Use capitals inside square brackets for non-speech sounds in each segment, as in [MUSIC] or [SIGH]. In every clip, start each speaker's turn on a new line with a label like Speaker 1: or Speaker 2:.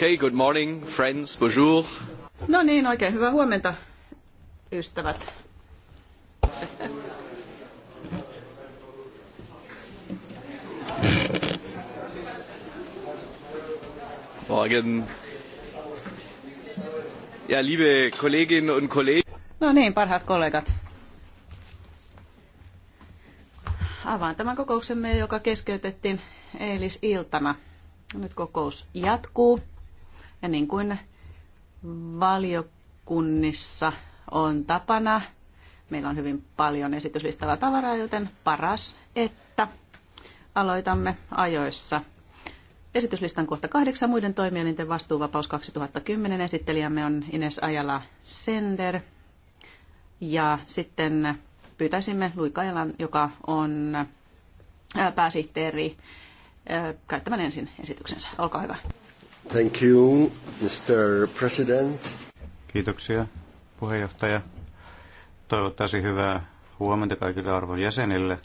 Speaker 1: Okay, good morning, friends, bonjour. No niin, oikein hyvää huomenta, ystävät.
Speaker 2: Morgen. Ja, liebe
Speaker 3: Kolleginnen und Kollegen.
Speaker 1: No niin, parhaat kollegat. Avaan tämän kokouksemme, joka keskeytettiin eilisiltana. Nyt kokous jatkuu. Ja niin kuin valiokunnissa on tapana, meillä on hyvin paljon esityslistalla tavaraa, joten paras, että aloitamme ajoissa. Esityslistan kohta kahdeksan muiden toimielinten vastuuvapaus 2010. Esittelijämme on Ines Ajala Sender. Ja sitten pyytäisimme Lui Kajalan, joka on pääsihteeri, käyttämään ensin esityksensä. Olkaa hyvä.
Speaker 3: Thank you, Mr. President. Kiitoksia, puheenjohtaja. Toivottaisin hyvää huomenta kaikille arvon jäsenille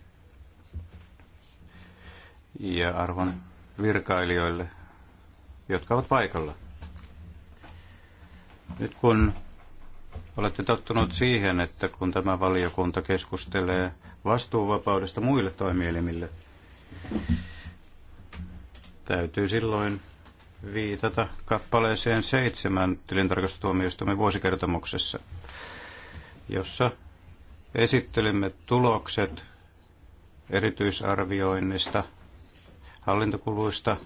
Speaker 3: ja arvon virkailijoille, jotka ovat paikalla. Nyt kun olette tottunut siihen, että kun tämä valiokunta keskustelee vastuuvapaudesta muille toimielimille, täytyy silloin viitata kappaleeseen seitsemän tilintarkastustuomioistuimen vuosikertomuksessa, jossa esittelimme tulokset erityisarvioinnista, hallintokuluista,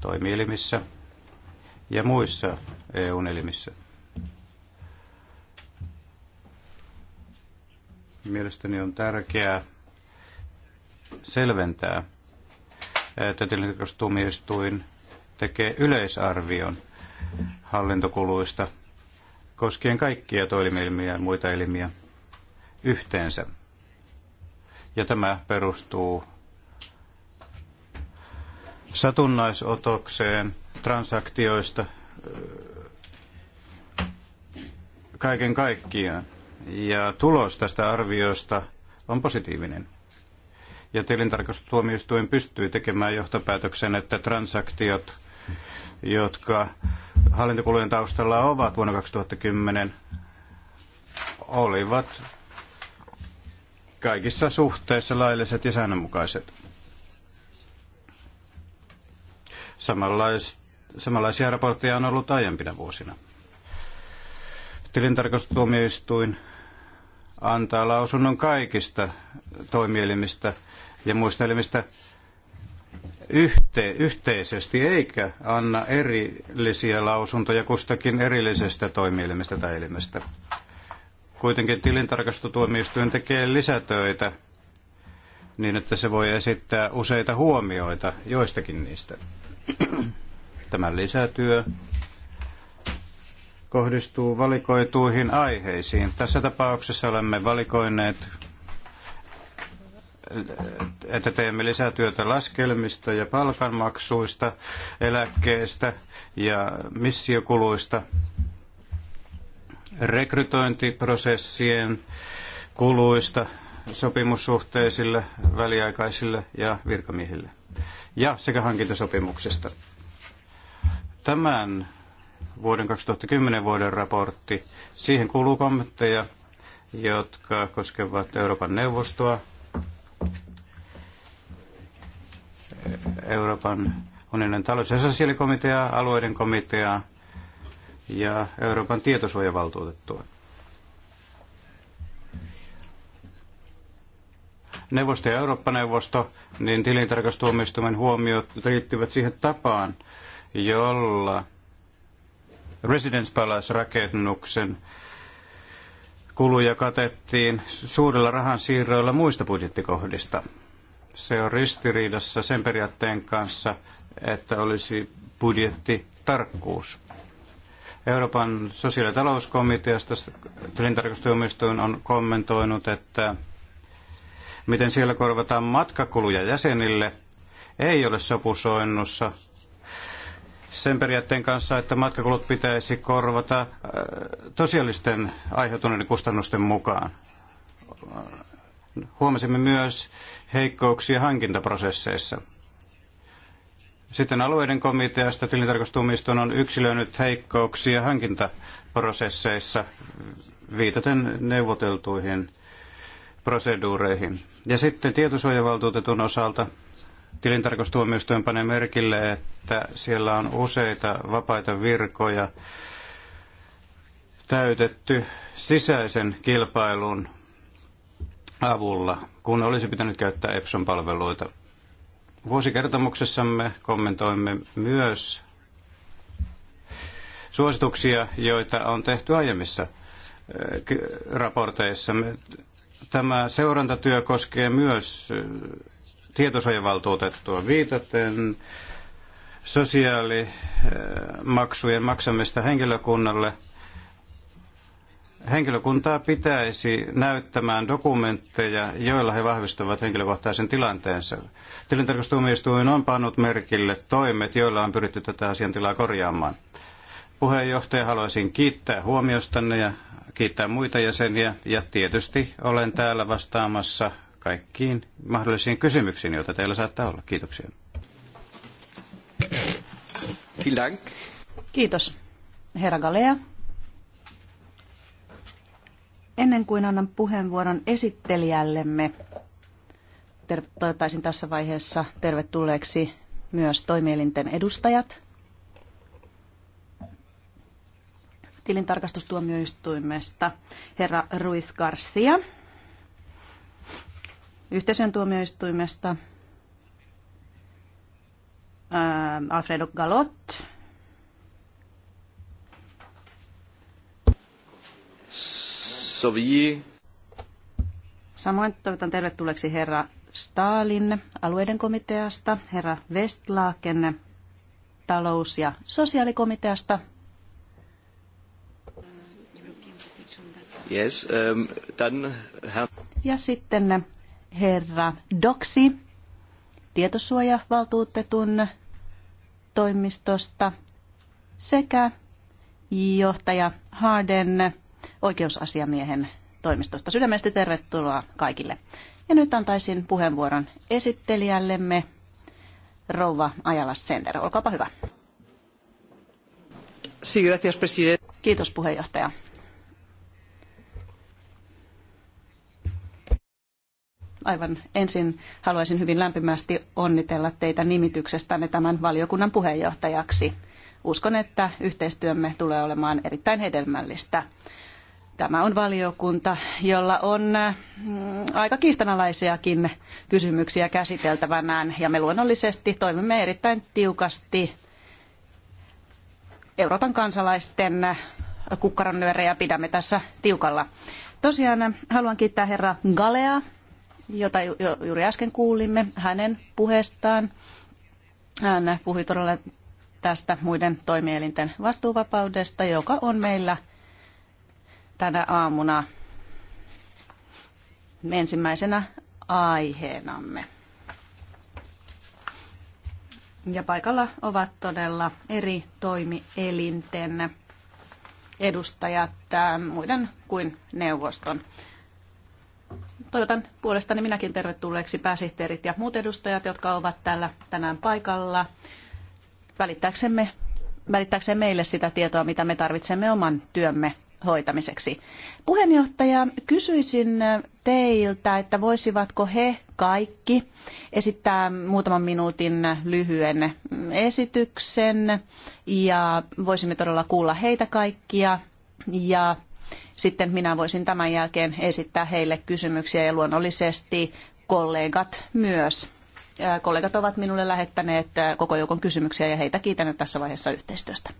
Speaker 3: toimielimissä ja muissa eu elimissä. Mielestäni on tärkeää selventää, että tilintarkastustuomioistuin tekee yleisarvion hallintokuluista koskien kaikkia toimielimiä ja muita elimiä yhteensä. Ja tämä perustuu satunnaisotokseen transaktioista äh, kaiken kaikkiaan. Ja tulos tästä arviosta on positiivinen. Ja tilintarkastustuomioistuin pystyy tekemään johtopäätöksen, että transaktiot jotka hallintokulujen taustalla ovat vuonna 2010, olivat kaikissa suhteissa lailliset ja säännönmukaiset. Samanlais, samanlaisia raportteja on ollut aiempina vuosina. Tilintarkastustuomioistuin antaa lausunnon kaikista toimielimistä ja muista elimistä yhte, yhteisesti eikä anna erillisiä lausuntoja kustakin erillisestä toimielimestä tai elimestä. Kuitenkin tilintarkastustuomioistuin tekee lisätöitä niin, että se voi esittää useita huomioita joistakin niistä. Tämä lisätyö kohdistuu valikoituihin aiheisiin. Tässä tapauksessa olemme valikoineet että teemme lisätyötä laskelmista ja palkanmaksuista, eläkkeestä ja missiokuluista, rekrytointiprosessien kuluista sopimussuhteisille, väliaikaisille ja virkamiehille ja sekä hankintasopimuksista. Tämän vuoden 2010 vuoden raportti, siihen kuuluu kommentteja, jotka koskevat Euroopan neuvostoa, Euroopan unionin talous- ja sosiaalikomitea, alueiden komitea ja Euroopan tietosuojavaltuutettua. neuvosto ja Eurooppa-neuvosto, niin tilintarkastuomioistuimen huomiot liittyvät siihen tapaan, jolla Residence Palace-rakennuksen kuluja katettiin suurilla rahansiirroilla muista budjettikohdista. Se on ristiriidassa sen periaatteen kanssa, että olisi budjettitarkkuus. Euroopan sosiaali- ja talouskomiteasta tilintarkastustuomioistuin on kommentoinut, että miten siellä korvataan matkakuluja jäsenille, ei ole sopusoinnussa sen periaatteen kanssa, että matkakulut pitäisi korvata äh, tosiaalisten aiheutuneiden kustannusten mukaan. Huomasimme myös, heikkouksia hankintaprosesseissa. Sitten alueiden komiteasta tilintarkastumiston on yksilönyt heikkouksia hankintaprosesseissa viitaten neuvoteltuihin proseduureihin. Ja sitten tietosuojavaltuutetun osalta tilintarkastustuomioistuin panee merkille, että siellä on useita vapaita virkoja täytetty sisäisen kilpailun avulla, kun olisi pitänyt käyttää Epson-palveluita. Vuosikertomuksessamme kommentoimme myös suosituksia, joita on tehty aiemmissa eh, raporteissa. Tämä seurantatyö koskee myös eh, tietosuojavaltuutettua viitaten sosiaalimaksujen maksamista henkilökunnalle – Henkilökuntaa pitäisi näyttämään dokumentteja, joilla he vahvistavat henkilökohtaisen tilanteensa. Tilintarkastustuomioistuin on pannut merkille toimet, joilla on pyritty tätä asiantilaa korjaamaan. Puheenjohtaja, haluaisin kiittää huomiostanne ja kiittää muita jäseniä ja tietysti olen täällä vastaamassa kaikkiin mahdollisiin kysymyksiin, joita teillä saattaa olla. Kiitoksia.
Speaker 1: Kiitos. Herra Galea. Ennen kuin annan puheenvuoron esittelijällemme, ter- toivottaisin tässä vaiheessa tervetulleeksi myös toimielinten edustajat. Tilintarkastustuomioistuimesta herra Ruiz Garcia, yhteisön tuomioistuimesta ää, Alfredo Galot,
Speaker 2: Sovii.
Speaker 1: Samoin toivotan tervetulleeksi herra Stalin alueiden komiteasta, herra Westlaken talous- ja sosiaalikomiteasta.
Speaker 3: Yes, um, then, her...
Speaker 1: Ja sitten herra Doksi tietosuojavaltuutetun toimistosta sekä johtaja Harden oikeusasiamiehen toimistosta. Sydämestä tervetuloa kaikille. Ja nyt antaisin puheenvuoron esittelijällemme, rouva Ajala Sender. Olkaapa hyvä. Kiitos puheenjohtaja. Aivan ensin haluaisin hyvin lämpimästi onnitella teitä nimityksestänne tämän valiokunnan puheenjohtajaksi. Uskon, että yhteistyömme tulee olemaan erittäin hedelmällistä. Tämä on valiokunta, jolla on mm, aika kiistanalaisiakin kysymyksiä käsiteltävänään ja me luonnollisesti toimimme erittäin tiukasti Euroopan kansalaisten kukkaronnyörejä pidämme tässä tiukalla. Tosiaan haluan kiittää herra Galea, jota juuri äsken kuulimme hänen puheestaan. Hän puhui todella tästä muiden toimielinten vastuuvapaudesta, joka on meillä – tänä aamuna ensimmäisenä aiheenamme. Ja paikalla ovat todella eri toimielinten edustajat muiden kuin neuvoston. Toivotan puolestani minäkin tervetulleeksi pääsihteerit ja muut edustajat, jotka ovat täällä tänään paikalla välittääksemme, välittääksemme meille sitä tietoa, mitä me tarvitsemme oman työmme hoitamiseksi. Puheenjohtaja, kysyisin teiltä, että voisivatko he kaikki esittää muutaman minuutin lyhyen esityksen ja voisimme todella kuulla heitä kaikkia ja sitten minä voisin tämän jälkeen esittää heille kysymyksiä ja luonnollisesti kollegat myös. Kollegat ovat minulle lähettäneet koko joukon kysymyksiä ja heitä kiitän tässä vaiheessa yhteistyöstä.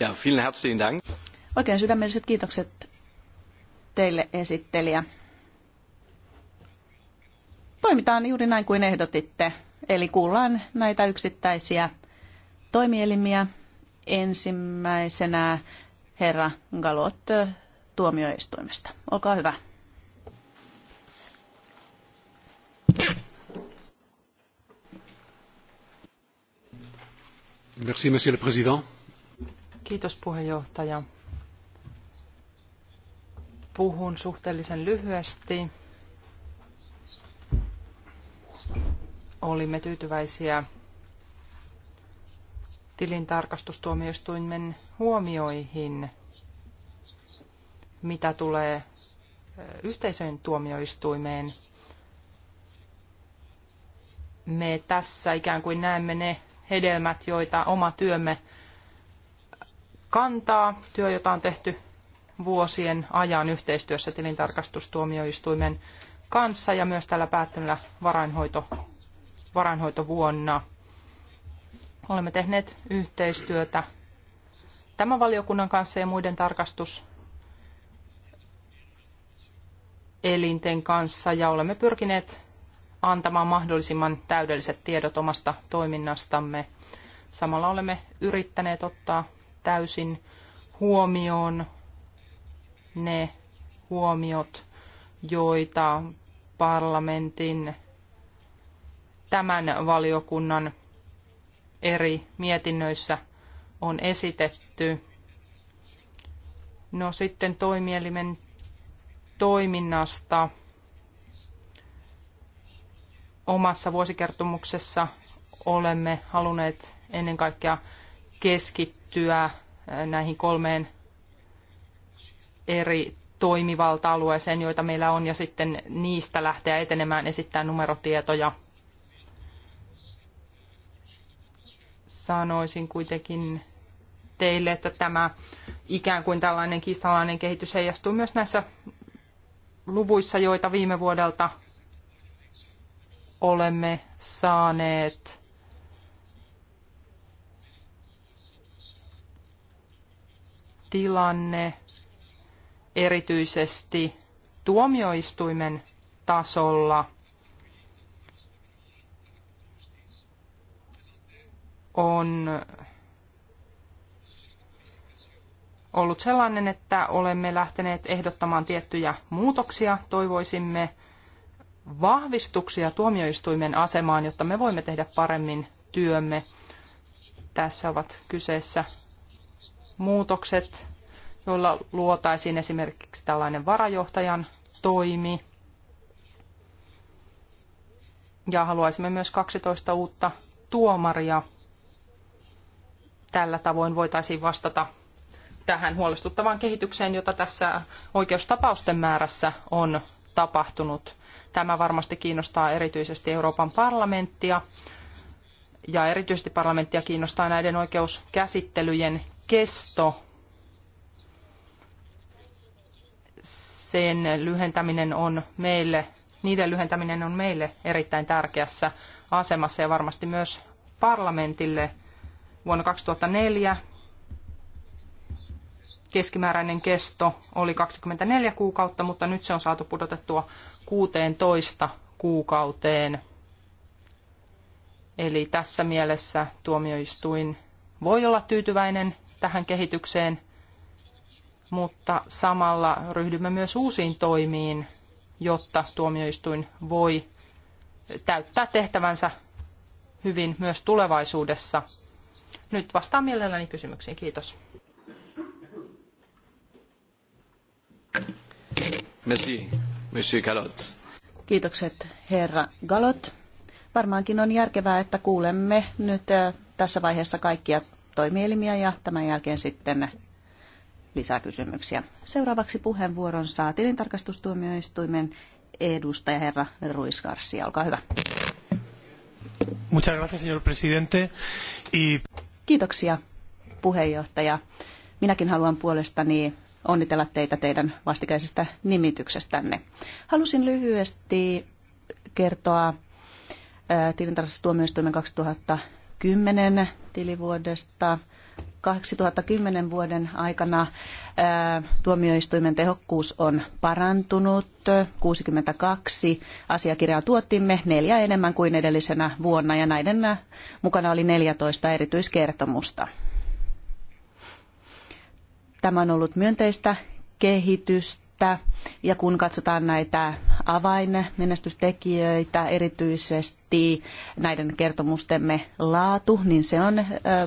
Speaker 3: Ja, vielen herzlichen Dank.
Speaker 1: Oikein sydämelliset kiitokset teille esittelijä. Toimitaan juuri näin kuin ehdotitte, eli kuullaan näitä yksittäisiä toimielimiä. Ensimmäisenä herra Galot tuomioistuimesta. Olkaa hyvä.
Speaker 3: Merci, monsieur le président.
Speaker 2: Kiitos puheenjohtaja. Puhun suhteellisen lyhyesti. Olimme tyytyväisiä tilintarkastustuomioistuimen huomioihin, mitä tulee yhteisöjen tuomioistuimeen. Me tässä ikään kuin näemme ne hedelmät, joita oma työmme kantaa, työ, jota on tehty vuosien ajan yhteistyössä tilintarkastustuomioistuimen kanssa ja myös tällä päättyneellä varainhoito, varainhoitovuonna. Olemme tehneet yhteistyötä tämän valiokunnan kanssa ja muiden tarkastuselinten kanssa ja olemme pyrkineet antamaan mahdollisimman täydelliset tiedot omasta toiminnastamme. Samalla olemme yrittäneet ottaa täysin huomioon ne huomiot, joita parlamentin tämän valiokunnan eri mietinnöissä on esitetty. No sitten toimielimen toiminnasta omassa vuosikertomuksessa olemme halunneet ennen kaikkea keskittyä eh, näihin kolmeen eri toimivalta-alueeseen, joita meillä on, ja sitten niistä lähteä etenemään esittää numerotietoja. Sanoisin kuitenkin teille, että tämä ikään kuin tällainen kiistanlainen kehitys heijastuu myös näissä luvuissa, joita viime vuodelta olemme saaneet tilanne erityisesti tuomioistuimen tasolla on ollut sellainen, että olemme lähteneet ehdottamaan tiettyjä muutoksia. Toivoisimme, vahvistuksia tuomioistuimen asemaan, jotta me voimme tehdä paremmin työmme. Tässä ovat kyseessä muutokset, joilla luotaisiin esimerkiksi tällainen varajohtajan toimi. Ja haluaisimme myös 12 uutta tuomaria. Tällä tavoin voitaisiin vastata tähän huolestuttavaan kehitykseen, jota tässä oikeustapausten määrässä on tapahtunut. Tämä varmasti kiinnostaa erityisesti Euroopan parlamenttia ja erityisesti parlamenttia kiinnostaa näiden oikeuskäsittelyjen kesto. Sen lyhentäminen on meille, niiden lyhentäminen on meille erittäin tärkeässä asemassa ja varmasti myös parlamentille vuonna 2004 keskimääräinen kesto oli 24 kuukautta, mutta nyt se on saatu pudotettua 16 kuukauteen. Eli tässä mielessä tuomioistuin voi olla tyytyväinen tähän kehitykseen, mutta samalla ryhdymme myös uusiin toimiin, jotta tuomioistuin voi täyttää tehtävänsä hyvin myös tulevaisuudessa. Nyt vastaan mielelläni kysymyksiin. Kiitos.
Speaker 3: Merci. Monsieur Galot.
Speaker 1: Kiitokset, herra Galot. Varmaankin on järkevää, että kuulemme nyt äh, tässä vaiheessa kaikkia toimielimiä ja tämän jälkeen sitten lisäkysymyksiä. Seuraavaksi puheenvuoron saa tilintarkastustuomioistuimen edustaja herra Ruiz Garcia. Olkaa hyvä.
Speaker 3: Muchas gracias, señor presidente. Y...
Speaker 1: Kiitoksia, puheenjohtaja. Minäkin haluan puolestani onnitella teitä teidän vastikäisestä nimityksestänne. Halusin lyhyesti kertoa tilintarkastustuomioistuimen 2010 tilivuodesta. 2010 vuoden aikana tuomioistuimen tehokkuus on parantunut. 62 asiakirjaa tuotimme, neljä enemmän kuin edellisenä vuonna ja näiden mukana oli 14 erityiskertomusta. Tämä on ollut myönteistä kehitystä ja kun katsotaan näitä avainmenestystekijöitä, erityisesti näiden kertomustemme laatu, niin se on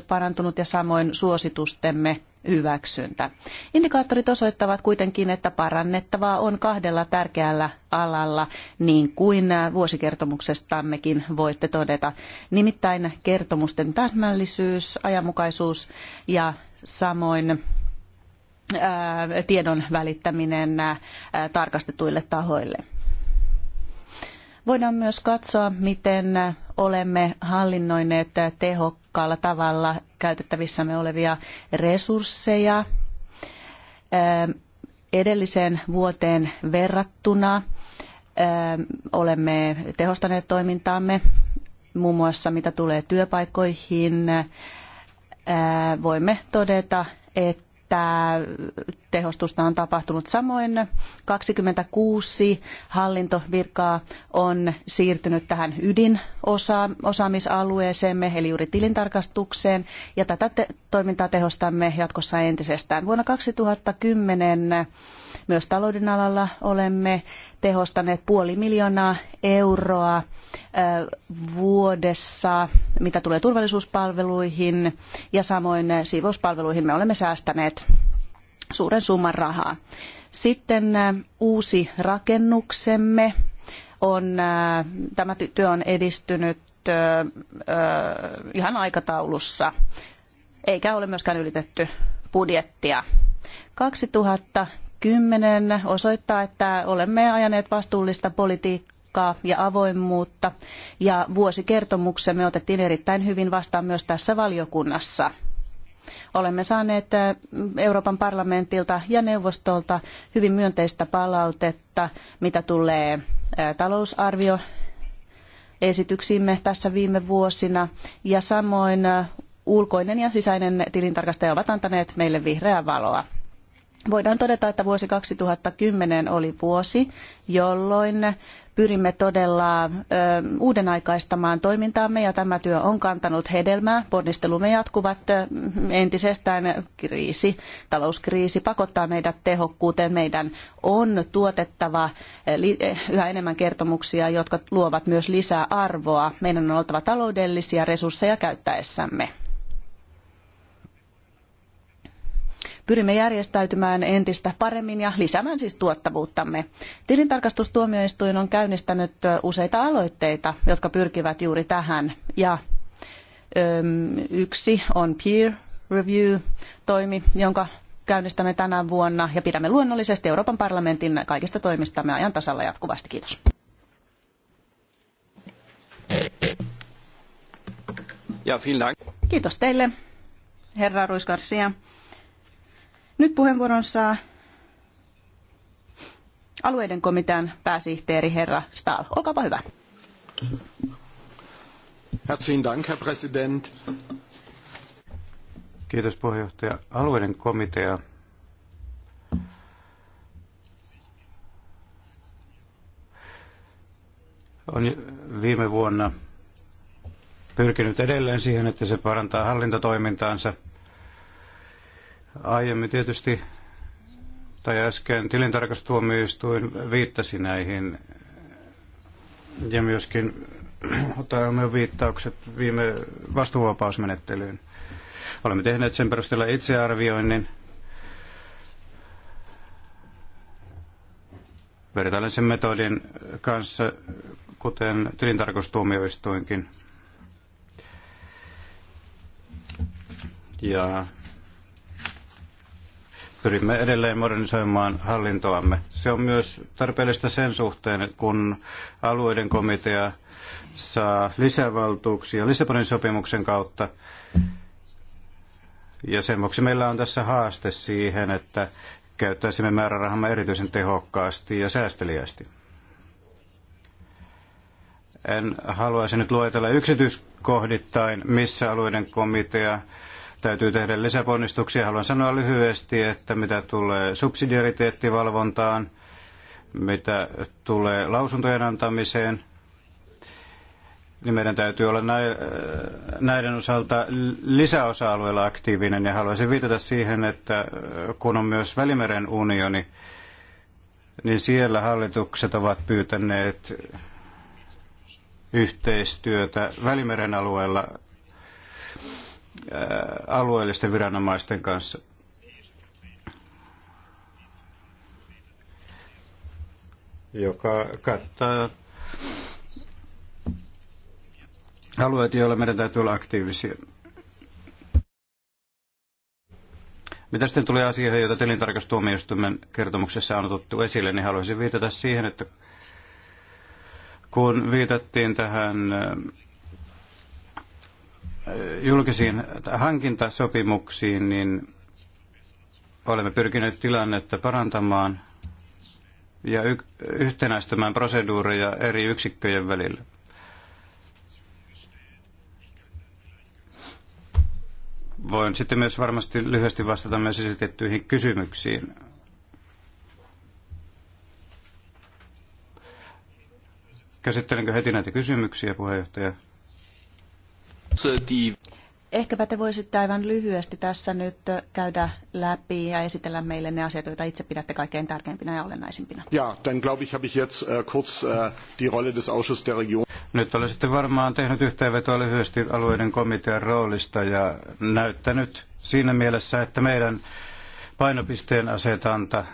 Speaker 1: parantunut ja samoin suositustemme hyväksyntä. Indikaattorit osoittavat kuitenkin, että parannettavaa on kahdella tärkeällä alalla, niin kuin vuosikertomuksestammekin voitte todeta. Nimittäin kertomusten täsmällisyys, ajanmukaisuus ja samoin tiedon välittäminen tarkastetuille tahoille. Voidaan myös katsoa, miten olemme hallinnoineet tehokkaalla tavalla käytettävissämme olevia resursseja edelliseen vuoteen verrattuna. Olemme tehostaneet toimintaamme muun muassa mitä tulee työpaikkoihin. Voimme todeta, että että tehostusta on tapahtunut. Samoin 26 hallintovirkaa on siirtynyt tähän ydinosaamisalueeseemme, eli juuri tilintarkastukseen, ja tätä toimintaa tehostamme jatkossa entisestään. Vuonna 2010 myös talouden alalla olemme tehostaneet puoli miljoonaa euroa vuodessa, mitä tulee turvallisuuspalveluihin ja samoin siivouspalveluihin me olemme säästäneet suuren summan rahaa. Sitten uusi rakennuksemme on, tämä työ on edistynyt ihan aikataulussa, eikä ole myöskään ylitetty budjettia. 2000 2010 osoittaa, että olemme ajaneet vastuullista politiikkaa ja avoimuutta ja vuosikertomuksemme otettiin erittäin hyvin vastaan myös tässä valiokunnassa. Olemme saaneet äh, Euroopan parlamentilta ja neuvostolta hyvin myönteistä palautetta, mitä tulee äh, talousarvio esityksiimme tässä viime vuosina ja samoin äh, ulkoinen ja sisäinen tilintarkastaja ovat antaneet meille vihreää valoa. Voidaan todeta, että vuosi 2010 oli vuosi, jolloin pyrimme todella ö, uudenaikaistamaan toimintaamme ja tämä työ on kantanut hedelmää. Ponnistelumme jatkuvat entisestään kriisi, talouskriisi pakottaa meidät tehokkuuteen. Meidän on tuotettava yhä enemmän kertomuksia, jotka luovat myös lisää arvoa. Meidän on oltava taloudellisia resursseja käyttäessämme. Pyrimme järjestäytymään entistä paremmin ja lisäämään siis tuottavuuttamme. Tilintarkastustuomioistuin on käynnistänyt useita aloitteita, jotka pyrkivät juuri tähän. Ja yksi on peer review-toimi, jonka käynnistämme tänä vuonna ja pidämme luonnollisesti Euroopan parlamentin kaikista toimistamme ajan tasalla jatkuvasti.
Speaker 2: Kiitos. Ja,
Speaker 1: Kiitos teille, herra Ruiskarsia. Nyt puheenvuoron saa alueiden komitean pääsihteeri herra Stahl. Olkaapa hyvä.
Speaker 2: Herzlichen Dank, Herr Präsident.
Speaker 3: Kiitos puheenjohtaja. Alueiden komitea on viime vuonna pyrkinyt edelleen siihen, että se parantaa hallintotoimintaansa – Aiemmin tietysti, tai äsken tilintarkastuomioistuin viittasi näihin ja myöskin [CLEARS THROAT] ottaa huomioon viittaukset viime vastuuvapausmenettelyyn. Olemme tehneet sen perusteella itsearvioinnin. Vertailen sen metodin kanssa, kuten tilintarkastuomioistuinkin. Ja pyrimme edelleen modernisoimaan hallintoamme. Se on myös tarpeellista sen suhteen, kun alueiden komitea saa lisävaltuuksia Lissabonin sopimuksen kautta. Ja sen vuoksi meillä on tässä haaste siihen, että käyttäisimme määrärahamme erityisen tehokkaasti ja säästeliästi. En haluaisi nyt luetella yksityiskohdittain, missä alueiden komitea Täytyy tehdä lisäponnistuksia. Haluan sanoa lyhyesti, että mitä tulee subsidiariteettivalvontaan, mitä tulee lausuntojen antamiseen, niin meidän täytyy olla äh, näiden osalta lisäosa-alueella aktiivinen ja haluaisin viitata siihen, että äh, kun on myös Välimeren unioni, niin siellä hallitukset ovat pyytäneet yhteistyötä Välimeren alueella alueellisten viranomaisten kanssa. joka kattaa alueet, joilla meidän täytyy olla aktiivisia. Mitä sitten tulee asioihin, joita tilintarkastuomioistuimen kertomuksessa on otettu esille, niin haluaisin viitata siihen, että kun viitattiin tähän julkisiin hankintasopimuksiin, niin olemme pyrkineet tilannetta parantamaan ja y- yhtenäistämään proseduureja eri yksikköjen välillä. Voin sitten myös varmasti lyhyesti vastata myös esitettyihin kysymyksiin. Käsittelenkö heti näitä kysymyksiä, puheenjohtaja?
Speaker 1: Ehkäpä te voisitte aivan lyhyesti tässä nyt käydä läpi ja esitellä meille ne asiat, joita itse pidätte kaikkein tärkeimpinä ja olennaisimpina.
Speaker 2: Ja, dann glaube ich, habe ich jetzt äh, kurz äh, die Rolle des Ausschusses der Region.
Speaker 3: Nyt olen sitten varmaan tehnyt yhteenvetoa lyhyesti alueiden komitean roolista ja näyttänyt siinä mielessä, että meidän painopisteen asetanta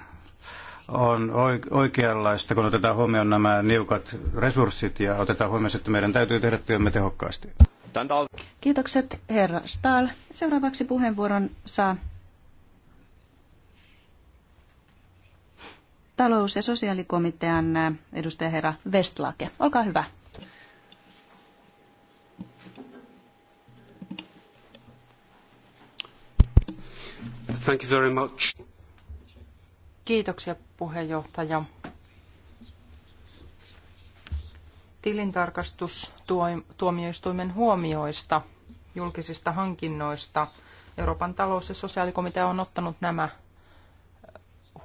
Speaker 3: on oikeanlaista, kun otetaan huomioon nämä niukat resurssit ja otetaan huomioon, että meidän täytyy tehdä työmme tehokkaasti.
Speaker 1: Kiitokset, herra Stahl. Seuraavaksi puheenvuoron saa talous- ja sosiaalikomitean edustaja herra Westlake. Olkaa hyvä.
Speaker 3: Thank you very much.
Speaker 2: Kiitoksia puheenjohtaja. tilintarkastustuomioistuimen huomioista julkisista hankinnoista. Euroopan talous- ja sosiaalikomitea on ottanut nämä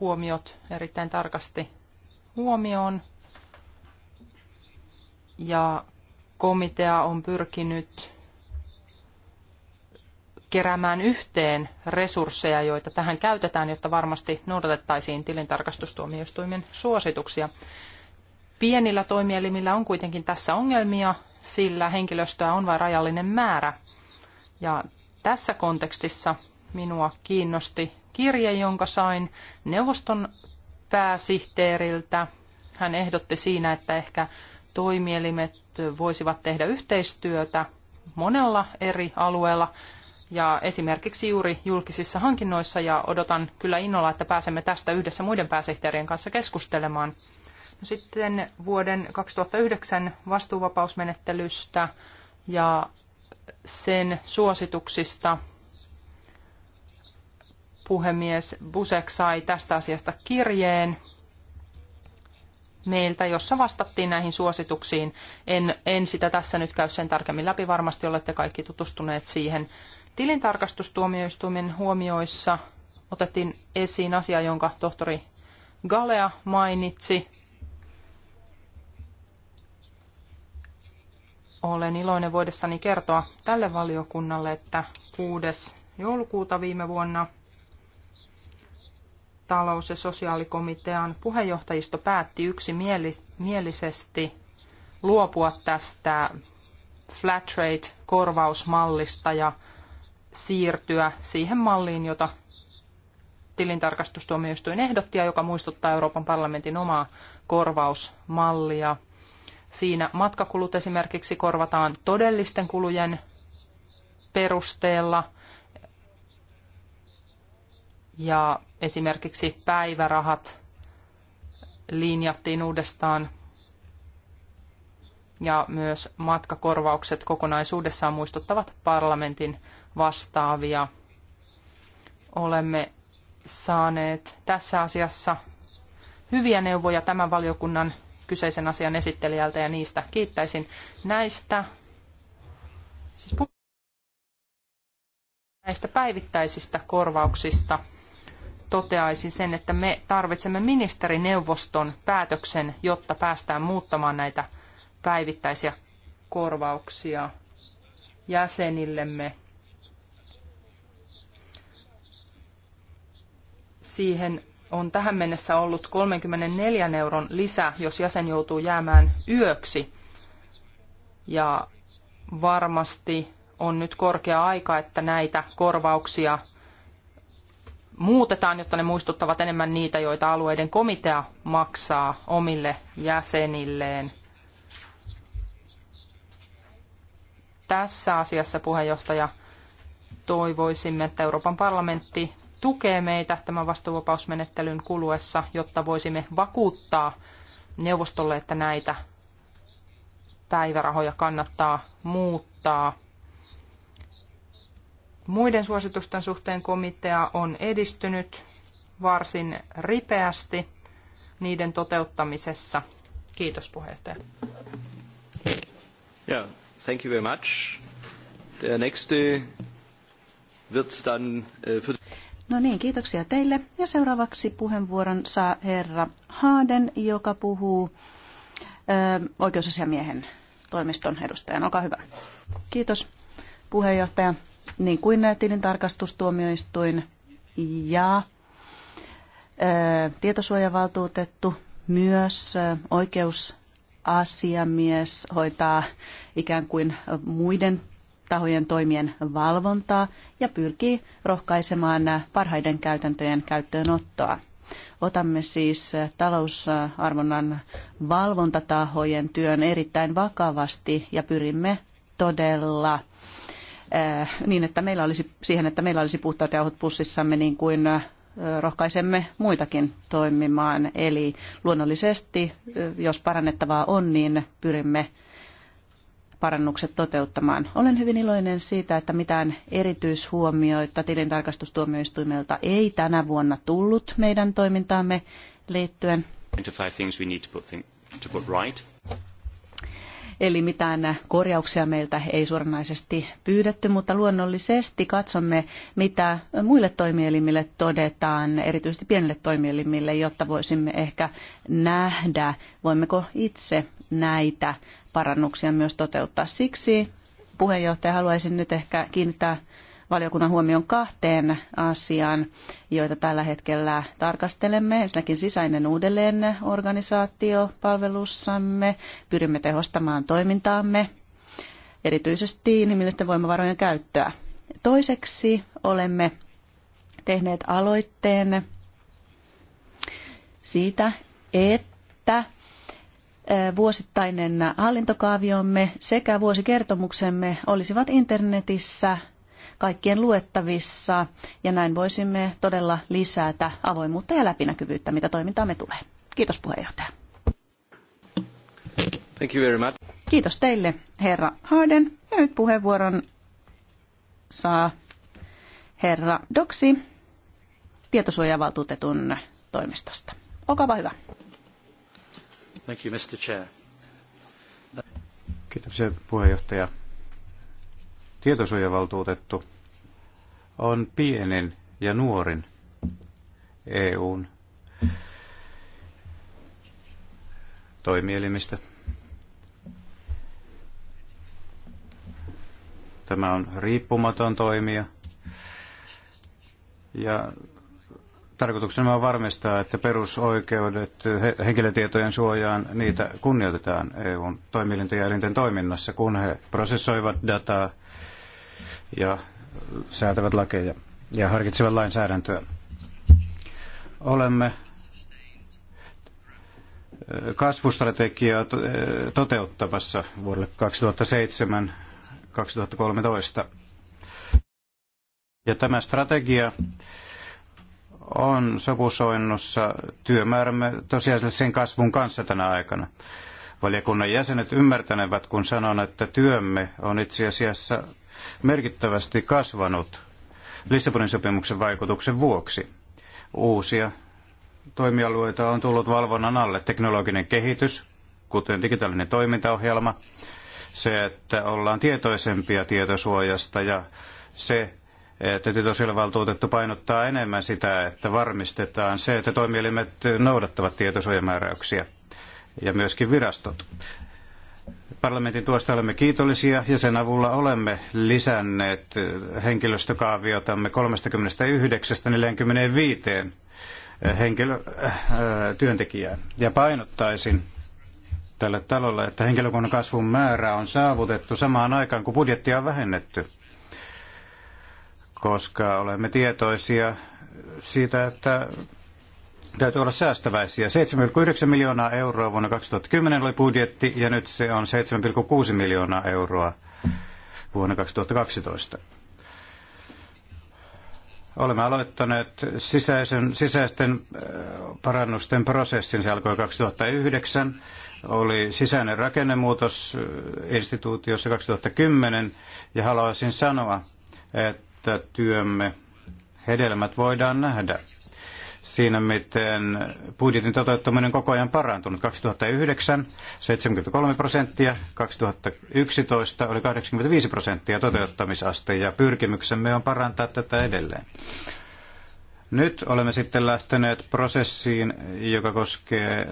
Speaker 2: huomiot erittäin tarkasti huomioon. Ja komitea on pyrkinyt keräämään yhteen resursseja, joita tähän käytetään, jotta varmasti noudatettaisiin tilintarkastustuomioistuimen suosituksia. Pienillä toimielimillä on kuitenkin tässä ongelmia, sillä henkilöstöä on vain rajallinen määrä. Ja tässä kontekstissa minua kiinnosti kirje, jonka sain neuvoston pääsihteeriltä. Hän ehdotti siinä, että ehkä toimielimet voisivat tehdä yhteistyötä monella eri alueella ja esimerkiksi juuri julkisissa hankinnoissa ja odotan kyllä innolla, että pääsemme tästä yhdessä muiden pääsihteerien kanssa keskustelemaan. Sitten vuoden 2009 vastuuvapausmenettelystä ja sen suosituksista puhemies Busek sai tästä asiasta kirjeen meiltä, jossa vastattiin näihin suosituksiin. En, en sitä tässä nyt käy sen tarkemmin läpi, varmasti olette kaikki tutustuneet siihen. Tilintarkastustuomioistuimen huomioissa otettiin esiin asia, jonka tohtori Galea mainitsi, Olen iloinen voidessani kertoa tälle valiokunnalle, että 6. joulukuuta viime vuonna talous- ja sosiaalikomitean puheenjohtajisto päätti yksimielisesti luopua tästä flat rate-korvausmallista ja siirtyä siihen malliin, jota tilintarkastustuomioistuin ehdotti ja joka muistuttaa Euroopan parlamentin omaa korvausmallia – Siinä matkakulut esimerkiksi korvataan todellisten kulujen perusteella ja esimerkiksi päivärahat linjattiin uudestaan ja myös matkakorvaukset kokonaisuudessaan muistuttavat parlamentin vastaavia. Olemme saaneet tässä asiassa hyviä neuvoja tämän valiokunnan kyseisen asian esittelijältä ja niistä kiittäisin näistä, siis näistä päivittäisistä korvauksista toteaisin sen, että me tarvitsemme ministerineuvoston päätöksen, jotta päästään muuttamaan näitä päivittäisiä korvauksia jäsenillemme. Siihen on tähän mennessä ollut 34 euron lisä, jos jäsen joutuu jäämään yöksi. Ja varmasti on nyt korkea aika, että näitä korvauksia muutetaan, jotta ne muistuttavat enemmän niitä, joita alueiden komitea maksaa omille jäsenilleen. Tässä asiassa puheenjohtaja toivoisimme, että Euroopan parlamentti tukee meitä tämän vastuuvapausmenettelyn kuluessa, jotta voisimme vakuuttaa neuvostolle, että näitä päivärahoja kannattaa muuttaa. Muiden suositusten suhteen komitea on edistynyt varsin ripeästi niiden toteuttamisessa. Kiitos puheenjohtaja. Yeah, thank you very much. Der nächste eh, wird dann äh, für
Speaker 1: No niin, kiitoksia teille. Ja seuraavaksi puheenvuoron saa herra Haaden, joka puhuu ö, oikeusasiamiehen toimiston edustajan. Olkaa hyvä. Kiitos puheenjohtaja. Niin kuin tilintarkastustuomioistuin ja ö, tietosuojavaltuutettu myös oikeusasiamies hoitaa ikään kuin muiden tahojen toimien valvontaa ja pyrkii rohkaisemaan parhaiden käytäntöjen käyttöönottoa. Otamme siis talousarvonnan valvontatahojen työn erittäin vakavasti ja pyrimme todella eh, niin, että meillä olisi, siihen, että meillä olisi puhtaat jauhot pussissamme niin kuin eh, rohkaisemme muitakin toimimaan. Eli luonnollisesti, eh, jos parannettavaa on, niin pyrimme parannukset toteuttamaan. Olen hyvin iloinen siitä, että mitään erityishuomioita tilintarkastustuomioistuimelta ei tänä vuonna tullut meidän toimintaamme liittyen. Eli mitään korjauksia meiltä ei suoranaisesti pyydetty, mutta luonnollisesti katsomme, mitä muille toimielimille todetaan, erityisesti pienille toimielimille, jotta voisimme ehkä nähdä, voimmeko itse näitä parannuksia myös toteuttaa. Siksi puheenjohtaja haluaisin nyt ehkä kiinnittää valiokunnan huomion kahteen asiaan, joita tällä hetkellä tarkastelemme. Ensinnäkin sisäinen organisaatio palvelussamme. Pyrimme tehostamaan toimintaamme, erityisesti inhimillisten voimavarojen käyttöä. Toiseksi olemme tehneet aloitteen siitä, että vuosittainen hallintokaaviomme sekä vuosikertomuksemme olisivat internetissä kaikkien luettavissa ja näin voisimme todella lisätä avoimuutta ja läpinäkyvyyttä, mitä toimintaamme tulee. Kiitos puheenjohtaja.
Speaker 3: Thank you very much.
Speaker 1: Kiitos teille, herra Harden. Ja nyt puheenvuoron saa herra Doksi tietosuojavaltuutetun toimistosta. Olkaa hyvä.
Speaker 2: Thank you, Mr. Chair.
Speaker 3: Kiitoksia puheenjohtaja. Tietosuojavaltuutettu on pienin ja nuorin EUn toimielimistä. Tämä on riippumaton toimija ja Tarkoituksena on varmistaa, että perusoikeudet henkilötietojen suojaan, niitä kunnioitetaan EUn toimielinten ja elinten toiminnassa, kun he prosessoivat dataa ja säätävät lakeja ja harkitsevat lainsäädäntöä. Olemme kasvustrategiaa toteuttamassa vuodelle 2007-2013. Ja tämä strategia on sopusoinnussa työmäärämme tosiasiallisen sen kasvun kanssa tänä aikana. Valiokunnan jäsenet ymmärtänevät, kun sanon, että työmme on itse asiassa merkittävästi kasvanut Lissabonin sopimuksen vaikutuksen vuoksi. Uusia toimialueita on tullut valvonnan alle teknologinen kehitys, kuten digitaalinen toimintaohjelma, se, että ollaan tietoisempia tietosuojasta ja se, että tietosuojavaltuutettu painottaa enemmän sitä, että varmistetaan se, että toimielimet noudattavat tietosuojamääräyksiä ja myöskin virastot. Parlamentin tuosta olemme kiitollisia ja sen avulla olemme lisänneet henkilöstökaaviotamme 39-45 eh, henkilö, eh, eh, työntekijään. Ja painottaisin tälle talolle, että henkilökunnan kasvun määrä on saavutettu samaan aikaan, kun budjettia on vähennetty – koska olemme tietoisia siitä, että täytyy olla säästäväisiä. 7,9 miljoonaa euroa vuonna 2010 oli budjetti ja nyt se on 7,6 miljoonaa euroa vuonna 2012. Olemme aloittaneet sisäisen, sisäisten äh, parannusten prosessin. Se alkoi 2009. Oli sisäinen rakennemuutos äh, instituutiossa 2010 ja haluaisin sanoa, että että työmme hedelmät voidaan nähdä siinä, miten budjetin toteuttaminen koko ajan parantunut. 2009 73 prosenttia, 2011 oli 85 prosenttia toteuttamisaste ja pyrkimyksemme on parantaa tätä edelleen. Nyt olemme sitten lähteneet prosessiin, joka koskee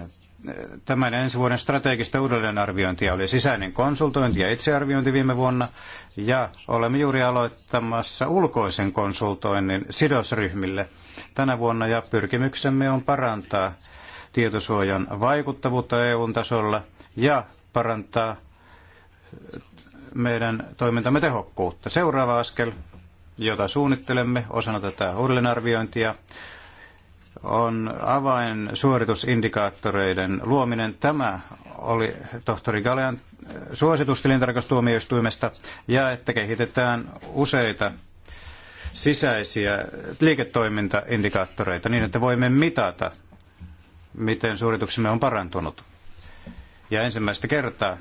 Speaker 3: tämän ensi vuoden strategista uudelleenarviointia oli sisäinen konsultointi ja itsearviointi viime vuonna, ja olemme juuri aloittamassa ulkoisen konsultoinnin sidosryhmille tänä vuonna, ja pyrkimyksemme on parantaa tietosuojan vaikuttavuutta eu tasolla ja parantaa meidän toimintamme tehokkuutta. Seuraava askel, jota suunnittelemme osana tätä uudelleenarviointia, on avain suoritusindikaattoreiden luominen. Tämä oli tohtori Galean suositus tilintarkastustuomioistuimesta ja että kehitetään useita sisäisiä liiketoimintaindikaattoreita niin, että voimme mitata, miten suorituksemme on parantunut. Ja ensimmäistä kertaa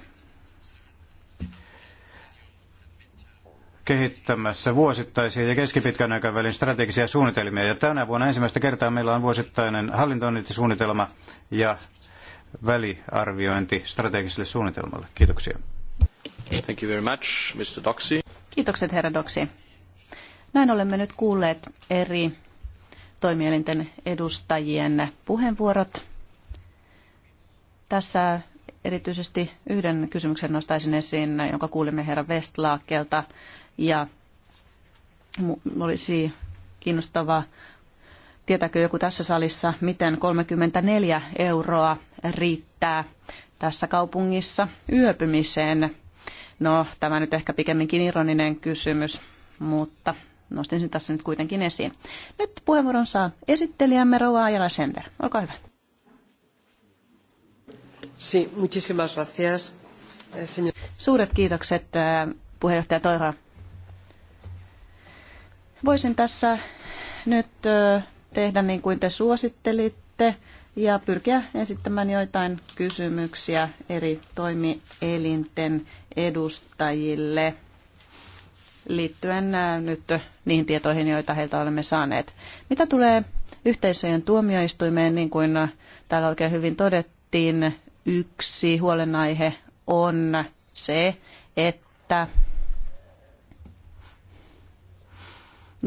Speaker 3: kehittämässä vuosittaisia ja keskipitkän aikavälin strategisia suunnitelmia. Ja tänä vuonna ensimmäistä kertaa meillä on vuosittainen hallintointisuunnitelma ja väliarviointi strategiselle suunnitelmalle. Kiitoksia. Thank you very much, Mr. Doxy.
Speaker 1: Kiitokset, herra Doxy. Näin olemme nyt kuulleet eri toimielinten edustajien puheenvuorot. Tässä erityisesti yhden kysymyksen nostaisin esiin, jonka kuulimme herra Westlaakelta ja olisi kiinnostavaa Tietääkö joku tässä salissa, miten 34 euroa riittää tässä kaupungissa yöpymiseen? No, tämä nyt ehkä pikemminkin ironinen kysymys, mutta nostin sen tässä nyt kuitenkin esiin. Nyt puheenvuoron saa esittelijämme Rova Ajala Sender. Olkaa hyvä.
Speaker 2: Sí, muchísimas
Speaker 1: gracias, eh, Suuret kiitokset eh, puheenjohtaja Toira Voisin tässä nyt tehdä niin kuin te suosittelitte ja pyrkiä esittämään joitain kysymyksiä eri toimielinten edustajille liittyen nyt niihin tietoihin, joita heiltä olemme saaneet. Mitä tulee yhteisöjen tuomioistuimeen, niin kuin täällä oikein hyvin todettiin, yksi huolenaihe on se, että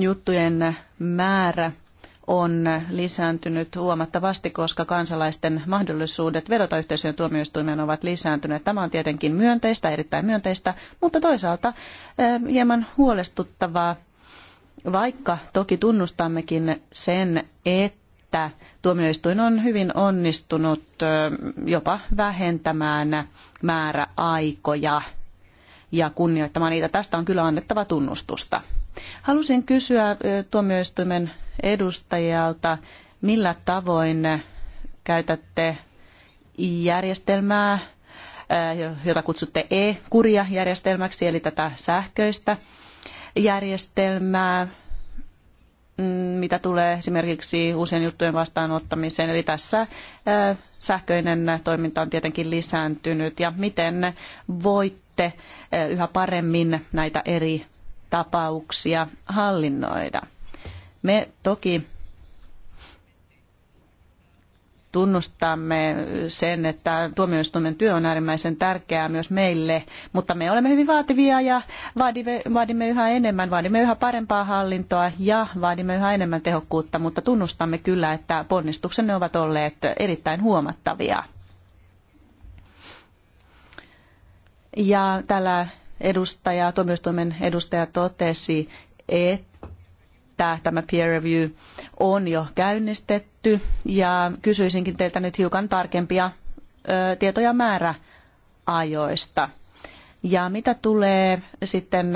Speaker 1: juttujen määrä on lisääntynyt huomattavasti, koska kansalaisten mahdollisuudet vedota yhteisöjen tuomioistuimeen ovat lisääntyneet. Tämä on tietenkin myönteistä, erittäin myönteistä, mutta toisaalta eh, hieman huolestuttavaa, vaikka toki tunnustammekin sen, että tuomioistuin on hyvin onnistunut eh, jopa vähentämään määräaikoja ja kunnioittamaan niitä. Tästä on kyllä annettava tunnustusta. Halusin kysyä tuomioistuimen edustajalta, millä tavoin käytätte järjestelmää, jota kutsutte e-kuria järjestelmäksi, eli tätä sähköistä järjestelmää, mm, mitä tulee esimerkiksi uusien juttujen vastaanottamiseen. Eli tässä sähköinen toiminta on tietenkin lisääntynyt ja miten voitte yhä paremmin näitä eri tapauksia hallinnoida. Me toki tunnustamme sen, että tuomioistuimen työ on äärimmäisen tärkeää myös meille, mutta me olemme hyvin vaativia ja vaadimme, vaadimme yhä enemmän, vaadimme yhä parempaa hallintoa ja vaadimme yhä enemmän tehokkuutta, mutta tunnustamme kyllä, että ponnistuksenne ovat olleet erittäin huomattavia. Ja tällä edustaja, tuomioistuimen edustaja totesi, että tämä peer review on jo käynnistetty ja kysyisinkin teiltä nyt hiukan tarkempia tietoja määräajoista. Ja mitä tulee sitten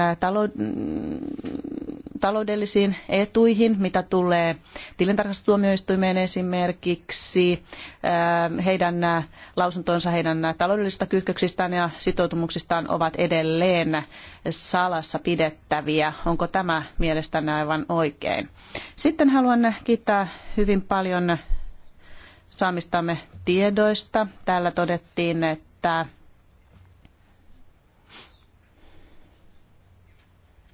Speaker 1: taloudellisiin etuihin, mitä tulee tilintarkastustuomioistuimeen esimerkiksi, ähm, heidän äh, lausuntonsa heidän taloudellisista kytköksistään ja sitoutumuksistaan ovat edelleen salassa pidettäviä. Onko tämä mielestäni aivan oikein? Sitten haluan kiittää hyvin paljon saamistamme tiedoista. Täällä todettiin, että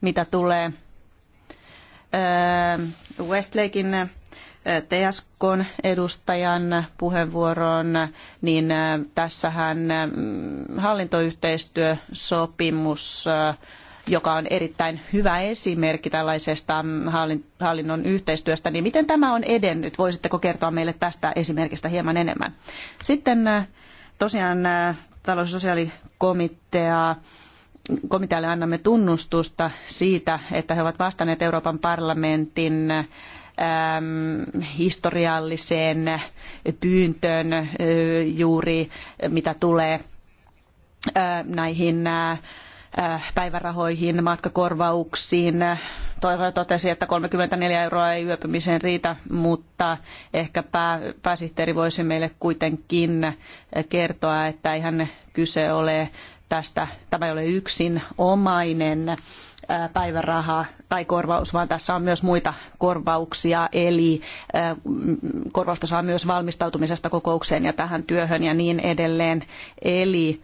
Speaker 1: mitä tulee Westlakein TSKn edustajan puheenvuoroon, niin tässähän hallintoyhteistyösopimus joka on erittäin hyvä esimerkki tällaisesta hallinnon yhteistyöstä, niin miten tämä on edennyt? Voisitteko kertoa meille tästä esimerkistä hieman enemmän? Sitten tosiaan talous- ja sosiaalikomitea komitealle annamme tunnustusta siitä, että he ovat vastanneet Euroopan parlamentin ähm, historialliseen pyyntöön äh, juuri mitä tulee äh, näihin äh, päivärahoihin, matkakorvauksiin. Toivoja totesi, että 34 euroa ei yöpymiseen riitä, mutta ehkä pää, pääsihteeri voisi meille kuitenkin kertoa, että eihän kyse ole tästä, tämä ei ole yksin omainen päiväraha tai korvaus, vaan tässä on myös muita korvauksia, eli mm, korvausta saa myös valmistautumisesta kokoukseen ja tähän työhön ja niin edelleen. Eli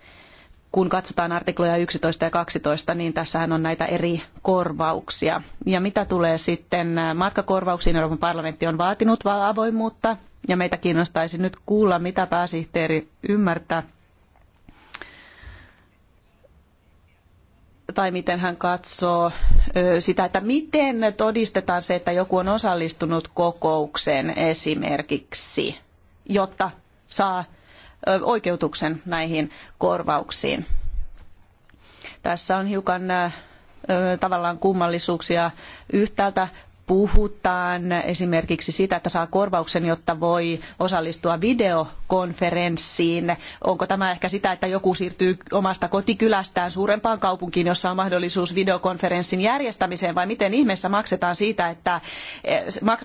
Speaker 1: kun katsotaan artikloja 11 ja 12, niin tässähän on näitä eri korvauksia. Ja mitä tulee sitten matkakorvauksiin, Euroopan parlamentti on vaatinut avoimuutta, ja meitä kiinnostaisi nyt kuulla, mitä pääsihteeri ymmärtää tai miten hän katsoo sitä, että miten todistetaan se, että joku on osallistunut kokoukseen esimerkiksi, jotta saa oikeutuksen näihin korvauksiin. Tässä on hiukan tavallaan kummallisuuksia. Yhtäältä puhutaan esimerkiksi sitä, että saa korvauksen, jotta voi osallistua videokonferenssiin. Onko tämä ehkä sitä, että joku siirtyy omasta kotikylästään suurempaan kaupunkiin, jossa on mahdollisuus videokonferenssin järjestämiseen, vai miten ihmeessä maksetaan siitä, että,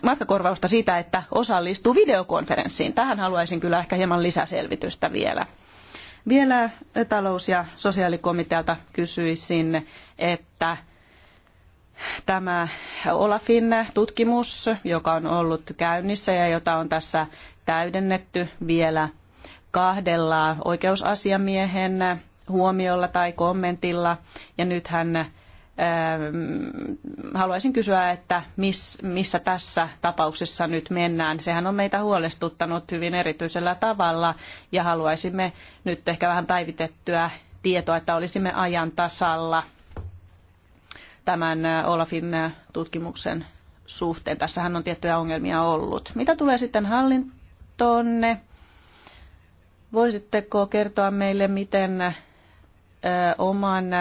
Speaker 1: matkakorvausta siitä, että osallistuu videokonferenssiin? Tähän haluaisin kyllä ehkä hieman lisäselvitystä vielä. Vielä talous- ja sosiaalikomitealta kysyisin, että tämä Olafin tutkimus, joka on ollut käynnissä ja jota on tässä täydennetty vielä kahdella oikeusasiamiehen huomiolla tai kommentilla. Ja nythän ähm, haluaisin kysyä, että miss, missä tässä tapauksessa nyt mennään. Sehän on meitä huolestuttanut hyvin erityisellä tavalla ja haluaisimme nyt ehkä vähän päivitettyä tietoa, että olisimme ajan tasalla – tämän Olafin tutkimuksen suhteen. Tässähän on tiettyjä ongelmia ollut. Mitä tulee sitten hallintoonne? Voisitteko kertoa meille, miten ö, oman,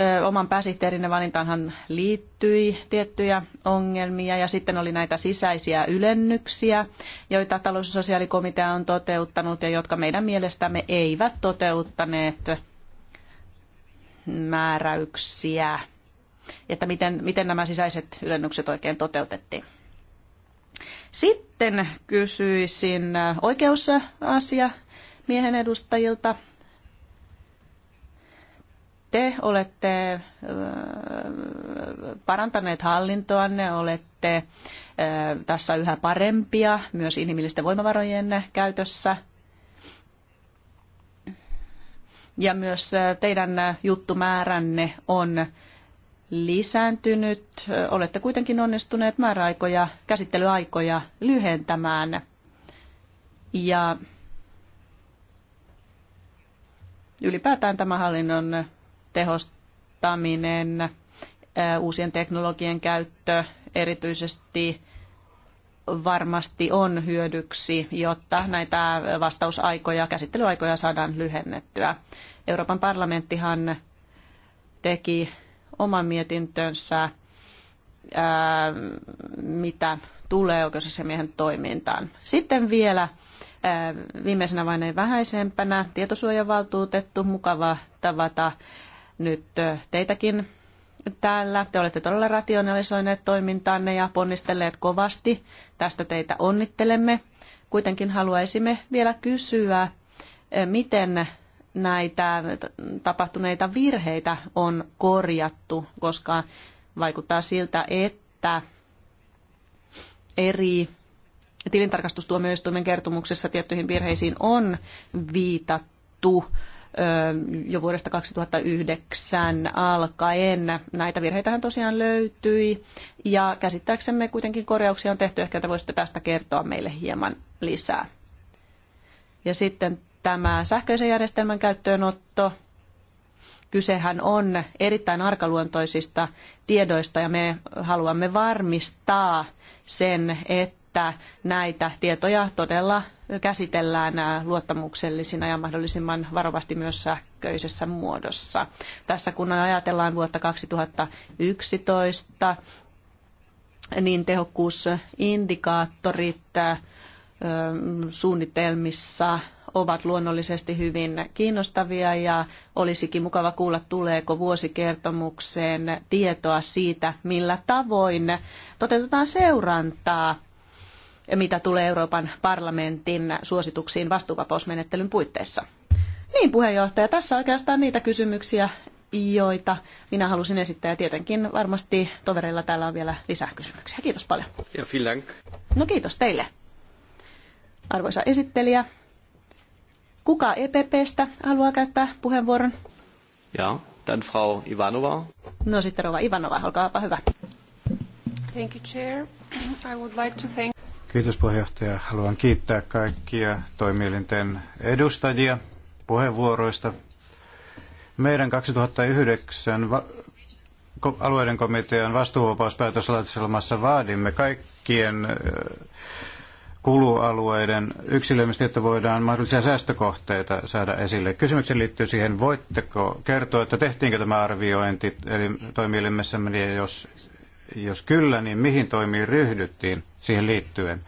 Speaker 1: ö, oman pääsihteerinne valintaanhan liittyi tiettyjä ongelmia ja sitten oli näitä sisäisiä ylennyksiä, joita talous- ja sosiaalikomitea on toteuttanut ja jotka meidän mielestämme eivät toteuttaneet määräyksiä että miten, miten nämä sisäiset ylennykset oikein toteutettiin. Sitten kysyisin äh, oikeusasia miehen edustajilta. Te olette äh, parantaneet hallintoanne, olette äh, tässä yhä parempia myös inhimillisten voimavarojen käytössä. Ja myös teidän juttumääränne on lisääntynyt. Olette kuitenkin onnistuneet määräaikoja, käsittelyaikoja lyhentämään. Ja ylipäätään tämä hallinnon tehostaminen, äh, uusien teknologien käyttö erityisesti varmasti on hyödyksi, jotta näitä vastausaikoja, käsittelyaikoja saadaan lyhennettyä. Euroopan parlamenttihan teki oman mietintönsä, mitä tulee oikeusasiamiehen toimintaan. Sitten vielä viimeisenä vain ei vähäisempänä tietosuojavaltuutettu. Mukava tavata nyt teitäkin täällä. Te olette todella rationalisoineet toimintaanne ja ponnistelleet kovasti. Tästä teitä onnittelemme. Kuitenkin haluaisimme vielä kysyä, miten näitä tapahtuneita virheitä on korjattu, koska vaikuttaa siltä, että eri tilintarkastustuomioistuimen kertomuksessa tiettyihin virheisiin on viitattu jo vuodesta 2009 alkaen. Näitä virheitähän tosiaan löytyi ja käsittääksemme kuitenkin korjauksia on tehty. Ehkä te voisitte tästä kertoa meille hieman lisää. Ja sitten tämä sähköisen järjestelmän käyttöönotto. Kysehän on erittäin arkaluontoisista tiedoista ja me haluamme varmistaa sen, että näitä tietoja todella käsitellään luottamuksellisina ja mahdollisimman varovasti myös sähköisessä muodossa. Tässä kun ajatellaan vuotta 2011, niin tehokkuusindikaattorit suunnitelmissa ovat luonnollisesti hyvin kiinnostavia ja olisikin mukava kuulla, tuleeko vuosikertomukseen tietoa siitä, millä tavoin toteutetaan seurantaa mitä tulee Euroopan parlamentin suosituksiin vastuuvapausmenettelyn puitteissa. Niin puheenjohtaja, tässä oikeastaan niitä kysymyksiä, joita minä halusin esittää. Ja tietenkin varmasti tovereilla täällä on vielä lisää kysymyksiä. Kiitos paljon. Ja vielen. No kiitos teille. Arvoisa esittelijä, Kuka EPPstä haluaa käyttää puheenvuoron?
Speaker 3: Ja, tämän Frau Ivanova.
Speaker 1: No sitten Rova Ivanova, olkaapa
Speaker 2: hyvä. Thank you, Chair. I would like to thank...
Speaker 3: Kiitos puheenjohtaja. Haluan kiittää kaikkia toimielinten edustajia puheenvuoroista. Meidän 2009 va- alueiden komitean vastuuvapauspäätöslauselmassa vaadimme kaikkien kulualueiden yksilöimistä, että voidaan mahdollisia säästökohteita saada esille. Kysymyksen liittyy siihen, voitteko kertoa, että tehtiinkö tämä arviointi eli toimielimessämme, ja jos, jos kyllä, niin mihin toimiin ryhdyttiin siihen liittyen?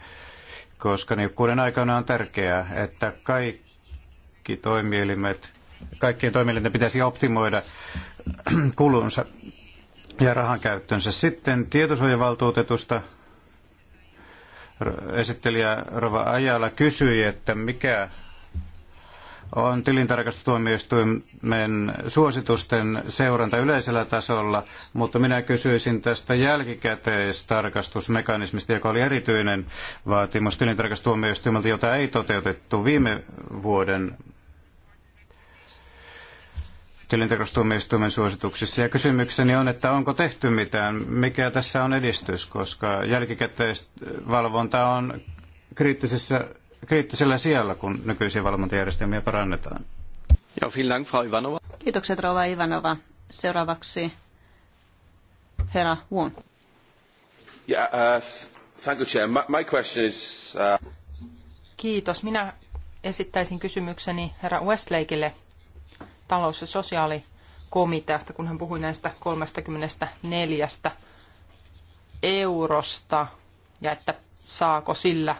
Speaker 3: Koska niukkuuden niin aikana on tärkeää, että kaikki toimielimet, kaikkien toimielinten pitäisi optimoida kulunsa ja rahan käyttönsä. Sitten tietosuojavaltuutetusta esittelijä Rova Ajala kysyi, että mikä on tilintarkastustuomioistuimen suositusten seuranta yleisellä tasolla, mutta minä kysyisin tästä jälkikäteistarkastusmekanismista, joka oli erityinen vaatimus tilintarkastustuomioistuimelta, jota ei toteutettu viime vuoden tilintarkastustuomioistuimen suosituksissa. Ja kysymykseni on, että onko tehty mitään, mikä tässä on edistys, koska jälkikäteisvalvonta on kriittisessä, kriittisellä siellä, kun nykyisiä valvontajärjestelmiä parannetaan. Ja, Dank, Frau Ivanova.
Speaker 1: Kiitokset, Rova Ivanova. Seuraavaksi
Speaker 2: herra Won. Yeah, äh, uh, thank you, Chair. My, my question is, uh... Kiitos. Minä esittäisin kysymykseni herra Westlakeille talous- ja sosiaalikomiteasta, kun hän puhui näistä 34 eurosta ja että saako sillä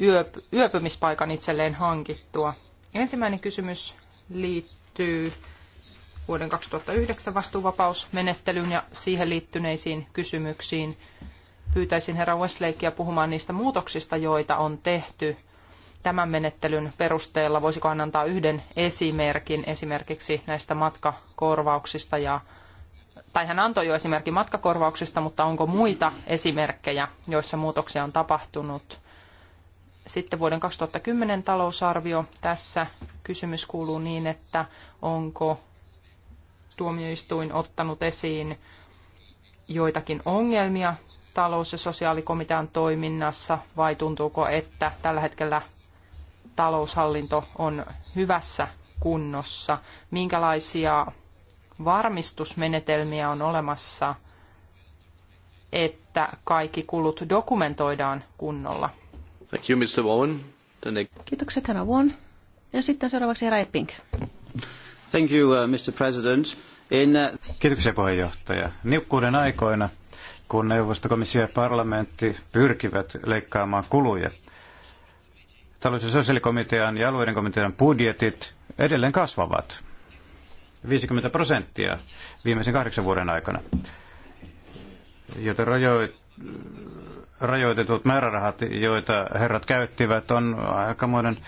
Speaker 2: yöp- yöpymispaikan itselleen hankittua. Ensimmäinen kysymys liittyy vuoden 2009 vastuuvapausmenettelyyn ja siihen liittyneisiin kysymyksiin. Pyytäisin herra Westlakea puhumaan niistä muutoksista, joita on tehty tämän menettelyn perusteella, voisiko hän antaa yhden esimerkin esimerkiksi näistä matkakorvauksista ja tai hän antoi jo esimerkin matkakorvauksista, mutta onko muita esimerkkejä, joissa muutoksia on tapahtunut? Sitten vuoden 2010 talousarvio. Tässä kysymys kuuluu niin, että onko tuomioistuin ottanut esiin joitakin ongelmia talous- ja sosiaalikomitean toiminnassa vai tuntuuko, että tällä hetkellä taloushallinto on hyvässä kunnossa, minkälaisia varmistusmenetelmiä on olemassa, että kaikki kulut dokumentoidaan kunnolla.
Speaker 3: Thank you, Mr. Vaughan.
Speaker 2: Kiitokset, herra Vaughan. Ja sitten seuraavaksi herra Epping.
Speaker 3: Thank you, uh, Mr. President. In, uh... Kiitoksia, puheenjohtaja. Niukkuuden aikoina, kun neuvostokomissio ja parlamentti pyrkivät leikkaamaan kuluja, talous- ja sosiaalikomitean ja alueiden komitean budjetit edelleen kasvavat 50 prosenttia viimeisen kahdeksan vuoden aikana, joten rajoit, rajoitetut määrärahat, joita herrat käyttivät, on aikamoinen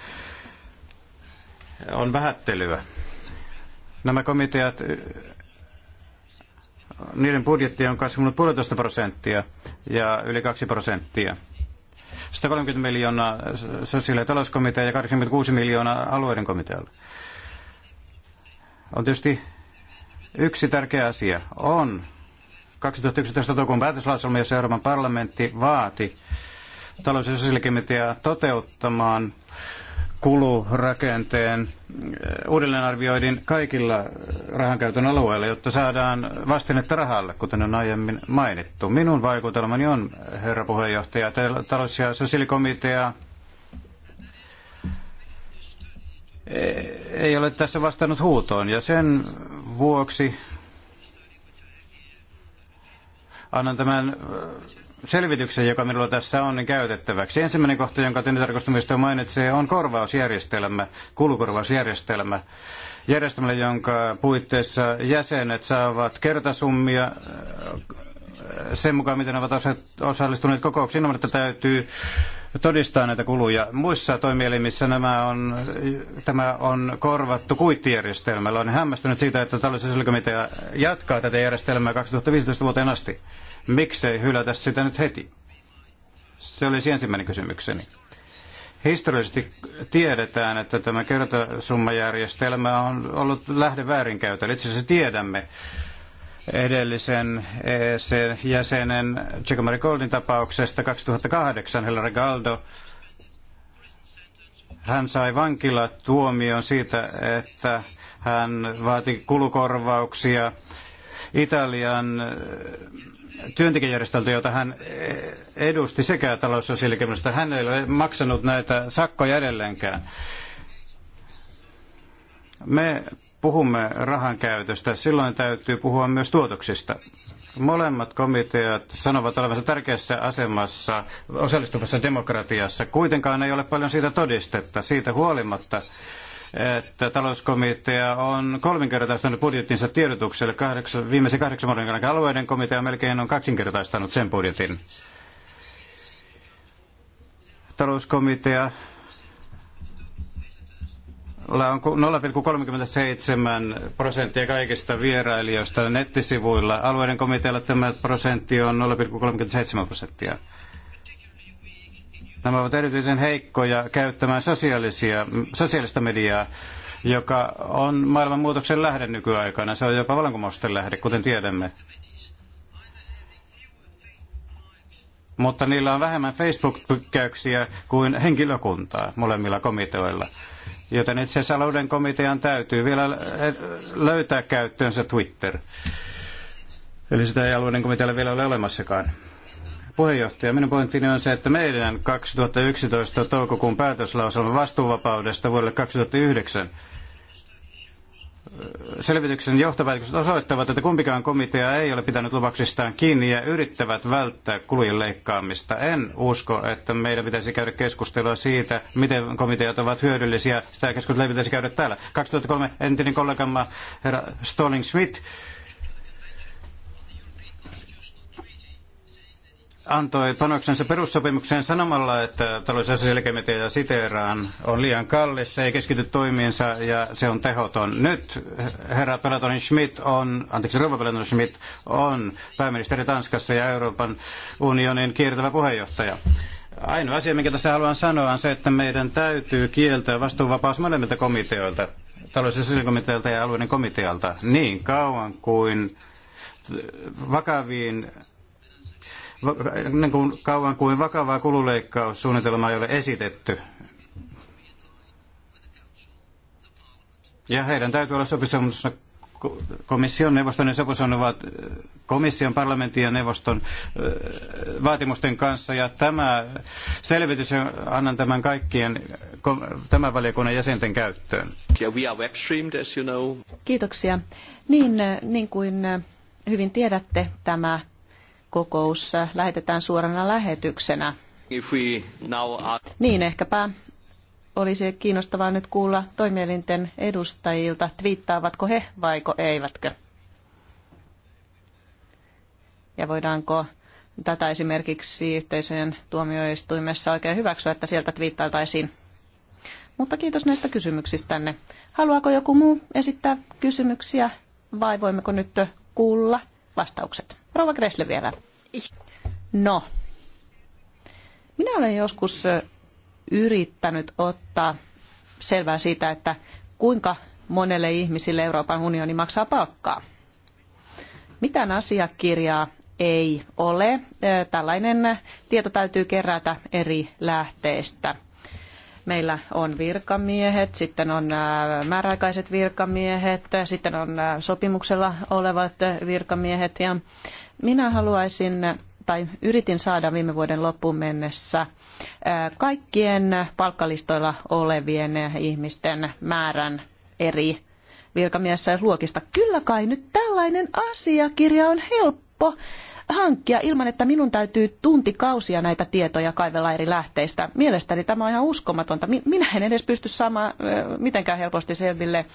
Speaker 3: on vähättelyä. Nämä komiteat, niiden budjetti on kasvanut puolitoista prosenttia ja yli kaksi prosenttia 130 miljoonaa sosiaali- ja talouskomitea ja 86 miljoonaa alueiden komitealle. On tietysti yksi tärkeä asia. On 2011 toukokuun päätöslauselma, jossa Euroopan parlamentti vaati talous- ja sosiaalikomitea toteuttamaan kulurakenteen eh, uudelleenarvioidin kaikilla rahankäytön alueilla, jotta saadaan vastinetta rahalle, kuten on aiemmin mainittu. Minun vaikutelmani on, herra puheenjohtaja, talous- ja sosiaalikomitea eh, ei ole tässä vastannut huutoon, ja sen vuoksi annan tämän eh, selvityksen, joka minulla tässä on, niin käytettäväksi. Ensimmäinen kohta, jonka tilintarkastumisto mainitsee, on korvausjärjestelmä, kulukorvausjärjestelmä. Järjestelmä, jonka puitteissa jäsenet saavat kertasummia äh, sen mukaan, miten ovat osallistuneet kokouksiin, ilman että täytyy todistaa näitä kuluja. Muissa toimielimissä nämä on, tämä on korvattu kuittijärjestelmällä. Olen hämmästynyt siitä, että taloudellisuuskomitea jatkaa tätä järjestelmää 2015 vuoteen asti. Miksei hylätä sitä nyt heti? Se olisi siis ensimmäinen kysymykseni. Historiallisesti tiedetään, että tämä kertasummajärjestelmä on ollut lähde väärinkäytölle. Itse asiassa tiedämme, edellisen EC jäsenen Giacomo Goldin tapauksesta 2008. Hillary Galdo hän sai vankilatuomion siitä, että hän vaati kulukorvauksia Italian työntekijäjärjestöltä, jota hän edusti sekä taloussosiaalikymmöstä. Hän ei ole maksanut näitä sakkoja edelleenkään. Me puhumme rahan käytöstä, silloin täytyy puhua myös tuotoksista. Molemmat komiteat sanovat olevansa tärkeässä asemassa osallistuvassa demokratiassa. Kuitenkaan ei ole paljon siitä todistetta, siitä huolimatta, että talouskomitea on kolminkertaistanut budjettinsa tiedotukselle kahdeksan, viimeisen kahdeksan vuoden aikana. Alueiden komitea melkein on kaksinkertaistanut sen budjetin talouskomitea on 0,37 prosenttia kaikista vierailijoista nettisivuilla. Alueiden komitealla tämä prosentti on 0,37 prosenttia. Nämä ovat erityisen heikkoja käyttämään sosiaalisia, sosiaalista mediaa, joka on maailman muutoksen lähde nykyaikana. Se on jopa vallankumousten lähde, kuten tiedämme. Mutta niillä on vähemmän Facebook-pykkäyksiä kuin henkilökuntaa molemmilla komiteoilla. Joten itse asiassa Louden komitean täytyy vielä löytää käyttöönsä Twitter. Eli sitä ei alueiden komitealle vielä ole olemassakaan. Puheenjohtaja, minun pointtini on se, että meidän 2011 toukokuun päätöslauselma vastuuvapaudesta vuodelle 2009 selvityksen johtopäätökset osoittavat, että kumpikaan komitea ei ole pitänyt lupauksistaan kiinni ja yrittävät välttää kulujen leikkaamista. En usko, että meidän pitäisi käydä keskustelua siitä, miten komiteat ovat hyödyllisiä. Sitä keskustelua pitäisi käydä täällä. 2003 entinen kollegamme herra Stolling Schmidt antoi panoksensa perussopimukseen sanomalla, että talous- ja sosiaalikomitea siteeraan on liian kallis, se ei keskity toimiinsa ja se on tehoton. Nyt herra Pelatonin Schmidt on, anteeksi, rouva Schmidt on pääministeri Tanskassa ja Euroopan unionin kiertävä puheenjohtaja. Ainoa asia, minkä tässä haluan sanoa, on se, että meidän täytyy kieltää vastuuvapaus molemmilta komiteoilta, talous- ja sosiaalikomitealta ja alueiden komitealta, niin kauan kuin vakaviin niin kuin kauan kuin vakavaa kululeikkaussuunnitelmaa ei ole esitetty. Ja heidän täytyy olla sopimuksessa komission neuvoston ja sopuson komission, parlamentin ja neuvoston vaatimusten kanssa. Ja tämä selvitys, annan tämän kaikkien tämän valiokunnan jäsenten käyttöön.
Speaker 1: Kiitoksia. Niin, niin kuin hyvin tiedätte, tämä kokous lähetetään suorana lähetyksenä. Are... Niin ehkäpä olisi kiinnostavaa nyt kuulla toimielinten edustajilta, twiittaavatko he vaiko eivätkö. Ja voidaanko tätä esimerkiksi yhteisöjen tuomioistuimessa oikein hyväksyä, että sieltä twiittailtaisiin. Mutta kiitos näistä kysymyksistänne. Haluaako joku muu esittää kysymyksiä vai voimmeko nyt kuulla vastaukset. Rouva Gressle vielä. No, minä olen joskus yrittänyt ottaa selvää siitä, että kuinka monelle ihmisille Euroopan unioni maksaa palkkaa. Mitään asiakirjaa ei ole. Tällainen tieto täytyy kerätä eri lähteistä – Meillä on virkamiehet, sitten on äh, määräaikaiset virkamiehet, sitten on äh, sopimuksella olevat virkamiehet. Ja minä haluaisin tai yritin saada viime vuoden loppuun mennessä äh, kaikkien palkkalistoilla olevien ihmisten määrän eri virkamiesluokista. Kyllä kai nyt tällainen asiakirja on helppo hankkia ilman, että minun täytyy tuntikausia näitä tietoja kaivella eri lähteistä. Mielestäni tämä on ihan uskomatonta. Minä en edes pysty saamaan mitenkään helposti selville,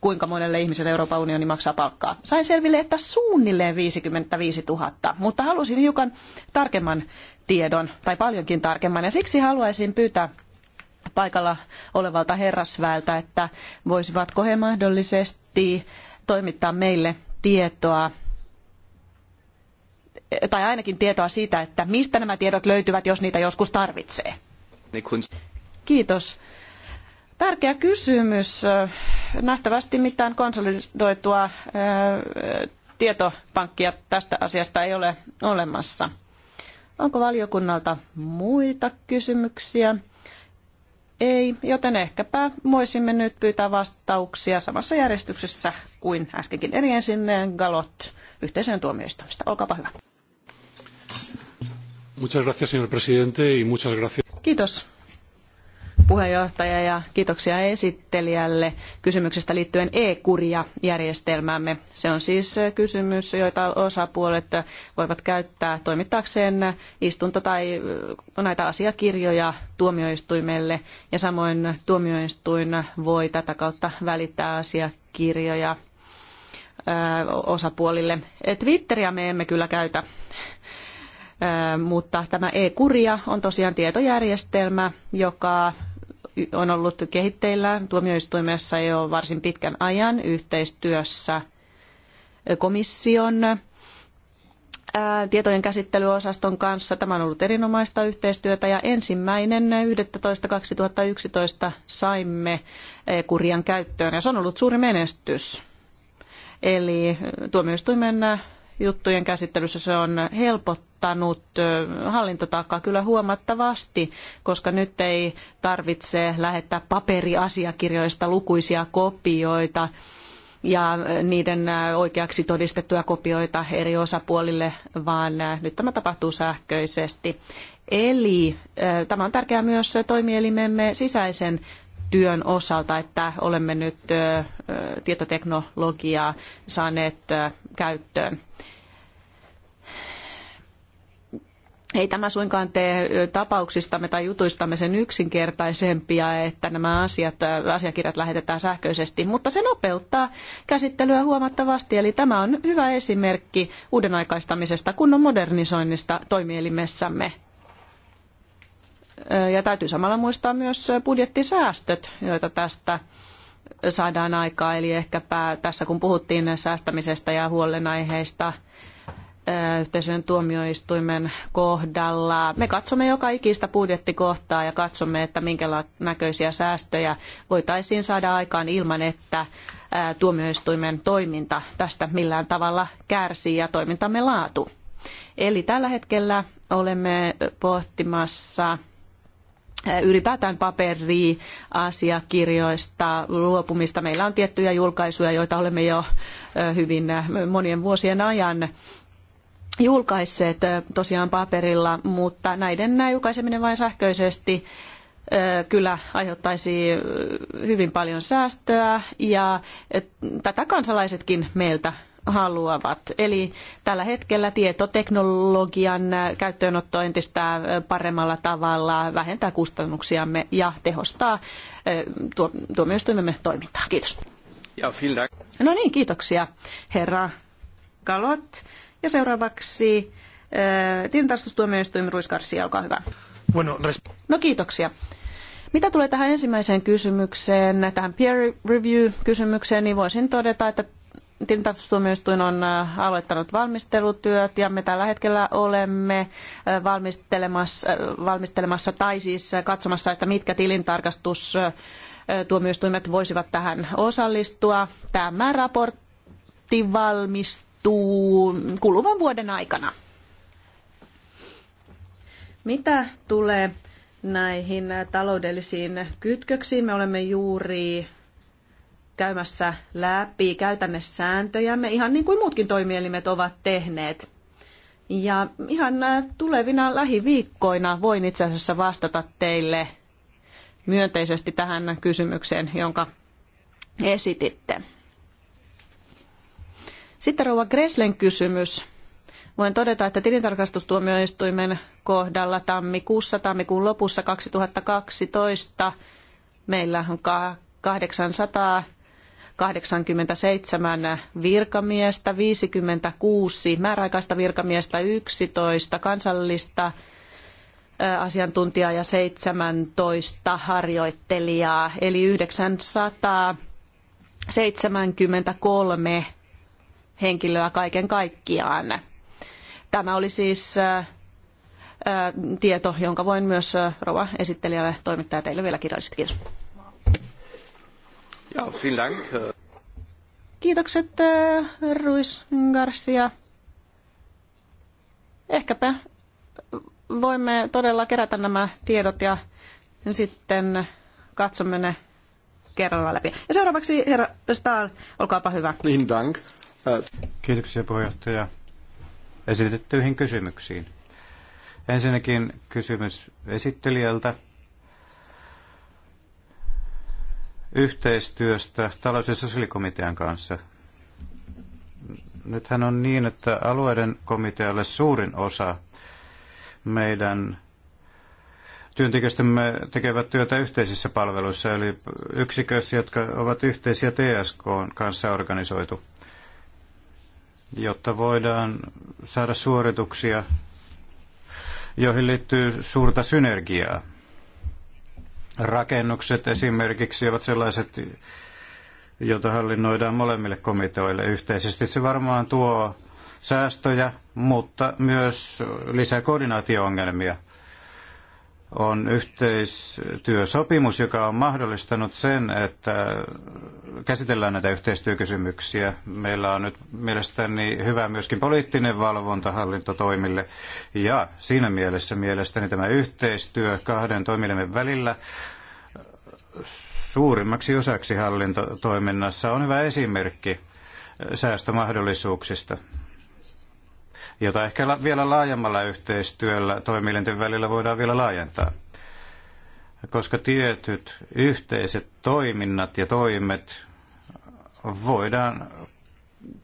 Speaker 1: kuinka monelle ihmiselle Euroopan unioni maksaa palkkaa. Sain selville, että suunnilleen 55 000, mutta halusin hiukan tarkemman tiedon, tai paljonkin tarkemman, ja siksi haluaisin pyytää paikalla olevalta herrasväeltä, että voisivatko he mahdollisesti toimittaa meille tietoa tai ainakin tietoa siitä, että mistä nämä tiedot löytyvät, jos niitä joskus tarvitsee? Kiitos. Tärkeä kysymys. Nähtävästi mitään konsolidoitua tietopankkia tästä asiasta ei ole olemassa. Onko valiokunnalta muita kysymyksiä? Ei, joten ehkäpä voisimme nyt pyytää vastauksia samassa järjestyksessä kuin äskenkin. Eli ensin Galot yhteisön tuomioistuimesta. Olkaapa hyvä.
Speaker 3: Muchas gracias, señor presidente, y muchas gracias.
Speaker 1: Kiitos puheenjohtaja ja kiitoksia esittelijälle kysymyksestä liittyen e-kuria järjestelmäämme. Se on siis kysymys, joita osapuolet voivat käyttää toimittaakseen istunto- tai äh, näitä asiakirjoja tuomioistuimelle ja samoin tuomioistuin voi tätä kautta välittää asiakirjoja äh, osapuolille. Twitteriä me emme kyllä käytä mutta tämä e-kuria on tosiaan tietojärjestelmä, joka on ollut kehitteillä tuomioistuimessa jo varsin pitkän ajan yhteistyössä komission tietojen käsittelyosaston kanssa. Tämä on ollut erinomaista yhteistyötä ja ensimmäinen 11.2011 saimme kurjan käyttöön ja se on ollut suuri menestys. Eli tuomioistuimen juttujen käsittelyssä se on helpottanut helpottanut hallintotaakkaa kyllä huomattavasti, koska nyt ei tarvitse lähettää paperiasiakirjoista lukuisia kopioita ja niiden oikeaksi todistettuja kopioita eri osapuolille, vaan nyt tämä tapahtuu sähköisesti. Eli tämä on tärkeää myös toimielimemme sisäisen työn osalta, että olemme nyt tietoteknologiaa saaneet käyttöön. ei tämä suinkaan tee tapauksistamme tai jutuistamme sen yksinkertaisempia, että nämä asiat, asiakirjat lähetetään sähköisesti, mutta se nopeuttaa käsittelyä huomattavasti. Eli tämä on hyvä esimerkki uudenaikaistamisesta, kunnon modernisoinnista toimielimessämme. Ja täytyy samalla muistaa myös budjettisäästöt, joita tästä saadaan aikaa. Eli ehkäpä tässä kun puhuttiin säästämisestä ja huolenaiheista, yhteisön tuomioistuimen kohdalla. Me katsomme joka ikistä budjettikohtaa ja katsomme, että minkä näköisiä säästöjä voitaisiin saada aikaan ilman, että tuomioistuimen toiminta tästä millään tavalla kärsii ja toimintamme laatu. Eli tällä hetkellä olemme pohtimassa ylipäätään paperiasiakirjoista luopumista. Meillä on tiettyjä julkaisuja, joita olemme jo hyvin monien vuosien ajan julkaisseet tosiaan paperilla, mutta näiden julkaiseminen vain sähköisesti kyllä aiheuttaisi hyvin paljon säästöä ja tätä kansalaisetkin meiltä haluavat. Eli tällä hetkellä tietoteknologian käyttöönotto entistä paremmalla tavalla vähentää kustannuksiamme ja tehostaa tuomioistuimemme toimintaa. Kiitos. Ja, No niin, kiitoksia herra Kalot. Ja seuraavaksi eh, tilintarkastustuomioistuin Ruis Garcia, olkaa hyvä. No kiitoksia. Mitä tulee tähän ensimmäiseen kysymykseen, tähän peer review-kysymykseen, niin voisin todeta, että tilintarkastustuomioistuin on eh, aloittanut valmistelutyöt ja me tällä hetkellä olemme eh, valmistelemassa, valmistelemassa tai siis katsomassa, että mitkä tilintarkastustuomioistuimet voisivat tähän osallistua. Tämä raportti valmistuu tapahtuu kuluvan vuoden aikana. Mitä tulee näihin taloudellisiin kytköksiin? Me olemme juuri käymässä läpi käytännössääntöjämme, ihan niin kuin muutkin toimielimet ovat tehneet. Ja ihan tulevina lähiviikkoina voin itse asiassa vastata teille myönteisesti tähän kysymykseen, jonka esititte. Sitten rouva Greslen kysymys. Voin todeta, että tilintarkastustuomioistuimen kohdalla tammikuussa, tammikuun lopussa 2012 meillä on 800 87 virkamiestä, 56 määräaikaista virkamiestä, 11 kansallista asiantuntijaa ja 17 harjoittelijaa, eli 973 henkilöä kaiken kaikkiaan. Tämä oli siis tieto, jonka voin myös rouva esittelijälle toimittaa teille vielä kirjallisesti. Kiitos.
Speaker 3: Ja, dank. Äh.
Speaker 1: Kiitokset Ruis Garcia. Ehkäpä voimme todella kerätä nämä tiedot ja sitten katsomme ne kerralla läpi. Ja seuraavaksi herra Stahl, olkaapa hyvä.
Speaker 3: Niin, dank. Kiitoksia puheenjohtaja esitettyihin kysymyksiin. Ensinnäkin kysymys esittelijältä yhteistyöstä talous- ja sosiaalikomitean kanssa. Nythän on niin, että alueiden komitealle suurin osa meidän työntekijöistämme tekevät työtä yhteisissä palveluissa, eli yksiköissä, jotka ovat yhteisiä TSK kanssa organisoitu jotta voidaan saada suorituksia, joihin liittyy suurta synergiaa. Rakennukset esimerkiksi ovat sellaiset, joita hallinnoidaan molemmille komiteoille yhteisesti. Se varmaan tuo säästöjä, mutta myös lisää koordinaatio-ongelmia on yhteistyösopimus, joka on mahdollistanut sen, että käsitellään näitä yhteistyökysymyksiä. Meillä on nyt mielestäni hyvä myöskin poliittinen valvonta hallintotoimille ja siinä mielessä mielestäni tämä yhteistyö kahden toimielimen välillä suurimmaksi osaksi hallintotoiminnassa on hyvä esimerkki säästömahdollisuuksista jota ehkä vielä laajemmalla yhteistyöllä toimielinten välillä voidaan vielä laajentaa. Koska tietyt yhteiset toiminnat ja toimet voidaan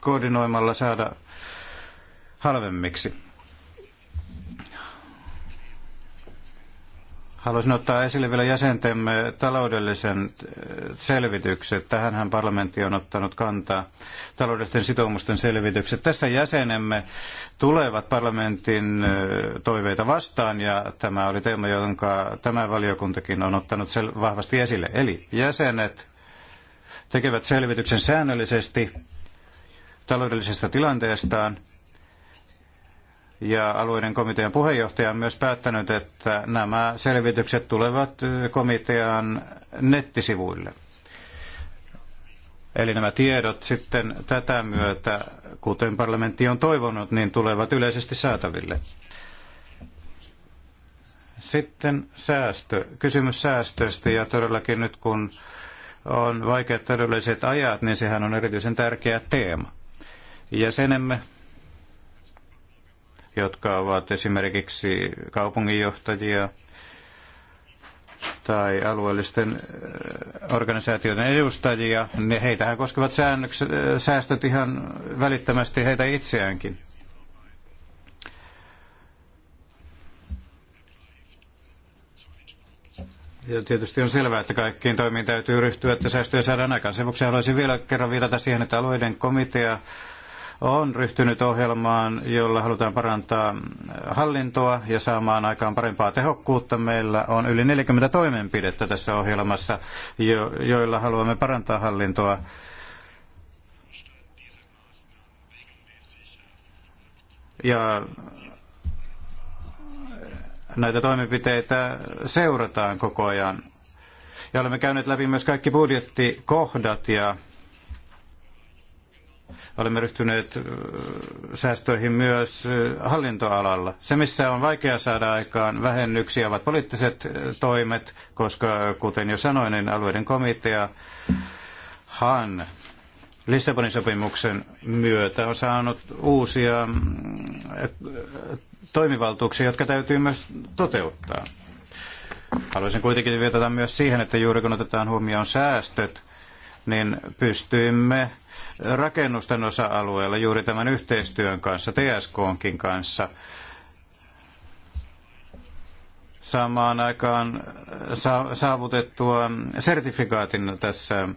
Speaker 3: koordinoimalla saada halvemmiksi. Haluaisin ottaa esille vielä jäsentemme taloudellisen äh, selvitykset. Tähänhän parlamentti on ottanut kantaa taloudellisten sitoumusten selvitykset. Tässä jäsenemme tulevat parlamentin äh, toiveita vastaan ja tämä oli teema, jonka tämä valiokuntakin on ottanut vahvasti esille. Eli jäsenet tekevät selvityksen säännöllisesti taloudellisesta tilanteestaan ja alueiden komitean puheenjohtaja on myös päättänyt, että nämä selvitykset tulevat komitean nettisivuille. Eli nämä tiedot sitten tätä myötä, kuten parlamentti on toivonut, niin tulevat yleisesti saataville. Sitten säästö. Kysymys säästöstä ja todellakin nyt kun on vaikeat taloudelliset ajat, niin sehän on erityisen tärkeä teema. Jäsenemme jotka ovat esimerkiksi kaupunginjohtajia tai alueellisten organisaatioiden edustajia, niin heitähän koskevat säännökset, säästöt ihan välittömästi heitä itseäänkin. Ja tietysti on selvää, että kaikkiin toimiin täytyy ryhtyä, että säästöjä saadaan aikaan. Sen vuoksi haluaisin vielä kerran viitata siihen, että alueiden komitea on ryhtynyt ohjelmaan, jolla halutaan parantaa hallintoa ja saamaan aikaan parempaa tehokkuutta. Meillä on yli 40 toimenpidettä tässä ohjelmassa, joilla haluamme parantaa hallintoa. Ja näitä toimenpiteitä seurataan koko ajan. Ja olemme käyneet läpi myös kaikki budjettikohdat ja Olemme ryhtyneet säästöihin myös hallintoalalla. Se, missä on vaikea saada aikaan vähennyksiä, ovat poliittiset toimet, koska kuten jo sanoin, niin alueiden komitea Han Lissabonin sopimuksen myötä on saanut uusia mm, toimivaltuuksia, jotka täytyy myös toteuttaa. Haluaisin kuitenkin viitata myös siihen, että juuri kun otetaan huomioon säästöt, niin pystyimme rakennusten osa-alueella juuri tämän yhteistyön kanssa, TSKnkin kanssa, saamaan aikaan saavutettua sertifikaatin tässä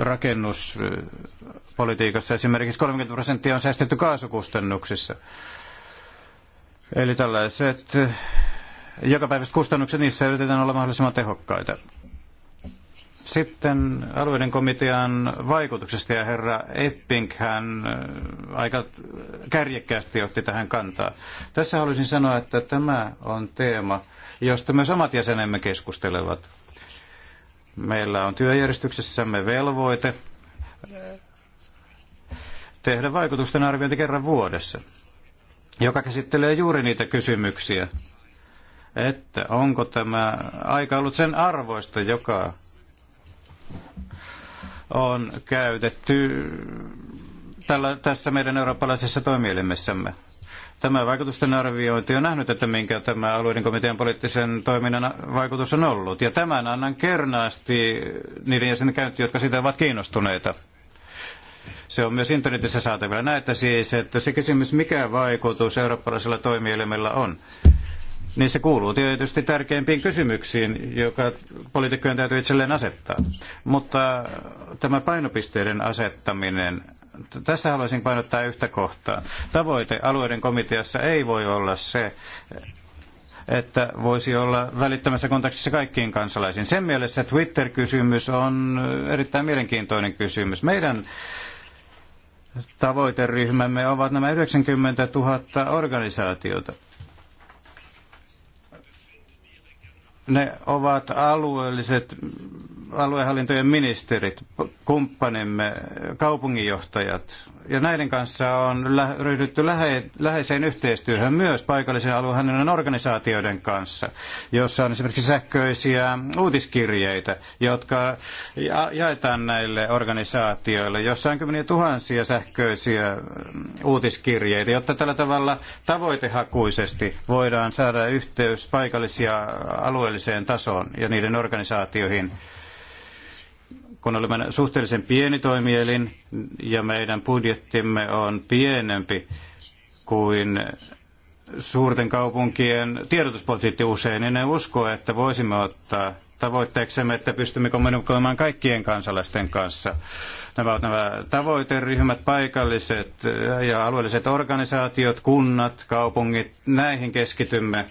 Speaker 3: rakennuspolitiikassa. Esimerkiksi 30 prosenttia on säästetty kaasukustannuksissa. Eli tällaiset jokapäiväiset kustannukset, niissä yritetään olla mahdollisimman tehokkaita. Sitten alueiden komitean vaikutuksesta ja herra Epping hän äh, aika kärjekkäästi otti tähän kantaa. Tässä haluaisin sanoa, että tämä on teema, josta myös omat jäsenemme keskustelevat. Meillä on työjärjestyksessämme velvoite äh, tehdä vaikutusten arviointi kerran vuodessa, joka käsittelee juuri niitä kysymyksiä, että onko tämä aika ollut sen arvoista, joka on käytetty tällä, tässä meidän eurooppalaisessa toimielimessämme. Tämä vaikutusten arviointi on nähnyt, että minkä tämä alueiden komitean poliittisen toiminnan vaikutus on ollut. Ja tämän annan kernaasti niiden jäsenen käyntiin, jotka siitä ovat kiinnostuneita. Se on myös internetissä saatavilla. Näette siis, että se kysymys, mikä vaikutus eurooppalaisella toimielimellä on niin se kuuluu tietysti tärkeimpiin kysymyksiin, joka poliitikkojen täytyy itselleen asettaa. Mutta tämä painopisteiden asettaminen, tässä haluaisin painottaa yhtä kohtaa. Tavoite alueiden komiteassa ei voi olla se, että voisi olla välittömässä kontaktissa kaikkiin kansalaisiin. Sen mielessä Twitter-kysymys on erittäin mielenkiintoinen kysymys. Meidän tavoiteryhmämme ovat nämä 90 000 organisaatiota Ne ovat alueelliset aluehallintojen ministerit, kumppanimme, kaupunginjohtajat, ja näiden kanssa on ryhdytty lähe- läheiseen yhteistyöhön myös paikallisen aluehallinnon organisaatioiden kanssa, jossa on esimerkiksi sähköisiä uutiskirjeitä, jotka jaetaan näille organisaatioille, jossa on kymmeniä tuhansia sähköisiä mm, uutiskirjeitä, jotta tällä tavalla tavoitehakuisesti voidaan saada yhteys paikallisia alueelliseen tasoon ja niiden organisaatioihin kun olemme suhteellisen pieni toimielin ja meidän budjettimme on pienempi kuin suurten kaupunkien tiedotuspolitiitti usein, niin en usko, että voisimme ottaa tavoitteeksemme, että pystymme kommunikoimaan kaikkien kansalaisten kanssa. Nämä ovat nämä tavoiteryhmät, paikalliset ja alueelliset organisaatiot, kunnat, kaupungit, näihin keskitymme.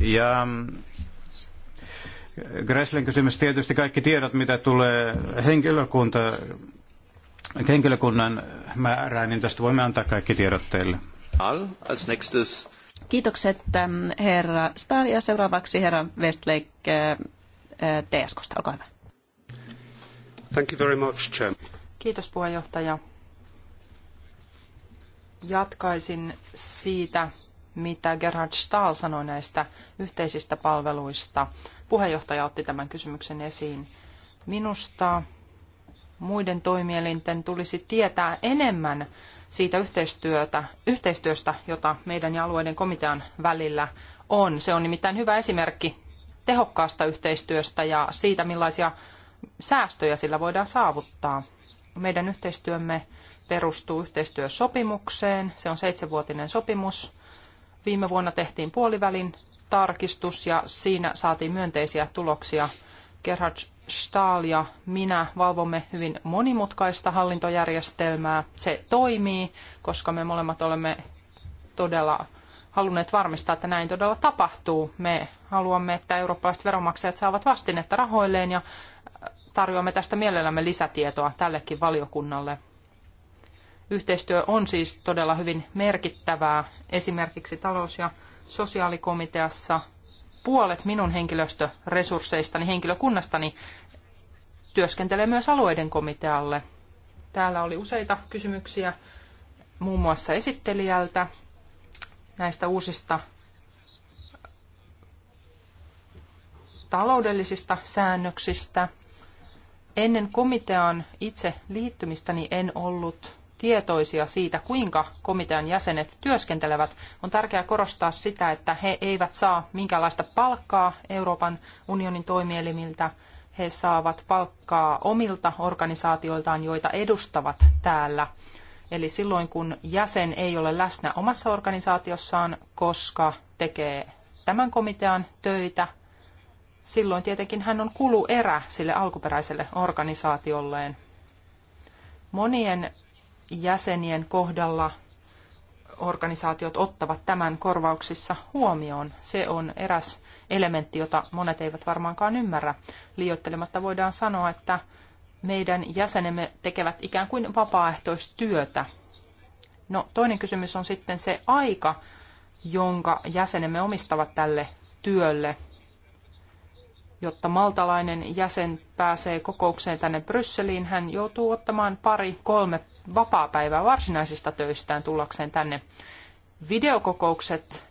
Speaker 3: Ja Gresslin kysymys tietysti kaikki tiedot, mitä tulee henkilökunta, henkilökunnan määrään, niin tästä voimme antaa kaikki tiedot teille.
Speaker 1: Kiitokset ähm, herra Stahl ja seuraavaksi herra Westlake
Speaker 2: äh, äh, TSKsta. Olkaa hyvä.
Speaker 3: Thank you very much, Chair.
Speaker 2: Kiitos puheenjohtaja. Jatkaisin siitä, mitä Gerhard Stahl sanoi näistä yhteisistä palveluista puheenjohtaja otti tämän kysymyksen esiin. Minusta muiden toimielinten tulisi tietää enemmän siitä yhteistyötä, yhteistyöstä, jota meidän ja alueiden komitean välillä on. Se on nimittäin hyvä esimerkki tehokkaasta yhteistyöstä ja siitä, millaisia säästöjä sillä voidaan saavuttaa. Meidän yhteistyömme perustuu yhteistyösopimukseen. Se on seitsemänvuotinen sopimus. Viime vuonna tehtiin puolivälin tarkistus ja siinä saatiin myönteisiä tuloksia. Gerhard Stahl ja minä valvomme hyvin monimutkaista hallintojärjestelmää. Se toimii, koska me molemmat olemme todella halunneet varmistaa, että näin todella tapahtuu. Me haluamme, että eurooppalaiset veronmaksajat saavat vastinetta rahoilleen ja tarjoamme tästä mielellämme lisätietoa tällekin valiokunnalle. Yhteistyö on siis todella hyvin merkittävää. Esimerkiksi talous- ja sosiaalikomiteassa puolet minun henkilöstöresursseistani, henkilökunnastani työskentelee myös alueiden komitealle. Täällä oli useita kysymyksiä muun muassa esittelijältä näistä uusista taloudellisista säännöksistä. Ennen komitean itse liittymistäni niin en ollut tietoisia siitä, kuinka komitean jäsenet työskentelevät. On tärkeää korostaa sitä, että he eivät saa minkäänlaista palkkaa Euroopan unionin toimielimiltä. He saavat palkkaa omilta organisaatioiltaan, joita edustavat täällä. Eli silloin kun jäsen ei ole läsnä omassa organisaatiossaan, koska tekee tämän komitean töitä, silloin tietenkin hän on kuluerä sille alkuperäiselle organisaatiolleen. Monien jäsenien kohdalla organisaatiot ottavat tämän korvauksissa huomioon. Se on eräs elementti, jota monet eivät varmaankaan ymmärrä. Liioittelematta voidaan sanoa, että meidän jäsenemme tekevät ikään kuin vapaaehtoistyötä. No, toinen kysymys on sitten se aika, jonka jäsenemme omistavat tälle työlle – jotta maltalainen jäsen pääsee kokoukseen tänne Brysseliin, hän joutuu ottamaan pari, kolme vapaapäivää varsinaisista töistään tullakseen tänne. Videokokoukset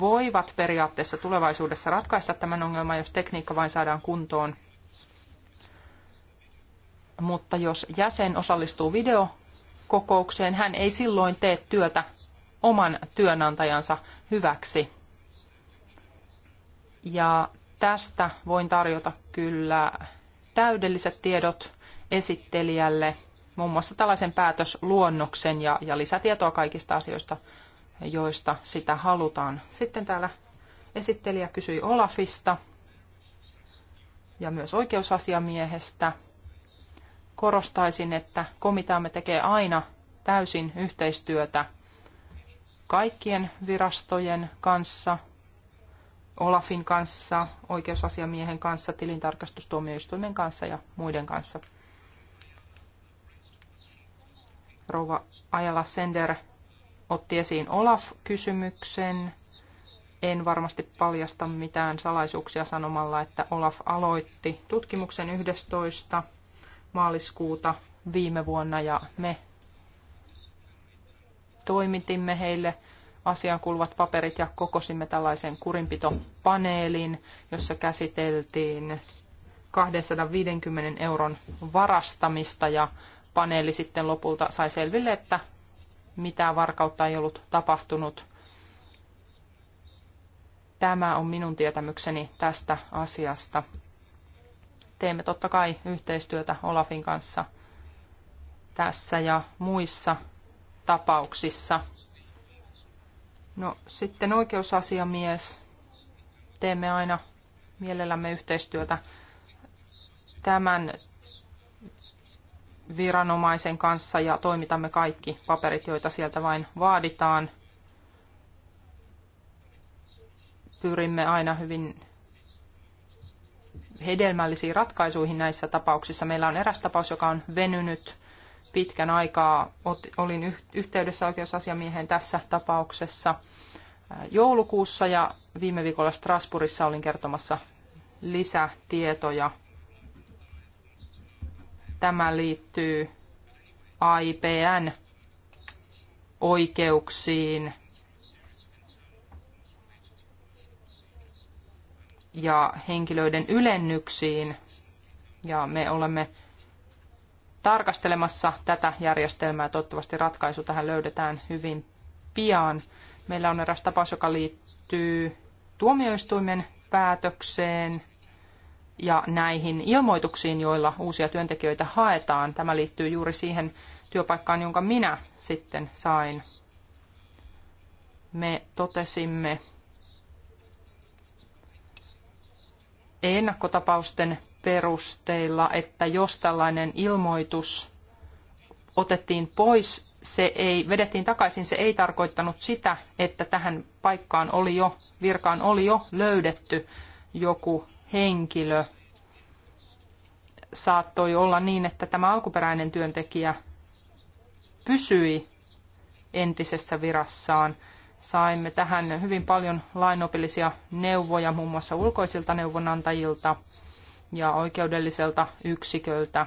Speaker 2: voivat periaatteessa tulevaisuudessa ratkaista tämän ongelman, jos tekniikka vain saadaan kuntoon. Mutta jos jäsen osallistuu videokokoukseen, hän ei silloin tee työtä oman työnantajansa hyväksi. Ja Tästä voin tarjota kyllä täydelliset tiedot esittelijälle, muun muassa tällaisen päätösluonnoksen ja, ja lisätietoa kaikista asioista, joista sitä halutaan. Sitten täällä esittelijä kysyi Olafista ja myös oikeusasiamiehestä. Korostaisin, että komiteamme tekee aina täysin yhteistyötä kaikkien virastojen kanssa – Olafin kanssa, oikeusasiamiehen kanssa, tilintarkastustuomioistuimen kanssa ja muiden kanssa. Rouva Ajala Sender otti esiin Olaf-kysymyksen. En varmasti paljasta mitään salaisuuksia sanomalla, että Olaf aloitti tutkimuksen 11. maaliskuuta viime vuonna ja me toimitimme heille asiaan kuuluvat paperit ja kokosimme tällaisen kurinpitopaneelin, jossa käsiteltiin 250 euron varastamista ja paneeli sitten lopulta sai selville, että mitään varkautta ei ollut tapahtunut. Tämä on minun tietämykseni tästä asiasta. Teemme totta kai yhteistyötä Olafin kanssa tässä ja muissa tapauksissa – No sitten oikeusasiamies. Teemme aina mielellämme yhteistyötä tämän viranomaisen kanssa ja toimitamme kaikki paperit, joita sieltä vain vaaditaan. Pyrimme aina hyvin hedelmällisiin ratkaisuihin näissä tapauksissa. Meillä on eräs tapaus, joka on venynyt pitkän aikaa olin yhteydessä oikeusasiamieheen tässä tapauksessa joulukuussa ja viime viikolla Strasbourgissa olin kertomassa lisätietoja. Tämä liittyy AIPN oikeuksiin ja henkilöiden ylennyksiin. Ja me olemme tarkastelemassa tätä järjestelmää. Toivottavasti ratkaisu tähän löydetään hyvin pian. Meillä on eräs tapaus, joka liittyy tuomioistuimen päätökseen ja näihin ilmoituksiin, joilla uusia työntekijöitä haetaan. Tämä liittyy juuri siihen työpaikkaan, jonka minä sitten sain. Me totesimme ennakkotapausten perusteilla, että jos tällainen ilmoitus otettiin pois, se ei, vedettiin takaisin, se ei tarkoittanut sitä, että tähän paikkaan oli jo, virkaan oli jo löydetty joku henkilö. Saattoi olla niin, että tämä alkuperäinen työntekijä pysyi entisessä virassaan. Saimme tähän hyvin paljon lainopillisia neuvoja muun muassa ulkoisilta neuvonantajilta ja oikeudelliselta yksiköltä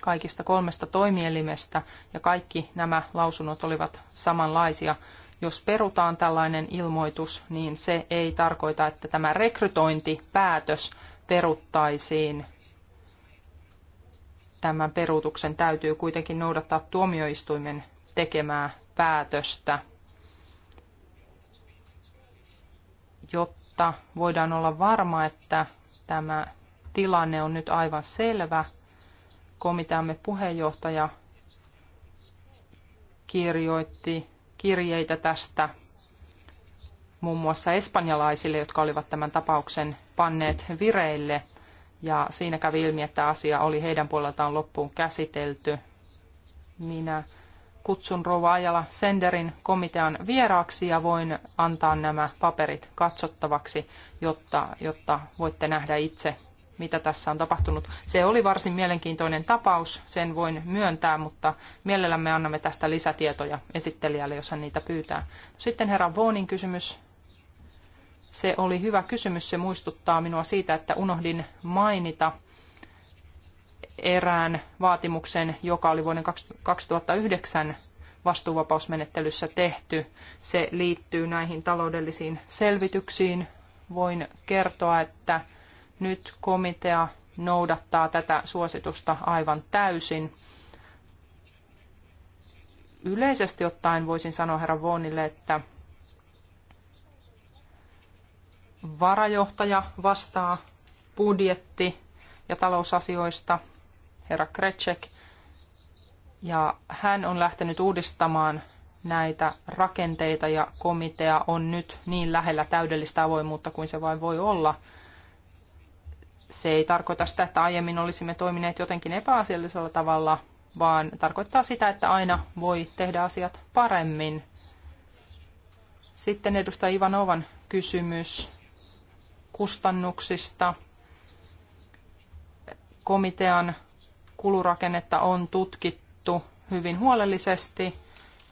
Speaker 2: kaikista kolmesta toimielimestä ja kaikki nämä lausunnot olivat samanlaisia. Jos perutaan tällainen ilmoitus, niin se ei tarkoita, että tämä rekrytointipäätös peruttaisiin. Tämän peruutuksen täytyy kuitenkin noudattaa tuomioistuimen tekemää päätöstä, jotta voidaan olla varma, että tämä tilanne on nyt aivan selvä. Komiteamme puheenjohtaja kirjoitti kirjeitä tästä muun muassa espanjalaisille, jotka olivat tämän tapauksen panneet vireille. Ja siinä kävi ilmi, että asia oli heidän puoleltaan loppuun käsitelty. Minä kutsun Rova Ajala Senderin komitean vieraaksi ja voin antaa nämä paperit katsottavaksi, jotta, jotta voitte nähdä itse, mitä tässä on tapahtunut. Se oli varsin mielenkiintoinen tapaus, sen voin myöntää, mutta mielellämme annamme tästä lisätietoja esittelijälle, jos hän niitä pyytää. No sitten herra Vonin kysymys. Se oli hyvä kysymys, se muistuttaa minua siitä, että unohdin mainita erään vaatimuksen, joka oli vuoden 2009 vastuuvapausmenettelyssä tehty. Se liittyy näihin taloudellisiin selvityksiin. Voin kertoa, että nyt komitea noudattaa tätä suositusta aivan täysin. Yleisesti ottaen voisin sanoa herra Vonille, että varajohtaja vastaa budjetti- ja talousasioista, herra Kretschek, ja hän on lähtenyt uudistamaan näitä rakenteita ja komitea on nyt niin lähellä täydellistä avoimuutta kuin se vain voi olla – se ei tarkoita sitä, että aiemmin olisimme toimineet jotenkin epäasiallisella tavalla, vaan tarkoittaa sitä, että aina voi tehdä asiat paremmin. Sitten edustaja Ivanovan kysymys kustannuksista. Komitean kulurakennetta on tutkittu hyvin huolellisesti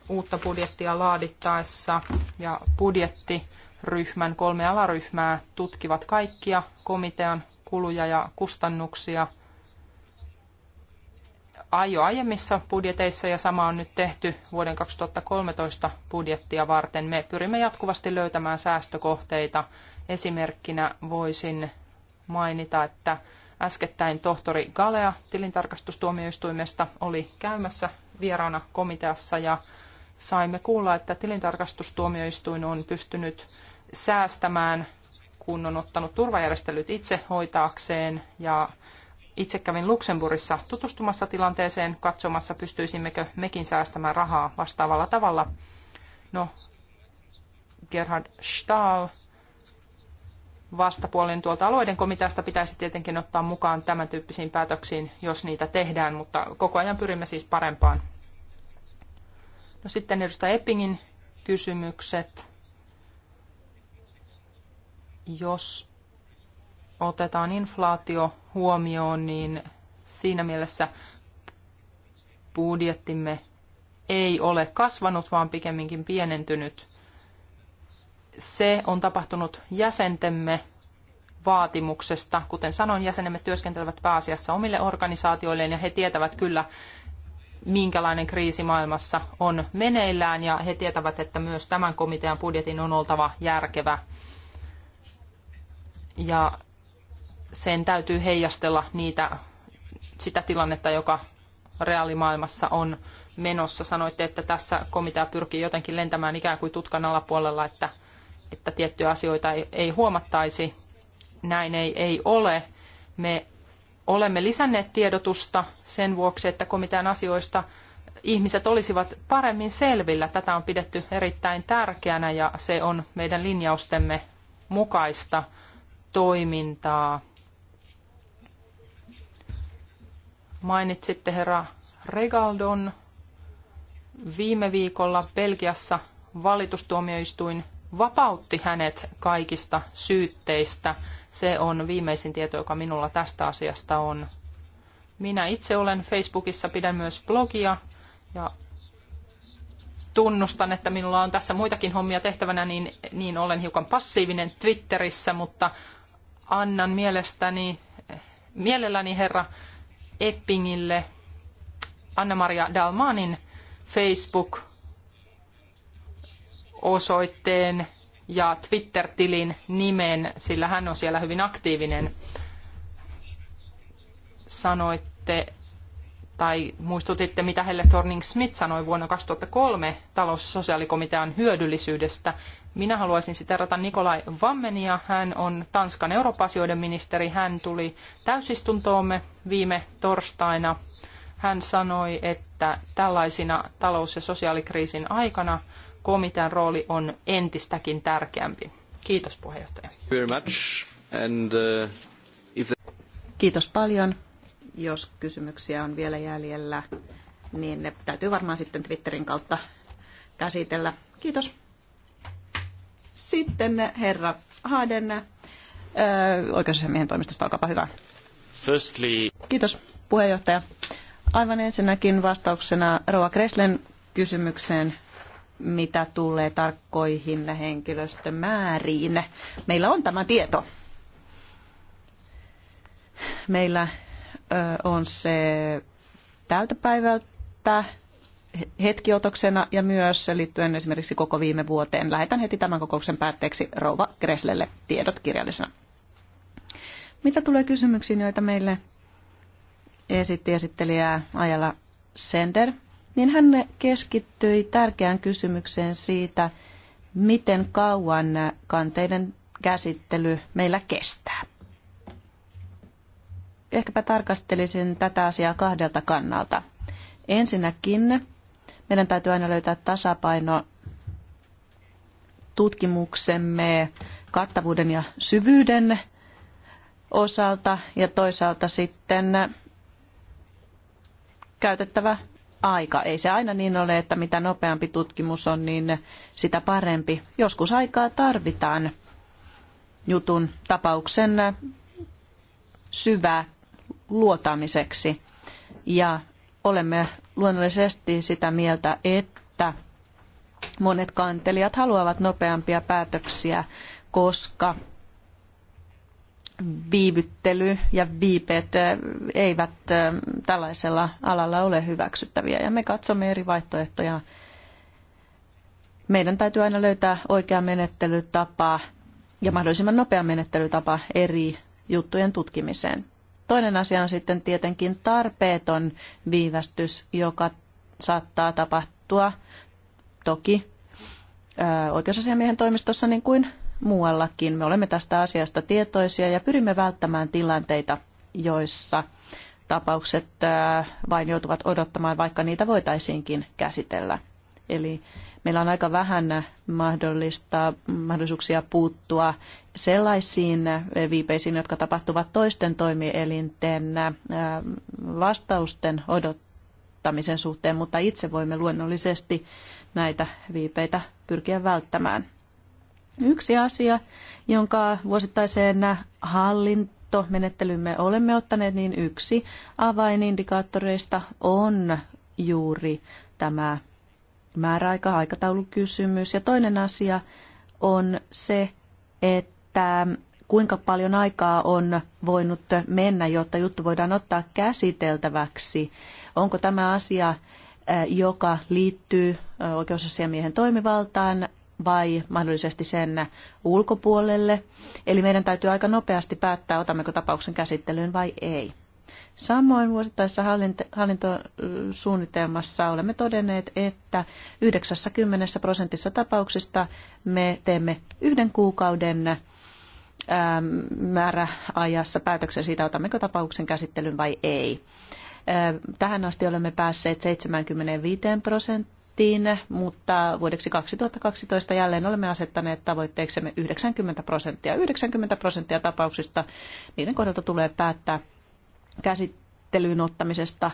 Speaker 2: uutta budjettia laadittaessa ja budjettiryhmän kolme alaryhmää tutkivat kaikkia komitean kuluja ja kustannuksia jo aiemmissa budjeteissa ja sama on nyt tehty vuoden 2013 budjettia varten. Me pyrimme jatkuvasti löytämään säästökohteita. Esimerkkinä voisin mainita, että äskettäin tohtori Galea tilintarkastustuomioistuimesta oli käymässä vieraana komiteassa ja saimme kuulla, että tilintarkastustuomioistuin on pystynyt säästämään kun on ottanut turvajärjestelyt itse hoitaakseen ja itse kävin Luxemburgissa tutustumassa tilanteeseen, katsomassa pystyisimmekö mekin säästämään rahaa vastaavalla tavalla. No, Gerhard Stahl, vastapuolen tuolta alueiden komiteasta pitäisi tietenkin ottaa mukaan tämän tyyppisiin päätöksiin, jos niitä tehdään, mutta koko ajan pyrimme siis parempaan. No sitten edustaja Eppingin kysymykset jos otetaan inflaatio huomioon, niin siinä mielessä budjettimme ei ole kasvanut, vaan pikemminkin pienentynyt. Se on tapahtunut jäsentemme vaatimuksesta. Kuten sanoin, jäsenemme työskentelevät pääasiassa omille organisaatioilleen ja he tietävät kyllä, minkälainen kriisi maailmassa on meneillään ja he tietävät, että myös tämän komitean budjetin on oltava järkevä ja sen täytyy heijastella niitä, sitä tilannetta, joka reaalimaailmassa on menossa. Sanoitte, että tässä komitea pyrkii jotenkin lentämään ikään kuin tutkan alapuolella, että, että tiettyjä asioita ei, ei huomattaisi. Näin ei, ei ole. Me olemme lisänneet tiedotusta sen vuoksi, että komitean asioista ihmiset olisivat paremmin selvillä. Tätä on pidetty erittäin tärkeänä ja se on meidän linjaustemme mukaista – toimintaa. Mainitsitte herra Regaldon viime viikolla Belgiassa valitustuomioistuin vapautti hänet kaikista syytteistä. Se on viimeisin tieto, joka minulla tästä asiasta on. Minä itse olen Facebookissa, pidän myös blogia ja tunnustan, että minulla on tässä muitakin hommia tehtävänä, niin, niin olen hiukan passiivinen Twitterissä, mutta annan mielestäni, mielelläni herra Eppingille Anna-Maria Dalmanin Facebook-osoitteen ja Twitter-tilin nimen, sillä hän on siellä hyvin aktiivinen. Sanoitte, tai muistutitte, mitä Helle Thorning Smith sanoi vuonna 2003 taloussosiaalikomitean hyödyllisyydestä. Minä haluaisin siterata Nikolai Vammenia. Hän on Tanskan eurooppa-asioiden ministeri. Hän tuli täysistuntoomme viime torstaina. Hän sanoi, että tällaisina talous- ja sosiaalikriisin aikana komitean rooli on entistäkin tärkeämpi. Kiitos puheenjohtaja.
Speaker 3: Uh, Kiitos
Speaker 1: paljon jos kysymyksiä on vielä jäljellä, niin ne täytyy varmaan sitten Twitterin kautta käsitellä. Kiitos. Sitten herra Haden, öö, oikeusasiamiehen toimistosta, olkaapa hyvä.
Speaker 3: Firstly...
Speaker 1: Kiitos puheenjohtaja. Aivan ensinnäkin vastauksena Roa Kreslen kysymykseen, mitä tulee tarkkoihin henkilöstömääriin. Meillä on tämä tieto. Meillä on se tältä päivältä hetkiotoksena ja myös liittyen esimerkiksi koko viime vuoteen. Lähetän heti tämän kokouksen päätteeksi Rouva Kreslelle tiedot kirjallisena. Mitä tulee kysymyksiin, joita meille esitti esittelijä Ajala Sender, niin hän keskittyi tärkeään kysymykseen siitä, miten kauan kanteiden käsittely meillä kestää ehkäpä tarkastelisin tätä asiaa kahdelta kannalta. Ensinnäkin meidän täytyy aina löytää tasapaino tutkimuksemme kattavuuden ja syvyyden osalta ja toisaalta sitten käytettävä aika. Ei se aina niin ole, että mitä nopeampi tutkimus on, niin sitä parempi. Joskus aikaa tarvitaan jutun tapauksen syvää luotamiseksi. Ja olemme luonnollisesti sitä mieltä, että monet kantelijat haluavat nopeampia päätöksiä, koska viivyttely ja viipeet eivät tällaisella alalla ole hyväksyttäviä. Ja me katsomme eri vaihtoehtoja. Meidän täytyy aina löytää oikea menettelytapa ja mahdollisimman nopea menettelytapa eri juttujen tutkimiseen. Toinen asia on sitten tietenkin tarpeeton viivästys, joka saattaa tapahtua toki oikeusasiamiehen toimistossa niin kuin muuallakin. Me olemme tästä asiasta tietoisia ja pyrimme välttämään tilanteita, joissa tapaukset vain joutuvat odottamaan, vaikka niitä voitaisiinkin käsitellä. Eli meillä on aika vähän mahdollista, mahdollisuuksia puuttua sellaisiin viipeisiin, jotka tapahtuvat toisten toimielinten äh, vastausten odottamisen suhteen, mutta itse voimme luonnollisesti näitä viipeitä pyrkiä välttämään. Yksi asia, jonka vuosittaiseen menettelymme olemme ottaneet, niin yksi avainindikaattoreista on juuri tämä määräaika, aikataulukysymys. Ja toinen asia on se, että kuinka paljon aikaa on voinut mennä, jotta juttu voidaan ottaa käsiteltäväksi. Onko tämä asia, eh, joka liittyy eh, oikeusasiamiehen toimivaltaan vai mahdollisesti sen ulkopuolelle. Eli meidän täytyy aika nopeasti päättää, otammeko tapauksen käsittelyyn vai ei. Samoin vuosittaisessa hallintosuunnitelmassa olemme todenneet, että 90 prosentissa tapauksista me teemme yhden kuukauden ähm, määräajassa päätöksen siitä, otammeko tapauksen käsittelyn vai ei. Äh, tähän asti olemme päässeet 75 prosenttiin, mutta vuodeksi 2012 jälleen olemme asettaneet tavoitteeksemme 90 prosenttia. 90 prosenttia tapauksista niiden kohdalta tulee päättää käsittelyyn ottamisesta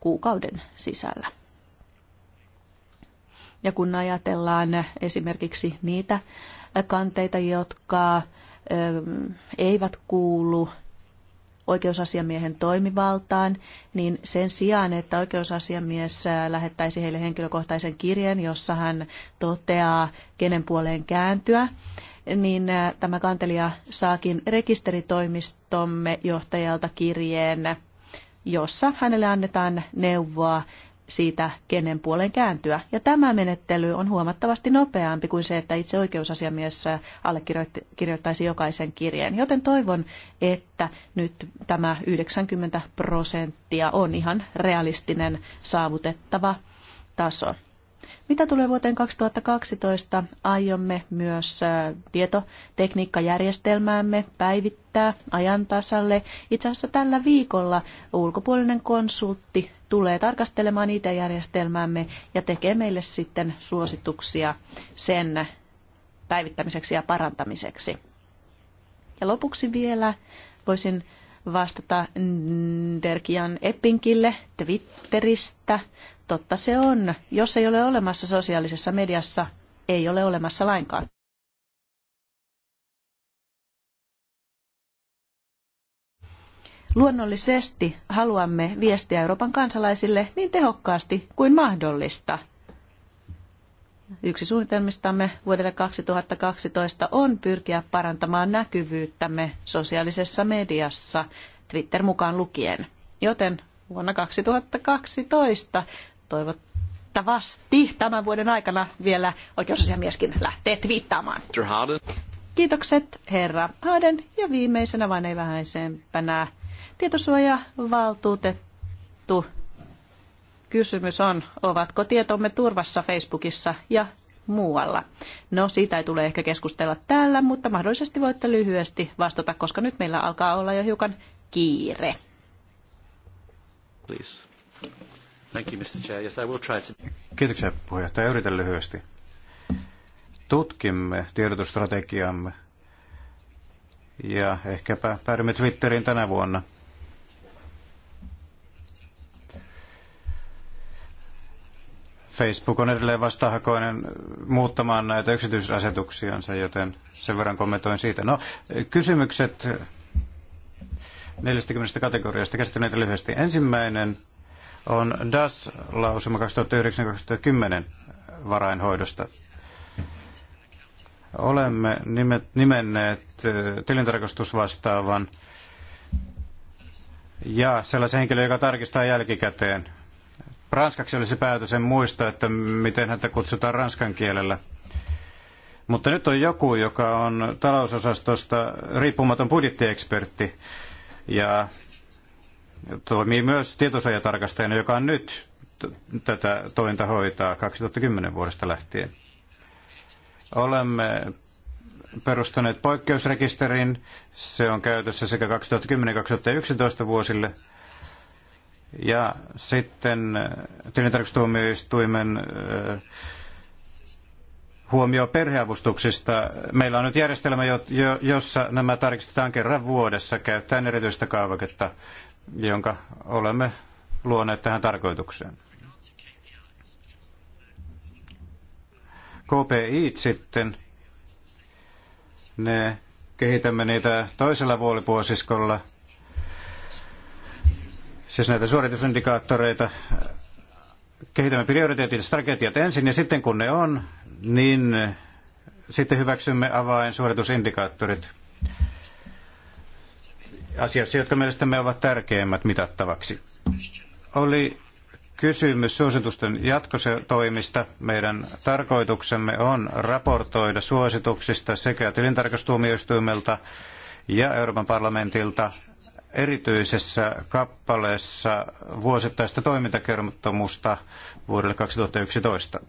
Speaker 1: kuukauden sisällä. Ja kun ajatellaan esimerkiksi niitä kanteita, jotka ähm, eivät kuulu oikeusasiamiehen toimivaltaan, niin sen sijaan, että oikeusasiamies lähettäisi heille henkilökohtaisen kirjeen, jossa hän toteaa, kenen puoleen kääntyä, niin tämä kantelija saakin rekisteritoimistomme johtajalta kirjeen, jossa hänelle annetaan neuvoa siitä, kenen puolen kääntyä. Ja tämä menettely on huomattavasti nopeampi kuin se, että itse oikeusasiamies allekirjoittaisi jokaisen kirjeen. Joten toivon, että nyt tämä 90 prosenttia on ihan realistinen saavutettava taso. Mitä tulee vuoteen 2012, aiomme myös äh, tietotekniikkajärjestelmäämme päivittää ajan tasalle. Itse asiassa tällä viikolla ulkopuolinen konsultti tulee tarkastelemaan IT-järjestelmäämme ja tekee meille sitten suosituksia sen päivittämiseksi ja parantamiseksi. Ja lopuksi vielä voisin vastata Derkian Eppinkille Twitteristä. Totta se on. Jos ei ole olemassa sosiaalisessa mediassa, ei ole olemassa lainkaan. Luonnollisesti haluamme viestiä Euroopan kansalaisille niin tehokkaasti kuin mahdollista – Yksi suunnitelmistamme vuodelle 2012 on pyrkiä parantamaan näkyvyyttämme sosiaalisessa mediassa, Twitter mukaan lukien. Joten vuonna 2012 toivottavasti tämän vuoden aikana vielä oikeusasiamieskin lähtee twiittaamaan. Kiitokset herra Haden ja viimeisenä vain ei vähäisempänä tietosuojavaltuutettu kysymys on, ovatko tietomme turvassa Facebookissa ja muualla. No, siitä ei tule ehkä keskustella täällä, mutta mahdollisesti voitte lyhyesti vastata, koska nyt meillä alkaa olla jo hiukan kiire.
Speaker 3: Thank you, Mr. Chair. Yes, I will try to... Kiitoksia puheenjohtaja. Yritän lyhyesti. Tutkimme tiedotustrategiamme ja ehkäpä päädymme Twitteriin tänä vuonna – Facebook on edelleen vastahakoinen muuttamaan näitä yksityisasetuksiansa, joten sen verran kommentoin siitä. No, kysymykset 40 kategoriasta käsittyneitä lyhyesti. Ensimmäinen on DAS-lausuma 2009-2010 varainhoidosta. Olemme nimenneet tilintarkastusvastaavan ja sellaisen henkilön, joka tarkistaa jälkikäteen ranskaksi oli se päätös, en muista, että miten häntä kutsutaan ranskan kielellä. Mutta nyt on joku, joka on talousosastosta riippumaton budjettiekspertti ja toimii myös tietosuojatarkastajana, joka on nyt tätä tointa hoitaa 2010 vuodesta lähtien. Olemme perustaneet poikkeusrekisterin. Se on käytössä sekä 2010-2011 vuosille – ja sitten tilintarkastustuomioistuimen huomio perheavustuksista. Meillä on nyt järjestelmä, jossa nämä tarkistetaan kerran vuodessa käyttäen erityistä kaavaketta, jonka olemme luoneet tähän tarkoitukseen. KPI sitten, ne kehitämme niitä toisella vuolipuosiskolla – siis näitä suoritusindikaattoreita, kehitämme prioriteetit strategiat ensin ja sitten kun ne on, niin sitten hyväksymme suoritusindikaattorit Asioissa, jotka mielestämme ovat tärkeimmät mitattavaksi. Oli kysymys suositusten jatkotoimista. Meidän tarkoituksemme on raportoida suosituksista sekä tilintarkastuomioistuimelta ja Euroopan parlamentilta erityisessä kappaleessa vuosittaista toimintakertomusta vuodelle 2011.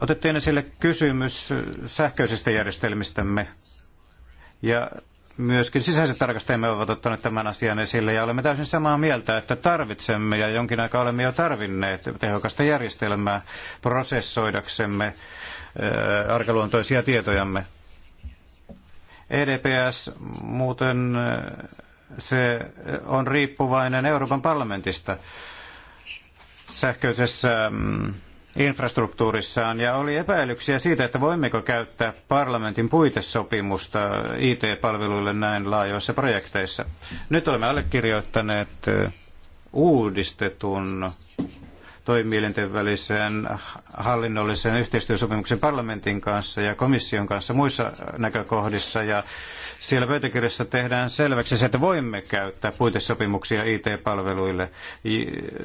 Speaker 3: Otettiin esille kysymys sähköisistä järjestelmistämme ja myöskin sisäiset tarkastajamme ovat ottaneet tämän asian esille ja olemme täysin samaa mieltä, että tarvitsemme ja jonkin aikaa olemme jo tarvinneet tehokasta järjestelmää prosessoidaksemme arkaluontoisia tietojamme EDPS muuten eh, se on riippuvainen Euroopan parlamentista sähköisessä mm, infrastruktuurissaan ja oli epäilyksiä siitä, että voimmeko käyttää parlamentin puitesopimusta IT-palveluille näin laajoissa projekteissa. Nyt olemme allekirjoittaneet eh, uudistetun toimielinten välisen hallinnollisen yhteistyösopimuksen parlamentin kanssa ja komission kanssa muissa näkökohdissa. Ja siellä pöytäkirjassa tehdään selväksi se, että voimme käyttää puitesopimuksia IT-palveluille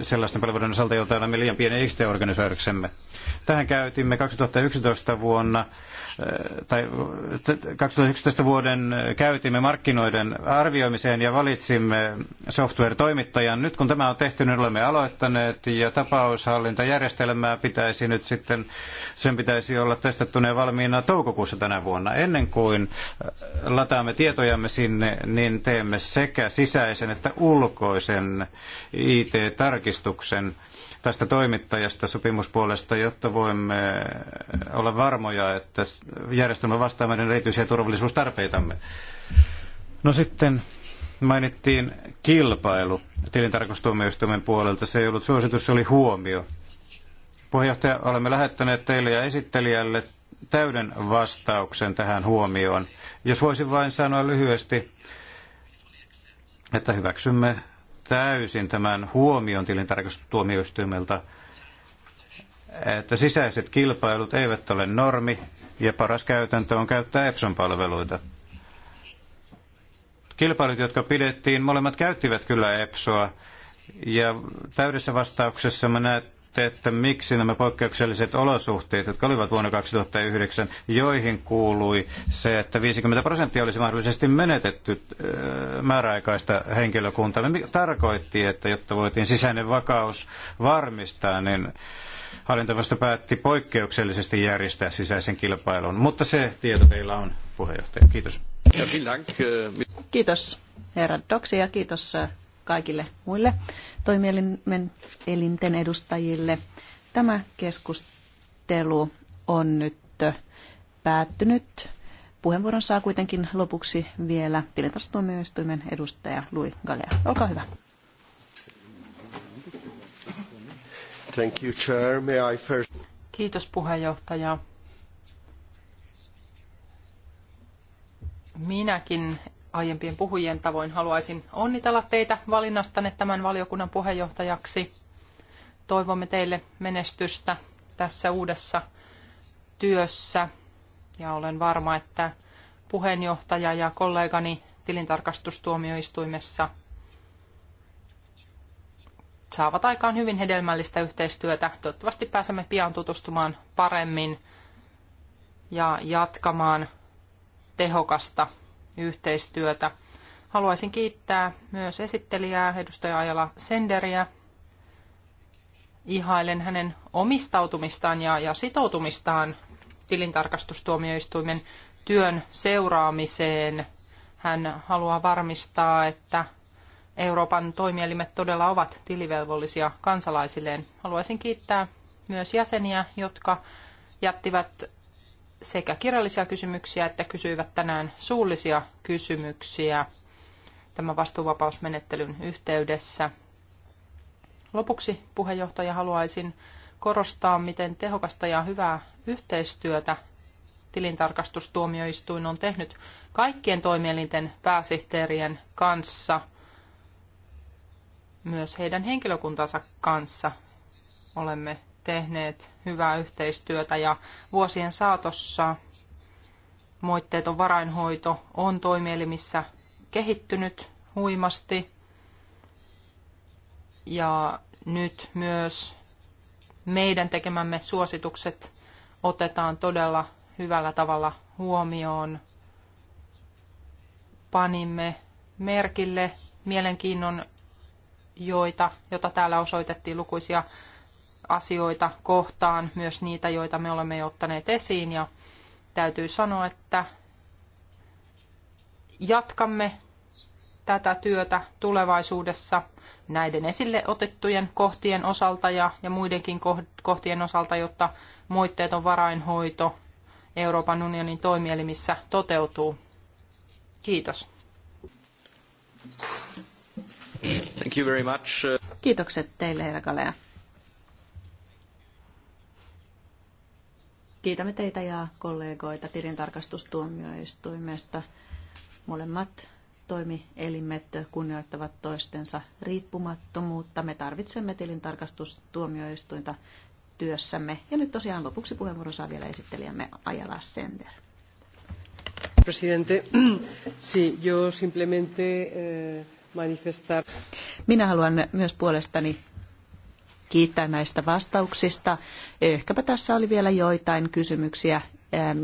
Speaker 3: sellaisten palveluiden osalta, joita olemme liian pieni IT-organisoidaksemme. Tähän käytimme 2011 vuonna, eh, tai 2011 vuoden eh, käytimme markkinoiden arvioimiseen ja valitsimme software-toimittajan. Nyt kun tämä on tehty, niin olemme aloittaneet ja tapaus taloushallintajärjestelmää pitäisi nyt sitten, sen pitäisi olla testattuna ja valmiina toukokuussa tänä vuonna. Ennen kuin äh, lataamme tietojamme sinne, niin teemme sekä sisäisen että ulkoisen IT-tarkistuksen tästä toimittajasta sopimuspuolesta, jotta voimme äh, olla varmoja, että järjestelmä vastaa meidän erityisiä turvallisuustarpeitamme. No sitten mainittiin kilpailu tilintarkastustuomioistuimen puolelta. Se ei ollut suositus, se oli huomio. Puheenjohtaja, olemme lähettäneet teille ja esittelijälle täyden vastauksen tähän huomioon. Jos voisin vain sanoa lyhyesti, että hyväksymme täysin tämän huomion tilintarkastustuomioistuimelta, että sisäiset kilpailut eivät ole normi ja paras käytäntö on käyttää Epson palveluita kilpailut, jotka pidettiin, molemmat käyttivät kyllä EPSOa. Ja täydessä vastauksessa mä näette, että miksi nämä poikkeukselliset olosuhteet, jotka olivat vuonna 2009, joihin kuului se, että 50 prosenttia olisi mahdollisesti menetetty äh, määräaikaista henkilökuntaa. Tarkoitti, että jotta voitiin sisäinen vakaus varmistaa, niin hallintovasto päätti poikkeuksellisesti järjestää sisäisen kilpailun. Mutta se tieto teillä on, puheenjohtaja. Kiitos. Äh,
Speaker 1: kiitos herra Doksi ja kiitos äh, kaikille muille toimielinten edustajille. Tämä keskustelu on nyt äh, päättynyt. Puheenvuoron saa kuitenkin lopuksi vielä tilintarkastustuomioistuimen edustaja Louis Galea. Olkaa hyvä.
Speaker 2: Thank you, Chair. May I first... Kiitos puheenjohtaja. Minäkin aiempien puhujien tavoin haluaisin onnitella teitä valinnastanne tämän valiokunnan puheenjohtajaksi. Toivomme teille menestystä tässä uudessa työssä ja olen varma, että puheenjohtaja ja kollegani tilintarkastustuomioistuimessa saavat aikaan hyvin hedelmällistä yhteistyötä. Toivottavasti pääsemme pian tutustumaan paremmin ja jatkamaan tehokasta yhteistyötä. Haluaisin kiittää myös esittelijää, edustaja Ajala Senderiä. Ihailen hänen omistautumistaan ja, ja sitoutumistaan tilintarkastustuomioistuimen työn seuraamiseen. Hän haluaa varmistaa, että Euroopan toimielimet todella ovat tilivelvollisia kansalaisilleen. Haluaisin kiittää myös jäseniä, jotka jättivät sekä kirjallisia kysymyksiä että kysyivät tänään suullisia kysymyksiä tämän vastuuvapausmenettelyn yhteydessä. Lopuksi puheenjohtaja haluaisin korostaa, miten tehokasta ja hyvää yhteistyötä tilintarkastustuomioistuin on tehnyt kaikkien toimielinten pääsihteerien kanssa, myös heidän henkilökuntansa kanssa. Olemme tehneet hyvää yhteistyötä ja vuosien saatossa moitteeton varainhoito on toimielimissä kehittynyt huimasti. Ja nyt myös meidän tekemämme suositukset otetaan todella hyvällä tavalla huomioon. Panimme merkille mielenkiinnon, joita, jota täällä osoitettiin lukuisia asioita kohtaan, myös niitä, joita me olemme jo ottaneet esiin. Ja täytyy sanoa, että jatkamme tätä työtä tulevaisuudessa näiden esille otettujen kohtien osalta ja, ja muidenkin kohtien osalta, jotta moitteeton varainhoito Euroopan unionin toimielimissä toteutuu. Kiitos. Thank you very much. Kiitokset teille, herra
Speaker 1: Kalea. Kiitämme teitä ja kollegoita tilintarkastustuomioistuimesta. Molemmat toimielimet kunnioittavat toistensa riippumattomuutta. Me tarvitsemme tilintarkastustuomioistuinta työssämme. Ja nyt tosiaan lopuksi puheenvuoron saa vielä esittelijämme Ajala Sender.
Speaker 2: Presidente, sí, yo
Speaker 1: simplemente
Speaker 2: eh, manifestar.
Speaker 1: Minä haluan myös puolestani kiittää näistä vastauksista. Ehkäpä tässä oli vielä joitain kysymyksiä,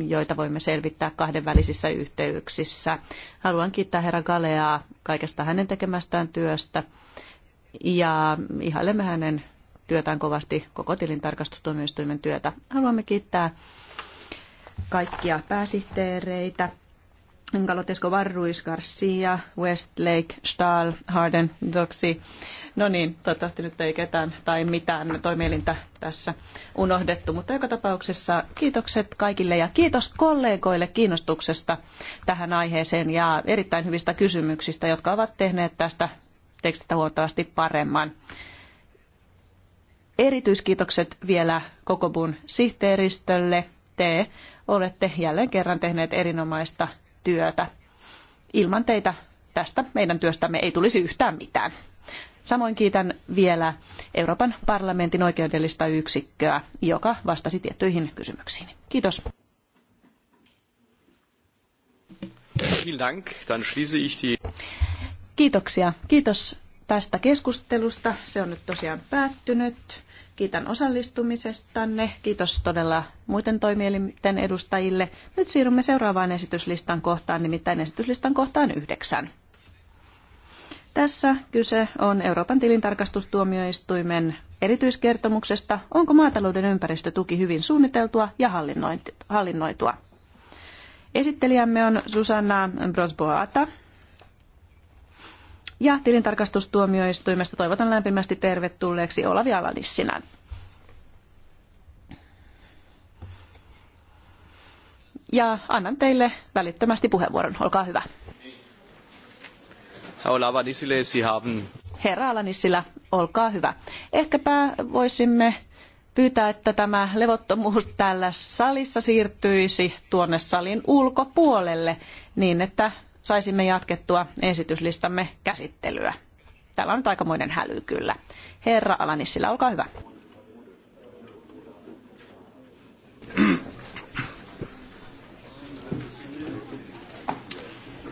Speaker 1: joita voimme selvittää kahdenvälisissä yhteyksissä. Haluan kiittää herra Galeaa kaikesta hänen tekemästään työstä ja ihailemme hänen työtään kovasti koko tilintarkastustuomioistuimen työtä. Haluamme kiittää kaikkia pääsihteereitä Galotesko Varruis, Garcia, Westlake, Stahl, Harden, Doxy. No niin, toivottavasti nyt ei ketään tai mitään toimielintä tässä unohdettu, mutta joka tapauksessa kiitokset kaikille ja kiitos kollegoille kiinnostuksesta tähän aiheeseen ja erittäin hyvistä kysymyksistä, jotka ovat tehneet tästä tekstistä huomattavasti paremman. Erityiskiitokset vielä koko sihteeristölle. Te olette jälleen kerran tehneet erinomaista työtä. Ilman teitä tästä meidän työstämme ei tulisi yhtään mitään. Samoin kiitän vielä Euroopan parlamentin oikeudellista yksikköä, joka vastasi tiettyihin kysymyksiin. Kiitos. Kiitoksia. Kiitos tästä keskustelusta. Se on nyt tosiaan päättynyt. Kiitän osallistumisestanne. Kiitos todella muiden toimielinten edustajille. Nyt siirrymme seuraavaan esityslistan kohtaan, nimittäin esityslistan kohtaan yhdeksän. Tässä kyse on Euroopan tilintarkastustuomioistuimen erityiskertomuksesta, onko maatalouden ympäristötuki hyvin suunniteltua ja hallinnoitua. Esittelijämme on Susanna Brosboata, ja tilintarkastustuomioistuimesta toivotan lämpimästi tervetulleeksi Olavi Alanissinän. Ja annan teille välittömästi puheenvuoron. Olkaa hyvä. Herra Alanissilä, olkaa hyvä. Ehkäpä voisimme pyytää, että tämä levottomuus täällä salissa siirtyisi tuonne salin ulkopuolelle niin, että saisimme jatkettua esityslistamme käsittelyä. Täällä on nyt aikamoinen häly kyllä. Herra Alanissilä, olkaa hyvä.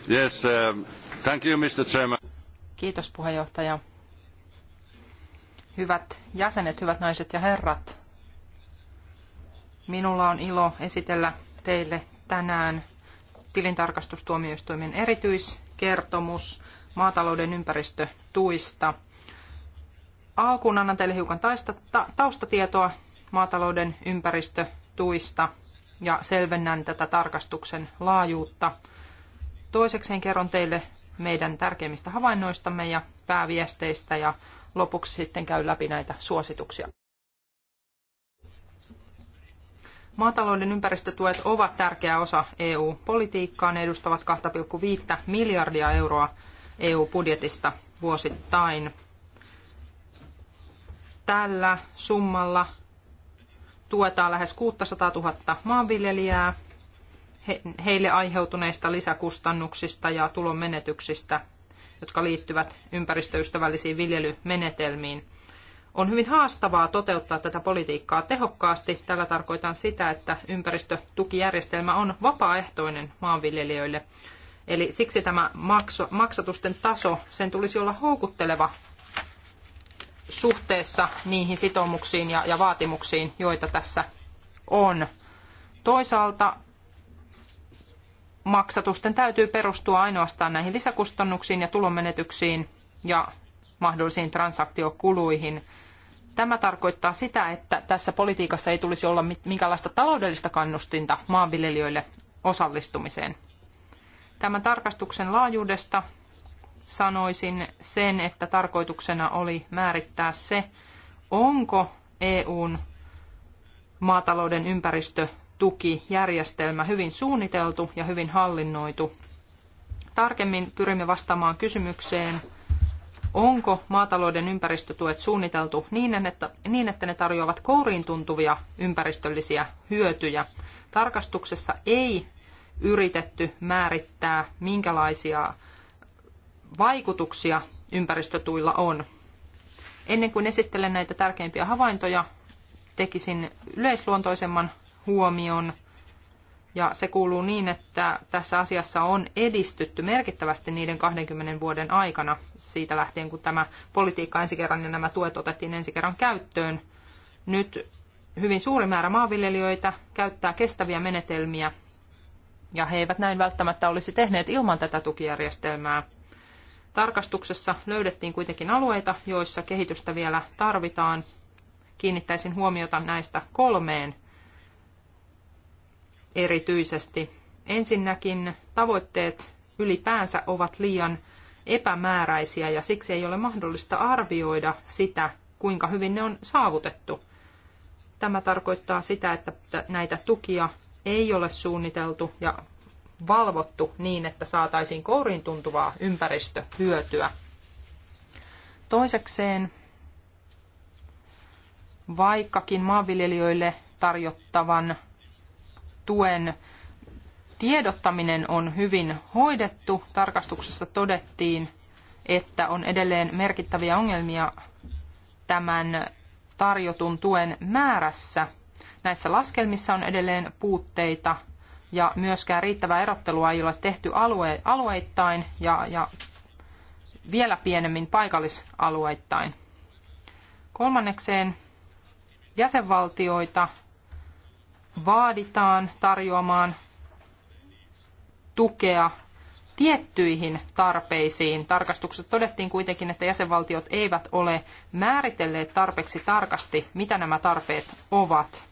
Speaker 3: Yes, um, thank you, Mr. Chairman.
Speaker 2: Kiitos puheenjohtaja. Hyvät jäsenet, hyvät naiset ja herrat, minulla on ilo esitellä teille tänään tilintarkastustuomioistuimen erityiskertomus maatalouden ympäristötuista. Alkuun annan teille hiukan taista, ta, taustatietoa maatalouden ympäristötuista ja selvennän tätä tarkastuksen laajuutta. Toisekseen kerron teille meidän tärkeimmistä havainnoistamme ja pääviesteistä ja lopuksi sitten käyn läpi näitä suosituksia. Maatalouden ympäristötuet ovat tärkeä osa EU-politiikkaa. Ne edustavat 2,5 miljardia euroa EU-budjetista vuosittain. Tällä summalla tuetaan lähes 600 000 maanviljelijää heille aiheutuneista lisäkustannuksista ja tulonmenetyksistä, jotka liittyvät ympäristöystävällisiin viljelymenetelmiin – on hyvin haastavaa toteuttaa tätä politiikkaa tehokkaasti. Tällä tarkoitan sitä, että ympäristötukijärjestelmä on vapaaehtoinen maanviljelijöille. Eli siksi tämä maksatusten taso, sen tulisi olla houkutteleva suhteessa niihin sitoumuksiin ja, ja vaatimuksiin, joita tässä on. Toisaalta maksatusten täytyy perustua ainoastaan näihin lisäkustannuksiin ja tulonmenetyksiin ja mahdollisiin transaktiokuluihin. Tämä tarkoittaa sitä, että tässä politiikassa ei tulisi olla minkäänlaista taloudellista kannustinta maanviljelijöille osallistumiseen. Tämän tarkastuksen laajuudesta sanoisin sen, että tarkoituksena oli määrittää se, onko EUn maatalouden ympäristötukijärjestelmä hyvin suunniteltu ja hyvin hallinnoitu. Tarkemmin pyrimme vastaamaan kysymykseen, onko maatalouden ympäristötuet suunniteltu niin, että, niin, että ne tarjoavat kouriin tuntuvia ympäristöllisiä hyötyjä. Tarkastuksessa ei yritetty määrittää, minkälaisia vaikutuksia ympäristötuilla on. Ennen kuin esittelen näitä tärkeimpiä havaintoja, tekisin yleisluontoisemman huomion ja se kuuluu niin, että tässä asiassa on edistytty merkittävästi niiden 20 vuoden aikana siitä lähtien, kun tämä politiikka ensi kerran ja nämä tuet otettiin ensi kerran käyttöön. Nyt hyvin suuri määrä maanviljelijöitä käyttää kestäviä menetelmiä ja he eivät näin välttämättä olisi tehneet ilman tätä tukijärjestelmää. Tarkastuksessa löydettiin kuitenkin alueita, joissa kehitystä vielä tarvitaan. Kiinnittäisin huomiota näistä kolmeen erityisesti. Ensinnäkin tavoitteet ylipäänsä ovat liian epämääräisiä ja siksi ei ole mahdollista arvioida sitä, kuinka hyvin ne on saavutettu. Tämä tarkoittaa sitä, että näitä tukia ei ole suunniteltu ja valvottu niin, että saataisiin kouriin tuntuvaa ympäristöhyötyä. Toisekseen, vaikkakin maanviljelijöille tarjottavan tuen tiedottaminen on hyvin hoidettu. Tarkastuksessa todettiin, että on edelleen merkittäviä ongelmia tämän tarjotun tuen määrässä. Näissä laskelmissa on edelleen puutteita ja myöskään riittävää erottelua ei ole tehty alue, alueittain ja, ja vielä pienemmin paikallisalueittain. Kolmannekseen jäsenvaltioita vaaditaan tarjoamaan tukea tiettyihin tarpeisiin. Tarkastuksessa todettiin kuitenkin, että jäsenvaltiot eivät ole määritelleet tarpeeksi tarkasti, mitä nämä tarpeet ovat.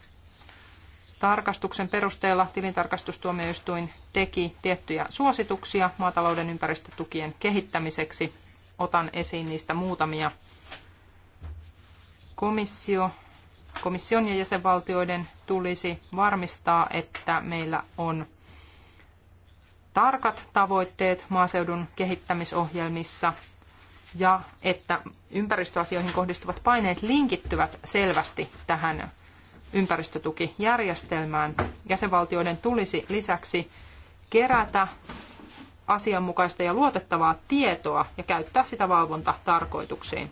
Speaker 2: Tarkastuksen perusteella tilintarkastustuomioistuin teki tiettyjä suosituksia maatalouden ympäristötukien kehittämiseksi. Otan esiin niistä muutamia. Komissio komission ja jäsenvaltioiden tulisi varmistaa, että meillä on tarkat tavoitteet maaseudun kehittämisohjelmissa ja että ympäristöasioihin kohdistuvat paineet linkittyvät selvästi tähän ympäristötukijärjestelmään. Jäsenvaltioiden tulisi lisäksi kerätä asianmukaista ja luotettavaa tietoa ja käyttää sitä valvontatarkoituksiin.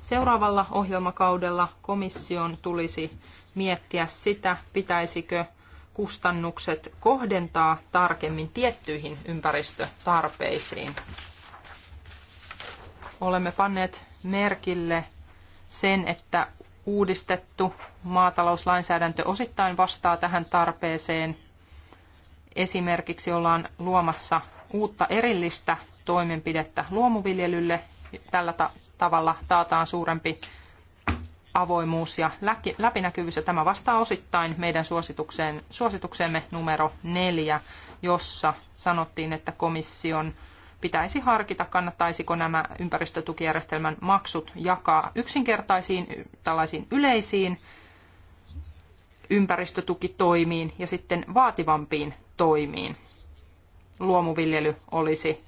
Speaker 2: Seuraavalla ohjelmakaudella komission tulisi miettiä sitä, pitäisikö kustannukset kohdentaa tarkemmin tiettyihin ympäristötarpeisiin. Olemme panneet merkille sen, että uudistettu maatalouslainsäädäntö osittain vastaa tähän tarpeeseen. Esimerkiksi ollaan luomassa uutta erillistä toimenpidettä luomuviljelylle. Tällä tavalla taataan suurempi avoimuus ja läpinäkyvyys. Ja tämä vastaa osittain meidän suositukseen, suositukseemme numero neljä, jossa sanottiin, että komission pitäisi harkita, kannattaisiko nämä ympäristötukijärjestelmän maksut jakaa yksinkertaisiin tällaisiin yleisiin ympäristötukitoimiin ja sitten vaativampiin toimiin. Luomuviljely olisi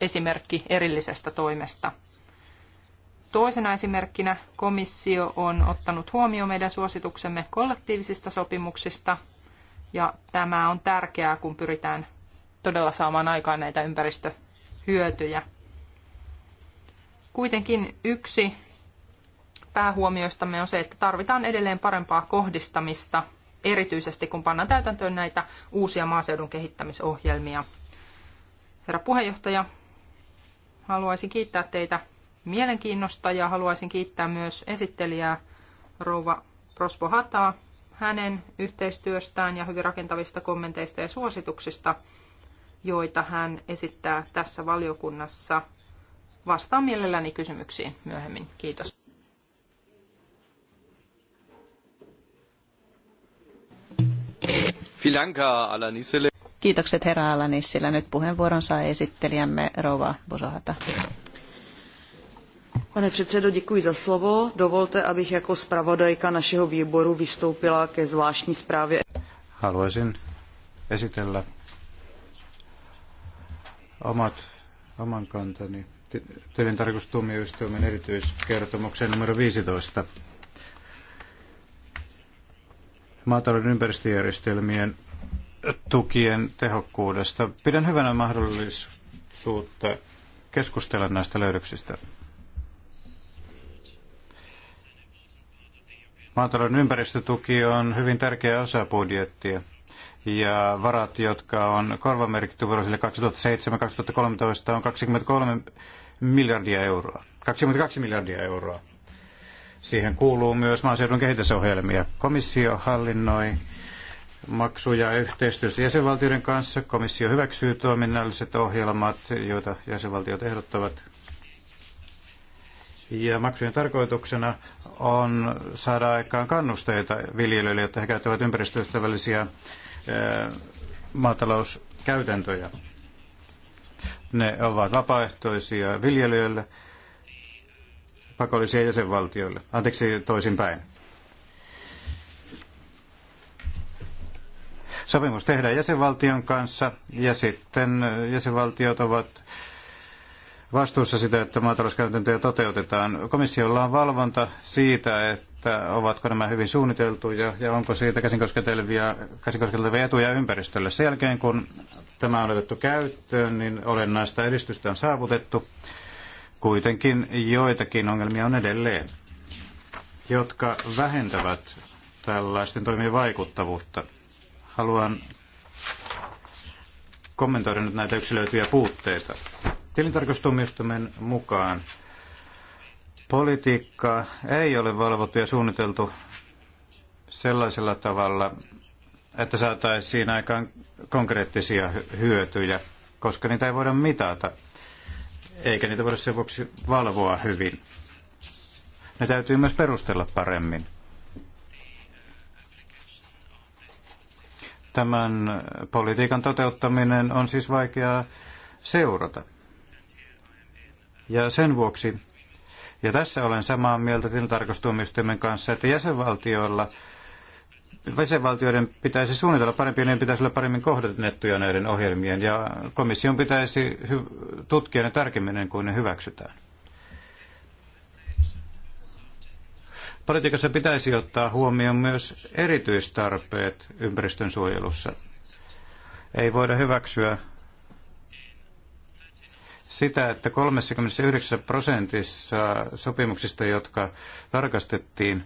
Speaker 2: esimerkki erillisestä toimesta – Toisena esimerkkinä komissio on ottanut huomioon meidän suosituksemme kollektiivisista sopimuksista, ja tämä on tärkeää, kun pyritään todella saamaan aikaan näitä ympäristöhyötyjä. Kuitenkin yksi päähuomioistamme on se, että tarvitaan edelleen parempaa kohdistamista, erityisesti kun pannaan täytäntöön näitä uusia maaseudun kehittämisohjelmia. Herra puheenjohtaja, haluaisin kiittää teitä mielenkiinnosta ja haluaisin kiittää myös esittelijää rouva Prospo Hataa hänen yhteistyöstään ja hyvin rakentavista kommenteista ja suosituksista, joita hän esittää tässä valiokunnassa. Vastaan mielelläni kysymyksiin myöhemmin. Kiitos.
Speaker 1: Kiitokset herra Alanissilä. Nyt puheenvuoron saa esittelijämme Rova Bosohata. Pane předsedo, děkuji za slovo. Dovolte, abych jako zpravodajka našeho výboru vystoupila ke zvláštní zprávě.
Speaker 3: Haluaisin esitellä omat, oman kantani tilintarkastustuomioistuimen erityiskertomuksen numero 15. Maatalouden ympäristöjärjestelmien tukien tehokkuudesta. Pidän hyvänä mahdollisuutta keskustella näistä löydöksistä. Maatalouden ympäristötuki on hyvin tärkeä osa budjettia ja varat, jotka on korvamerkitty vuosille 2007-2013 on 23 miljardia euroa. 22 miljardia euroa. Siihen kuuluu myös maaseudun kehitysohjelmia. Komissio hallinnoi maksuja yhteistyössä jäsenvaltioiden kanssa. Komissio hyväksyy toiminnalliset ohjelmat, joita jäsenvaltiot ehdottavat. Ja maksujen tarkoituksena on saada aikaan kannusteita viljelijöille, jotta he käyttävät ympäristöystävällisiä eh, maatalouskäytäntöjä. Ne ovat vapaaehtoisia viljelijöille, pakollisia jäsenvaltioille. Anteeksi, toisinpäin. Sopimus tehdään jäsenvaltion kanssa ja sitten jäsenvaltiot ovat vastuussa sitä, että maatalouskäytäntöjä toteutetaan. Komissiolla on valvonta siitä, että ovatko nämä hyvin suunniteltuja ja onko siitä käsinkosketelevia, käsinkosketelevia etuja ympäristölle. Sen jälkeen, kun tämä on otettu käyttöön, niin olennaista edistystä on saavutettu. Kuitenkin joitakin ongelmia on edelleen, jotka vähentävät tällaisten toimien vaikuttavuutta. Haluan kommentoida nyt näitä yksilöityjä puutteita. Tilintarkastustuomioistuimen mukaan politiikka ei ole valvottu ja suunniteltu sellaisella tavalla, että saataisiin aikaan konkreettisia hyötyjä, koska niitä ei voida mitata, eikä niitä voida sen vuoksi valvoa hyvin. Ne täytyy myös perustella paremmin. Tämän politiikan toteuttaminen on siis vaikeaa seurata. Ja sen vuoksi, ja tässä olen samaa mieltä tilintarkastustuomioistuimen kanssa, että jäsenvaltioilla jäsenvaltioiden pitäisi suunnitella parempi, niin pitäisi olla paremmin kohdennettuja näiden ohjelmien, ja komission pitäisi tutkia ne tarkemmin ennen kuin ne hyväksytään. Politiikassa pitäisi ottaa huomioon myös erityistarpeet ympäristön suojelussa. Ei voida hyväksyä sitä, että 39 prosentissa sopimuksista, jotka tarkastettiin,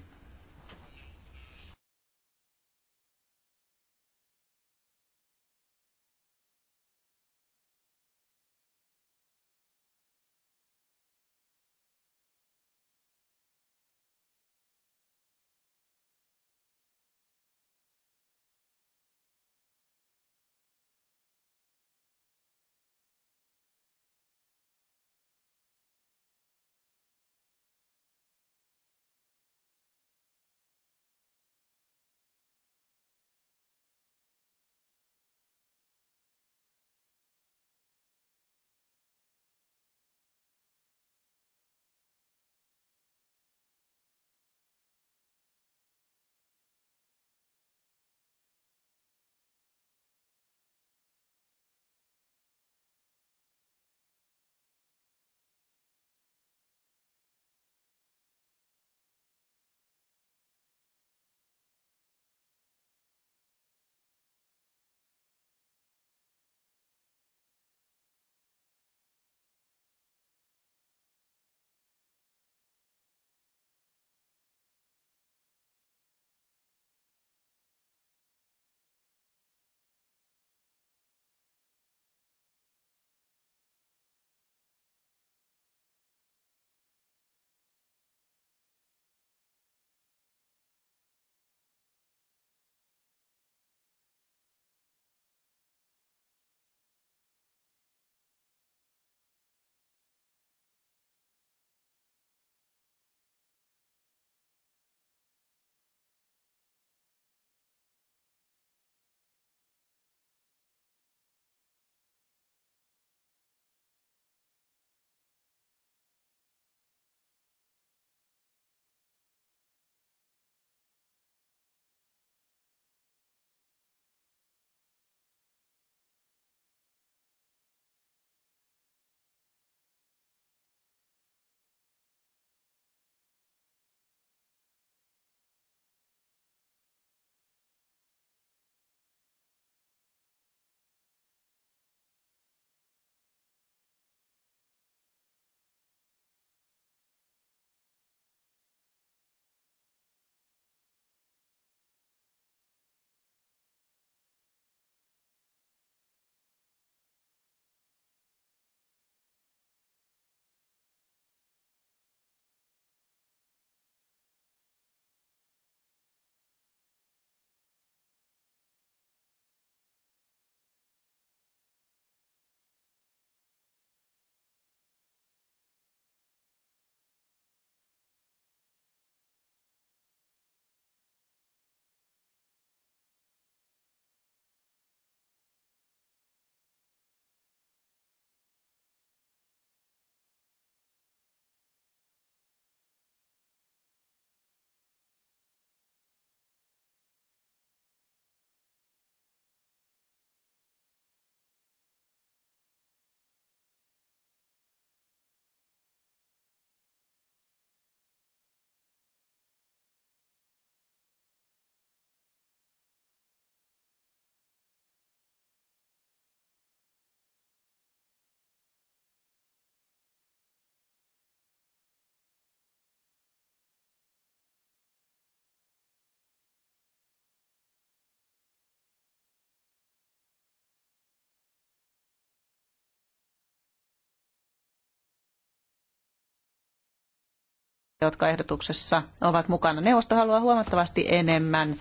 Speaker 1: jotka ehdotuksessa ovat mukana. Neuvosto haluaa huomattavasti enemmän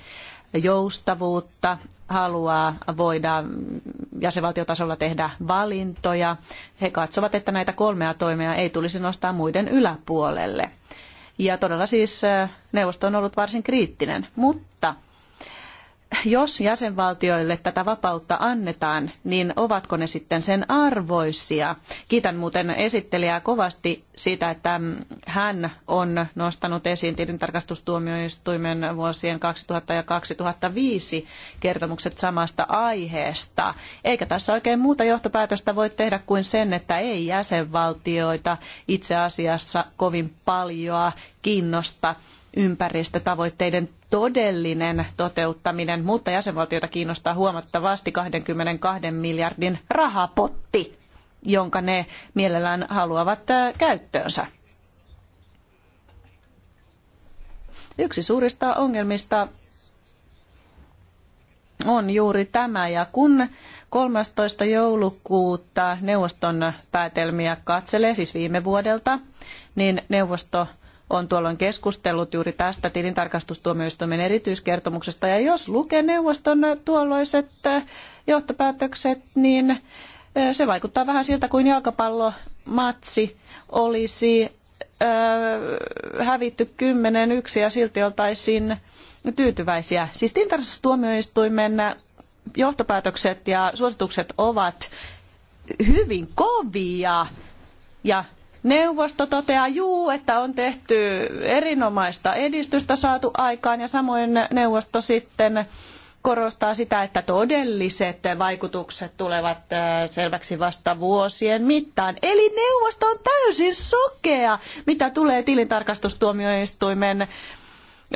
Speaker 1: joustavuutta, haluaa voida jäsenvaltiotasolla tehdä valintoja. He katsovat, että näitä kolmea toimea ei tulisi nostaa muiden yläpuolelle. Ja todella siis eh, neuvosto on ollut varsin kriittinen, mutta jos jäsenvaltioille tätä vapautta annetaan, niin ovatko ne sitten sen arvoisia? Kiitän muuten esittelijää kovasti siitä, että hän on nostanut esiin tilintarkastustuomioistuimen vuosien 2000 ja 2005 kertomukset samasta aiheesta. Eikä tässä oikein muuta johtopäätöstä voi tehdä kuin sen, että ei jäsenvaltioita itse asiassa kovin paljoa kiinnosta ympäristötavoitteiden todellinen toteuttaminen, mutta jäsenvaltioita kiinnostaa huomattavasti 22 miljardin rahapotti, jonka ne mielellään haluavat äh, käyttöönsä. Yksi suurista ongelmista on juuri tämä. Ja kun 13. joulukuuta neuvoston päätelmiä katselee, siis viime vuodelta, niin neuvosto on tuolloin keskustellut juuri tästä tilintarkastustuomioistuimen erityiskertomuksesta. Ja jos lukee neuvoston tuolloiset eh, johtopäätökset, niin eh, se vaikuttaa vähän siltä kuin jalkapallomatsi olisi eh, hävitty 10-1 ja silti oltaisiin tyytyväisiä. Siis tilintarkastustuomioistuimen johtopäätökset ja suositukset ovat hyvin kovia ja Neuvosto toteaa juu, että on tehty erinomaista edistystä saatu aikaan ja samoin neuvosto sitten korostaa sitä, että todelliset vaikutukset tulevat äh, selväksi vasta vuosien mittaan. Eli neuvosto on täysin sokea, mitä tulee tilintarkastustuomioistuimen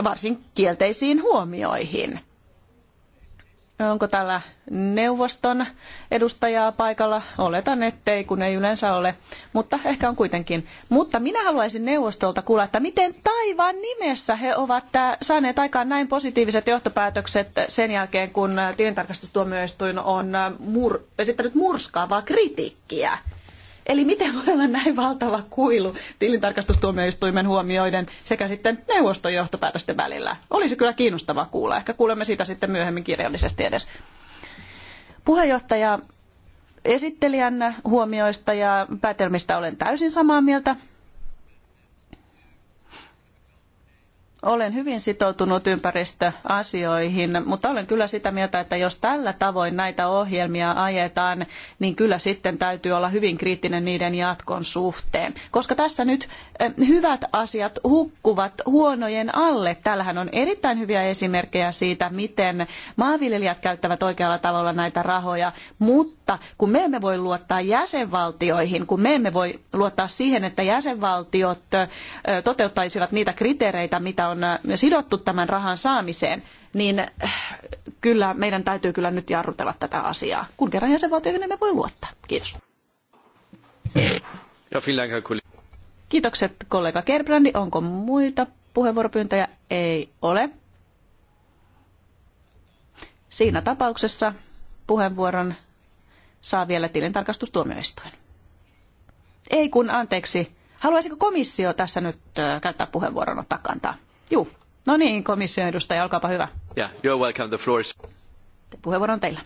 Speaker 1: varsin kielteisiin huomioihin. Onko täällä neuvoston edustajaa paikalla? Oletan, ettei, kun ei yleensä ole, mutta ehkä on kuitenkin. Mutta minä haluaisin neuvostolta kuulla, että miten taivaan nimessä he ovat äh, saaneet aikaan näin positiiviset johtopäätökset sen jälkeen, kun äh, tilintarkastustuomioistuin on äh, mur- esittänyt murskaavaa kritiikkiä Eli miten voi olla näin valtava kuilu tilintarkastustuomioistuimen huomioiden sekä sitten neuvoston johtopäätösten välillä? Olisi kyllä kiinnostavaa kuulla. Ehkä kuulemme siitä sitten myöhemmin kirjallisesti edes. Puheenjohtaja, esittelijän huomioista ja päätelmistä olen täysin samaa mieltä. Olen hyvin sitoutunut ympäristöasioihin, mutta olen kyllä sitä mieltä, että jos tällä tavoin näitä ohjelmia ajetaan, niin kyllä sitten täytyy olla hyvin kriittinen niiden jatkon suhteen. Koska tässä nyt eh, hyvät asiat hukkuvat huonojen alle. Tällähän on erittäin hyviä esimerkkejä siitä, miten maanviljelijät käyttävät oikealla tavalla näitä rahoja, mutta kun me emme voi luottaa jäsenvaltioihin, kun me emme voi luottaa siihen, että jäsenvaltiot eh, toteuttaisivat niitä kriteereitä, mitä on äh, sidottu tämän rahan saamiseen, niin äh, kyllä meidän täytyy kyllä nyt jarrutella tätä asiaa, kun kerran jäsenvaltioihin emme voi luottaa. Kiitos. Kiitokset kollega Kerbrandi. Onko muita puheenvuoropyyntöjä? Ei ole. Siinä tapauksessa puheenvuoron saa vielä tilintarkastustuomioistuin. Ei kun, anteeksi. Haluaisiko komissio tässä nyt äh, käyttää puheenvuoron ottaa kantaa? Joo, no niin, komission edustaja, olkaapa hyvä.
Speaker 3: Yeah, you're welcome, the floor is...
Speaker 1: Puheenvuoro on teillä.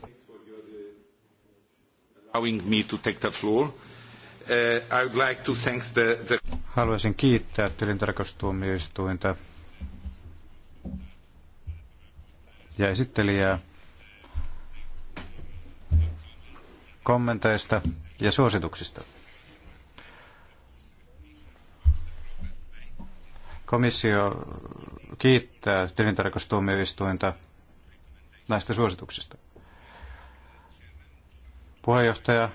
Speaker 3: Haluaisin kiittää tilintarkastustuomioistuinta ja esittelijää kommenteista ja suosituksista. Komissio kiittää tilintarkastustuomioistuinta näistä suosituksista. Puheenjohtaja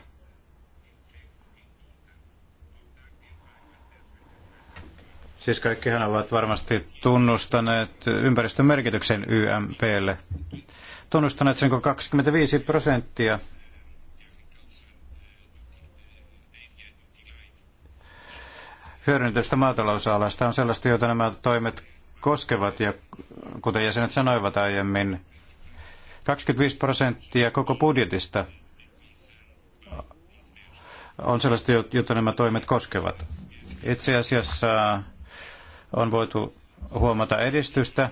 Speaker 3: Siis kaikkihan ovat varmasti tunnustaneet ympäristön merkityksen YMPlle. Tunnustaneet sen, kun 25 prosenttia hyödynnetystä maatalousalasta on sellaista, jota nämä toimet koskevat. Ja kuten jäsenet sanoivat aiemmin, 25 prosenttia koko budjetista on sellaista, jota nämä toimet koskevat. Itse asiassa on voitu huomata edistystä.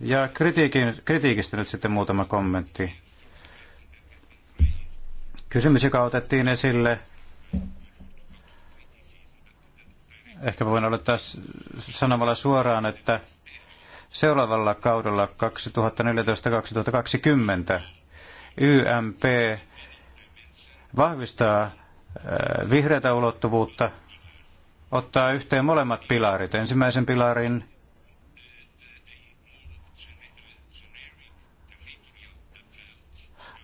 Speaker 3: Ja kritiikin, kritiikistä nyt sitten muutama kommentti. Kysymys, joka otettiin esille, Ehkä voin aloittaa sanomalla suoraan, että seuraavalla kaudella 2014-2020 YMP vahvistaa äh, vihreätä ulottuvuutta, ottaa yhteen molemmat pilarit. Ensimmäisen pilarin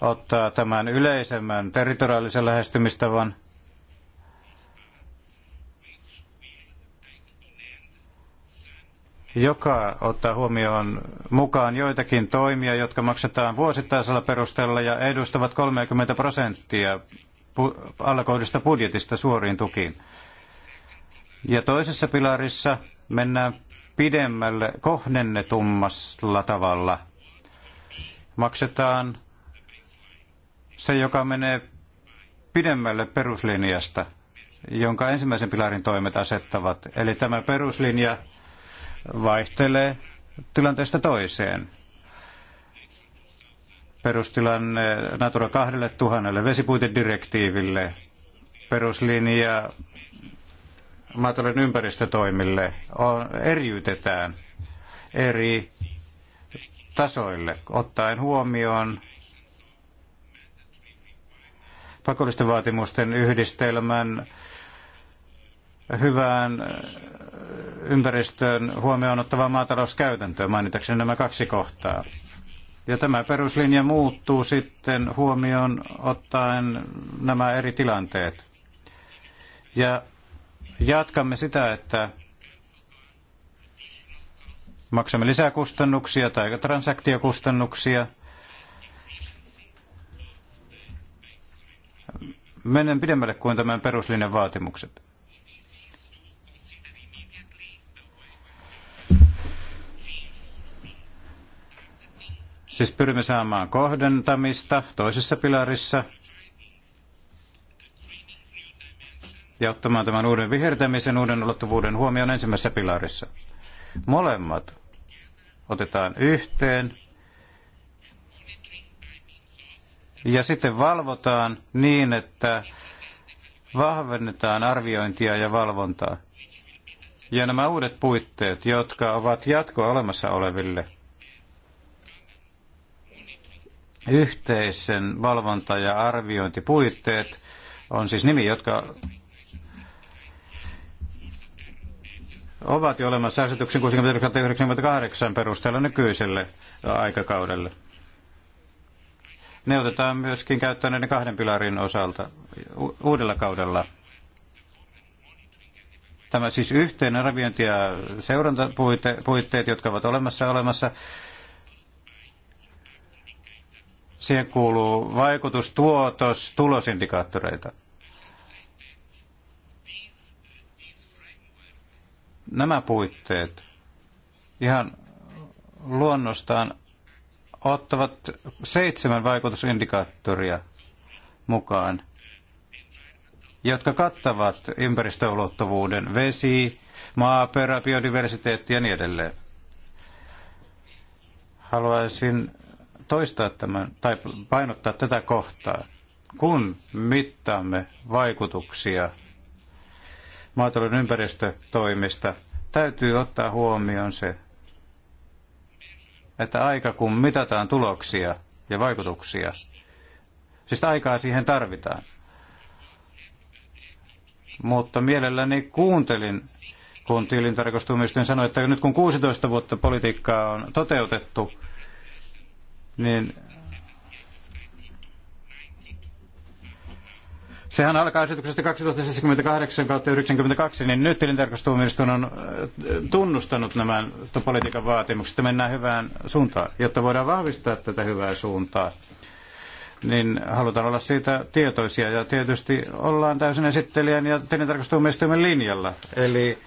Speaker 3: ottaa tämän yleisemmän territoriaalisen lähestymistavan – joka ottaa huomioon mukaan joitakin toimia, jotka maksetaan vuosittaisella perusteella ja edustavat 30 prosenttia alkoholista budjetista suoriin tukiin. Ja toisessa pilarissa mennään pidemmälle kohdennetummalla tavalla. Maksetaan se, joka menee pidemmälle peruslinjasta, jonka ensimmäisen pilarin toimet asettavat. Eli tämä peruslinja vaihtelee tilanteesta toiseen. Perustilanne Natura 2000 vesipuitedirektiiville, peruslinja maatalouden ympäristötoimille on, eriytetään eri tasoille, ottaen huomioon pakollisten vaatimusten yhdistelmän hyvään äh, ympäristöön huomioon ottavaa maatalouskäytäntöä, mainitakseni nämä kaksi kohtaa. Ja tämä peruslinja muuttuu sitten huomioon ottaen nämä eri tilanteet. Ja jatkamme sitä, että maksamme lisää kustannuksia tai transaktiokustannuksia. Menen pidemmälle kuin tämän peruslinjan vaatimukset. Siis pyrimme saamaan kohdentamista toisessa pilarissa ja ottamaan tämän uuden vihertämisen, uuden ulottuvuuden huomioon ensimmäisessä pilarissa. Molemmat otetaan yhteen ja sitten valvotaan niin, että vahvennetaan arviointia ja valvontaa. Ja nämä uudet puitteet, jotka ovat jatkoa olemassa oleville Yhteisen valvonta- ja arviointipuitteet on siis nimi, jotka ovat jo olemassa asetuksen 1998 perusteella nykyiselle aikakaudelle. Ne otetaan myöskin käyttöön näiden kahden pilarin osalta uudella kaudella. Tämä siis yhteinen arviointi- ja seurantapuitteet, jotka ovat olemassa olemassa, Siihen kuuluu vaikutus, tuotos, tulosindikaattoreita. Nämä puitteet ihan luonnostaan ottavat seitsemän vaikutusindikaattoria mukaan, jotka kattavat ympäristöulottuvuuden vesi, maaperä, biodiversiteetti ja niin edelleen. Haluaisin toistaa tämän, tai painottaa tätä kohtaa. Kun mittaamme vaikutuksia maatalouden ympäristötoimista, täytyy ottaa huomioon se, että aika kun mitataan tuloksia ja vaikutuksia, siis aikaa siihen tarvitaan. Mutta mielelläni kuuntelin, kun tilintarkastuomioistuin sanoi, että nyt kun 16 vuotta politiikkaa on toteutettu, niin Sehän alkaa esityksestä 2078 kautta 92, niin nyt tilintarkastuomioistuin on äh, tunnustanut nämä politiikan vaatimukset, että mennään hyvään suuntaan. Jotta voidaan vahvistaa tätä hyvää suuntaa, niin halutaan olla siitä tietoisia. Ja tietysti ollaan täysin esittelijän ja tilintarkastuomioistuimen linjalla. Eli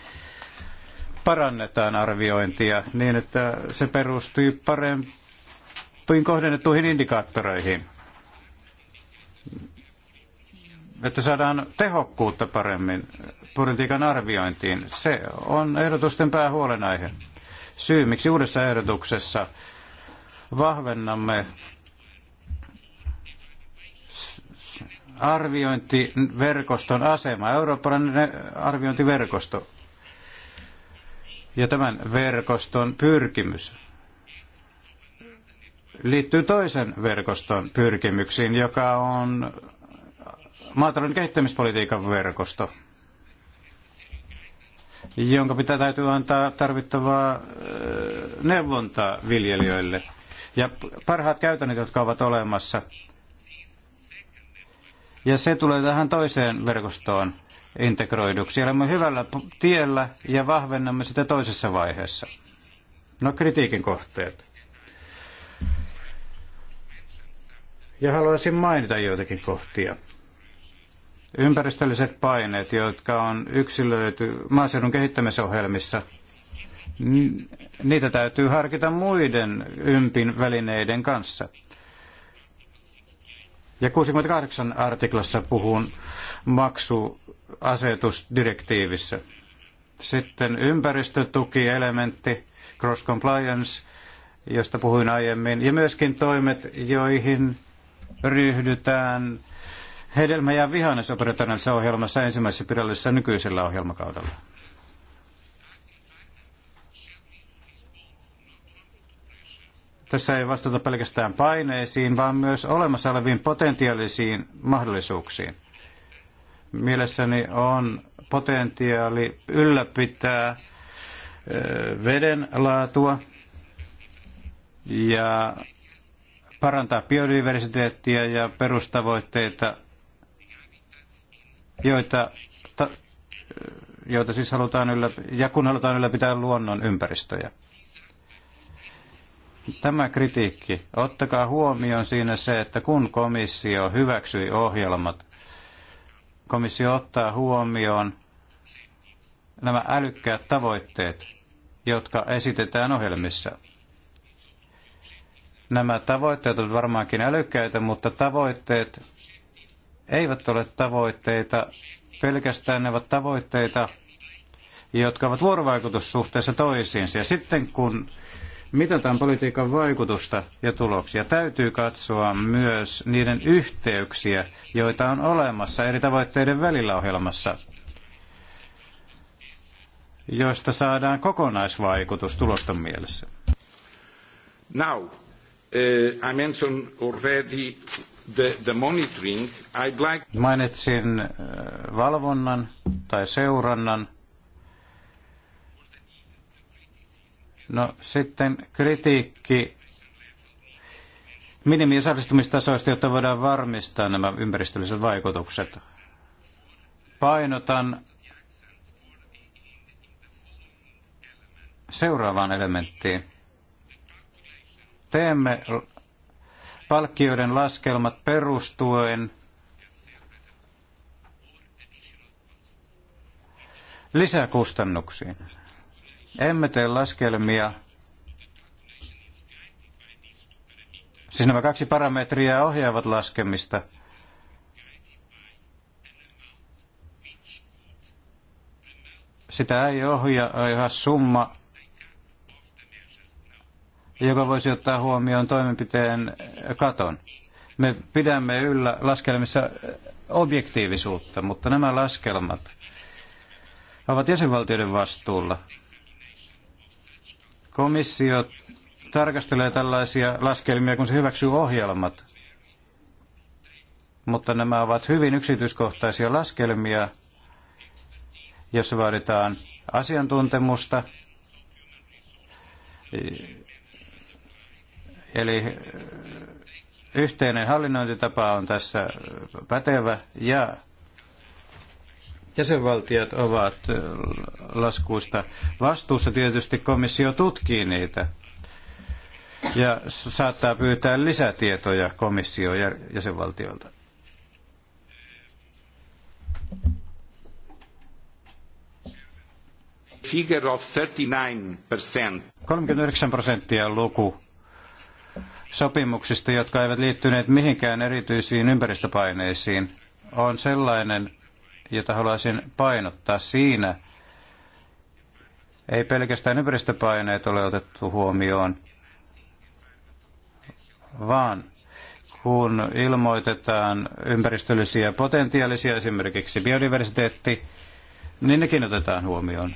Speaker 3: parannetaan arviointia niin, että se perustuu parempaan tarttuin kohdennettuihin indikaattoreihin, että saadaan tehokkuutta paremmin politiikan arviointiin. Se on ehdotusten päähuolenaihe. Syy, miksi uudessa ehdotuksessa vahvennamme arviointiverkoston asema, eurooppalainen arviointiverkosto ja tämän verkoston pyrkimys liittyy toisen verkoston pyrkimyksiin, joka on maatalouden kehittämispolitiikan verkosto, jonka pitää täytyy antaa tarvittavaa neuvontaa viljelijöille. Ja parhaat käytännöt, jotka ovat olemassa. Ja se tulee tähän toiseen verkostoon integroiduksi. Olemme hyvällä tiellä ja vahvennamme sitä toisessa vaiheessa. No kritiikin kohteet. Ja haluaisin mainita joitakin kohtia. Ympäristölliset paineet, jotka on yksilöity maaseudun kehittämisohjelmissa, niitä täytyy harkita muiden ympin välineiden kanssa. Ja 68 artiklassa puhun maksuasetusdirektiivissä. Sitten ympäristötukielementti, cross compliance, josta puhuin aiemmin, ja myöskin toimet, joihin ryhdytään hedelmä- ja vihannesoperationaalisessa ohjelmassa ensimmäisessä pidallisessa nykyisellä ohjelmakaudella. Tässä ei vastata pelkästään paineisiin, vaan myös olemassa oleviin potentiaalisiin mahdollisuuksiin. Mielessäni on potentiaali ylläpitää veden laatua ja parantaa biodiversiteettiä ja perustavoitteita, joita, ta, joita siis halutaan yllä, ja kun halutaan ylläpitää luonnon ympäristöjä. Tämä kritiikki, ottakaa huomioon siinä se, että kun komissio hyväksyi ohjelmat, komissio ottaa huomioon nämä älykkäät tavoitteet, jotka esitetään ohjelmissa. Nämä tavoitteet ovat varmaankin älykkäitä, mutta tavoitteet eivät ole tavoitteita pelkästään, ne ovat tavoitteita, jotka ovat vuorovaikutussuhteessa toisiinsa. Ja sitten kun mitataan politiikan vaikutusta ja tuloksia, täytyy katsoa myös niiden yhteyksiä, joita on olemassa eri tavoitteiden välillä ohjelmassa, joista saadaan kokonaisvaikutus tulosten mielessä. Now, Uh, I mentioned already the monitoring. I'd like... Mainitsin uh, valvonnan tai seurannan. No sitten kritiikki minimiosallistumistasoista, jotta voidaan varmistaa nämä ympäristölliset vaikutukset. Painotan seuraavaan elementtiin teemme palkkioiden laskelmat perustuen lisäkustannuksiin. Emme tee laskelmia. Siis nämä kaksi parametriä ohjaavat laskemista. Sitä ei ohjaa summa, joka voisi ottaa huomioon toimenpiteen katon. Me pidämme yllä laskelmissa objektiivisuutta, mutta nämä laskelmat ovat jäsenvaltioiden vastuulla. Komissio tarkastelee tällaisia laskelmia, kun se hyväksyy ohjelmat. Mutta nämä ovat hyvin yksityiskohtaisia laskelmia, jossa vaaditaan asiantuntemusta, Eli yhteinen hallinnointitapa on tässä pätevä ja jäsenvaltiot ovat laskuista vastuussa. Tietysti komissio tutkii niitä ja saattaa pyytää lisätietoja komissio jäsenvaltiolta. Figure of 39 39 prosenttia luku sopimuksista, jotka eivät liittyneet mihinkään erityisiin ympäristöpaineisiin, on sellainen, jota haluaisin painottaa siinä. Ei pelkästään ympäristöpaineet ole otettu huomioon, vaan kun ilmoitetaan ympäristöllisiä potentiaalisia, esimerkiksi biodiversiteetti, niin nekin otetaan huomioon.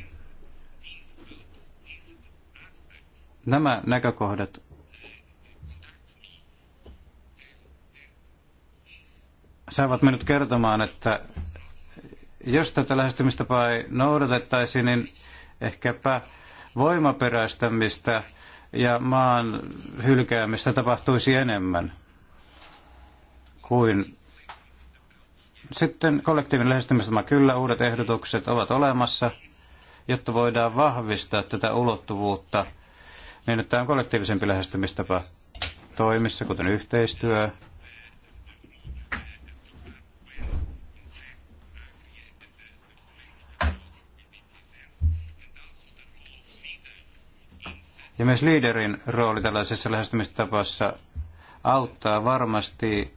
Speaker 3: Nämä näkökohdat saivat minut kertomaan, että jos tätä lähestymistapaa ei noudatettaisi, niin ehkäpä voimaperäistämistä ja maan hylkäämistä tapahtuisi enemmän kuin sitten kollektiivinen lähestymistapa. Kyllä uudet ehdotukset ovat olemassa, jotta voidaan vahvistaa tätä ulottuvuutta niin, että on kollektiivisempi lähestymistapa toimissa, kuten yhteistyö, Ja myös liiderin rooli tällaisessa lähestymistapassa auttaa varmasti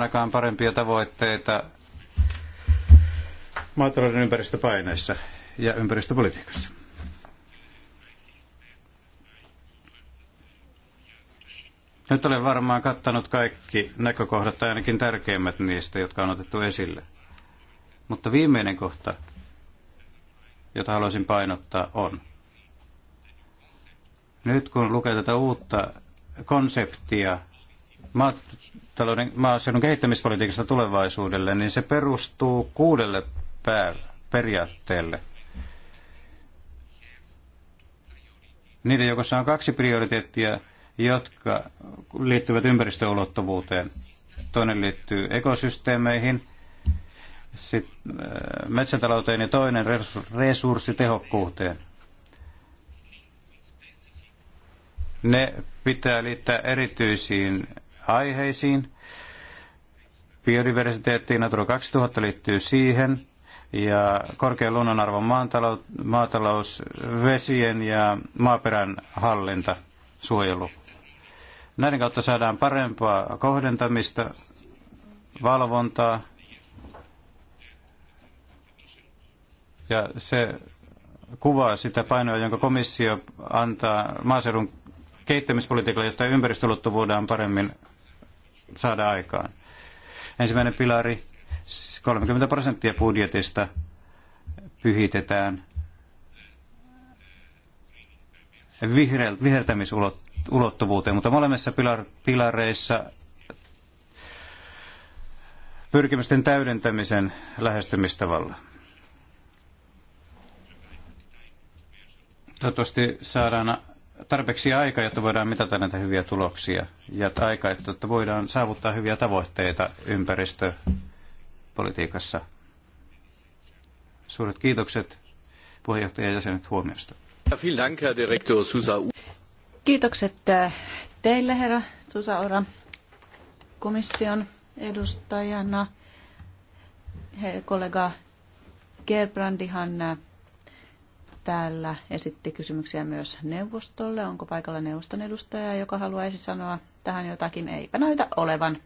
Speaker 3: aikaan parempia tavoitteita maatalouden ympäristöpaineissa ja ympäristöpolitiikassa. Nyt olen varmaan kattanut kaikki näkökohdat, tai ainakin tärkeimmät niistä, jotka on otettu esille. Mutta viimeinen kohta jota haluaisin painottaa, on. Nyt kun lukee tätä uutta konseptia maatalouden, maaseudun kehittämispolitiikasta tulevaisuudelle, niin se perustuu kuudelle periaatteelle. Niiden joukossa on kaksi prioriteettia, jotka liittyvät ympäristöulottuvuuteen. Toinen liittyy ekosysteemeihin – sitten äh, metsätalouteen ja toinen resurssitehokkuuteen. Ne pitää liittää erityisiin aiheisiin. Biodiversiteetti Natura 2000 liittyy siihen ja korkean luonnonarvon maatalous, maatalous, vesien ja maaperän hallinta, suojelu. Näiden kautta saadaan parempaa kohdentamista, valvontaa Ja se kuvaa sitä painoa, jonka komissio antaa maaseudun kehittämispolitiikalle, jotta voidaan paremmin saada aikaan. Ensimmäinen pilari, 30 prosenttia budjetista pyhitetään vihertämisulottuvuuteen, mutta molemmissa pilareissa pyrkimysten täydentämisen lähestymistavalla. Toivottavasti saadaan tarpeeksi aikaa, jotta voidaan mitata näitä hyviä tuloksia ja aikaa, jotta voidaan saavuttaa hyviä tavoitteita ympäristöpolitiikassa. Suuret kiitokset ja jäsenet huomiosta.
Speaker 1: Kiitokset äh, teille, herra Susaura, komission edustajana. He, kollega Gerbrandihan äh, täällä esitti kysymyksiä myös neuvostolle. Onko paikalla neuvoston edustaja, joka haluaisi sanoa tähän jotakin? Eipä näytä olevan.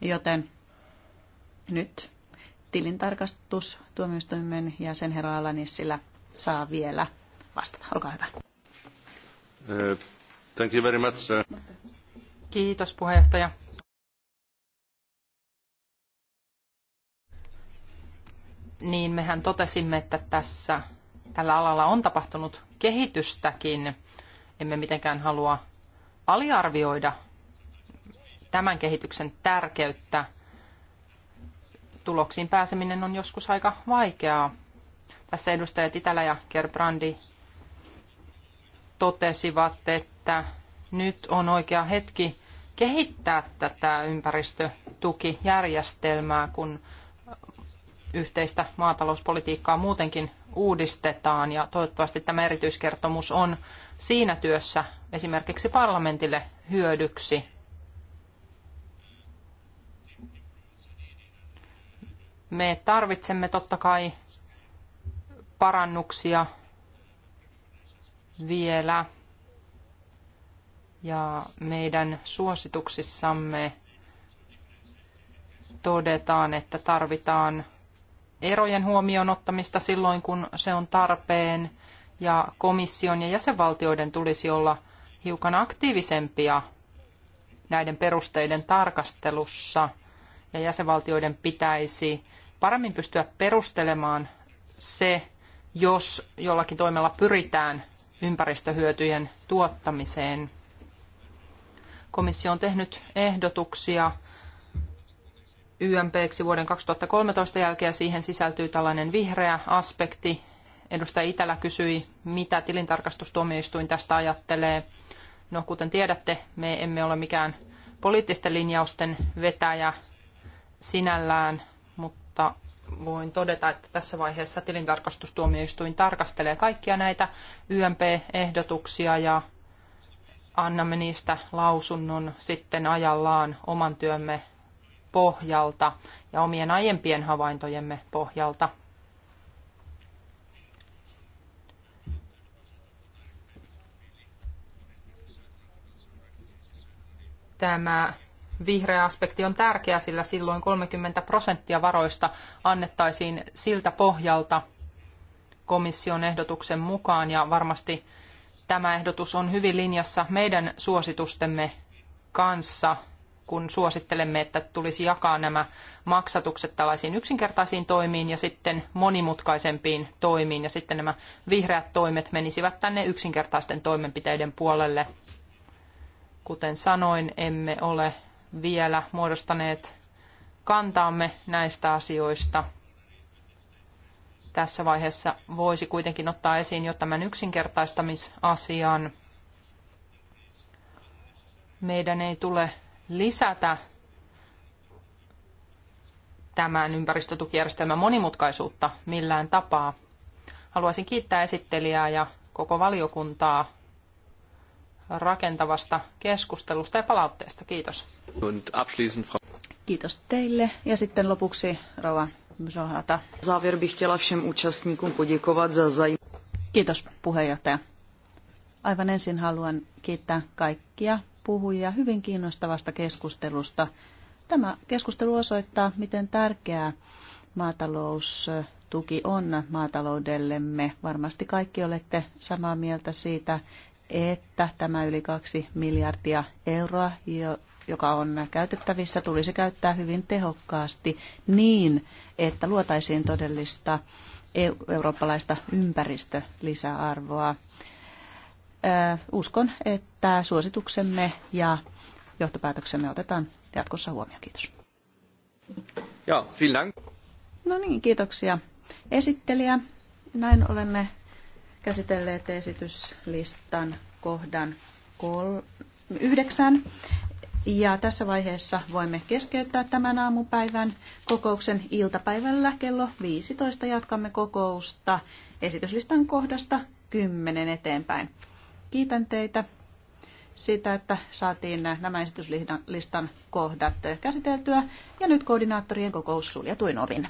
Speaker 1: Joten nyt tilintarkastus tuomioistuimen ja sen herra Alanissilä
Speaker 2: saa vielä vastata. Olkaa hyvä.
Speaker 3: Eh, thank you very much.
Speaker 2: Kiitos puheenjohtaja. niin mehän totesimme, että tässä tällä alalla on tapahtunut kehitystäkin. Emme mitenkään halua aliarvioida tämän kehityksen tärkeyttä. Tuloksiin pääseminen on joskus aika vaikeaa. Tässä edustajat Itälä ja Gerbrandi totesivat, että nyt on oikea hetki kehittää tätä ympäristötukijärjestelmää, kun yhteistä maatalouspolitiikkaa muutenkin uudistetaan ja toivottavasti tämä erityiskertomus on siinä työssä esimerkiksi parlamentille hyödyksi. Me tarvitsemme totta kai parannuksia vielä ja meidän suosituksissamme todetaan, että tarvitaan erojen huomioon ottamista silloin, kun se on tarpeen, ja komission ja jäsenvaltioiden tulisi olla hiukan aktiivisempia näiden perusteiden tarkastelussa, ja jäsenvaltioiden pitäisi paremmin pystyä perustelemaan se, jos jollakin toimella pyritään ympäristöhyötyjen tuottamiseen. Komissio on tehnyt ehdotuksia YMPksi vuoden 2013 jälkeen. Siihen sisältyy tällainen vihreä aspekti. Edustaja Itälä kysyi, mitä tilintarkastustuomioistuin tästä ajattelee. No kuten tiedätte, me emme ole mikään poliittisten linjausten vetäjä sinällään, mutta voin todeta, että tässä vaiheessa tilintarkastustuomioistuin tarkastelee kaikkia näitä YMP-ehdotuksia ja annamme niistä lausunnon sitten ajallaan oman työmme pohjalta ja omien aiempien havaintojemme pohjalta. Tämä vihreä aspekti on tärkeä, sillä silloin 30 prosenttia varoista annettaisiin siltä pohjalta komission ehdotuksen mukaan ja varmasti tämä ehdotus on hyvin linjassa meidän suositustemme kanssa – kun suosittelemme, että tulisi jakaa nämä maksatukset tällaisiin yksinkertaisiin toimiin ja sitten monimutkaisempiin toimiin. Ja sitten nämä vihreät toimet menisivät tänne yksinkertaisten toimenpiteiden puolelle. Kuten sanoin, emme ole vielä muodostaneet kantaamme näistä asioista. Tässä vaiheessa voisi kuitenkin ottaa esiin jo tämän yksinkertaistamisasian. Meidän ei tule lisätä tämän ympäristötukijärjestelmän monimutkaisuutta millään tapaa. Haluaisin kiittää esittelijää ja koko valiokuntaa rakentavasta keskustelusta ja palautteesta. Kiitos. Kiitos
Speaker 1: teille. Ja sitten lopuksi Rova Zohata. Závěr bych chtěla všem účastníkům poděkovat za Kiitos puheenjohtaja. Aivan ensin haluan kiittää kaikkia puhujia hyvin kiinnostavasta keskustelusta. Tämä keskustelu osoittaa, miten tärkeää maataloustuki on maataloudellemme. Varmasti kaikki olette samaa mieltä siitä, että tämä yli kaksi miljardia euroa, joka on käytettävissä, tulisi käyttää hyvin tehokkaasti niin, että luotaisiin todellista e- eurooppalaista ympäristölisäarvoa. lisäarvoa uskon, että suosituksemme ja johtopäätöksemme otetaan jatkossa huomioon. Kiitos.
Speaker 2: Ja, vielen
Speaker 1: No niin, kiitoksia esittelijä. Näin olemme käsitelleet esityslistan kohdan kol- yhdeksän. Ja tässä vaiheessa voimme keskeyttää tämän aamupäivän kokouksen iltapäivällä kello 15. Jatkamme kokousta esityslistan kohdasta 10 eteenpäin. Kiitän teitä siitä, että saatiin nämä esityslistan kohdat käsiteltyä. Ja nyt koordinaattorien kokous suljetuin ovin.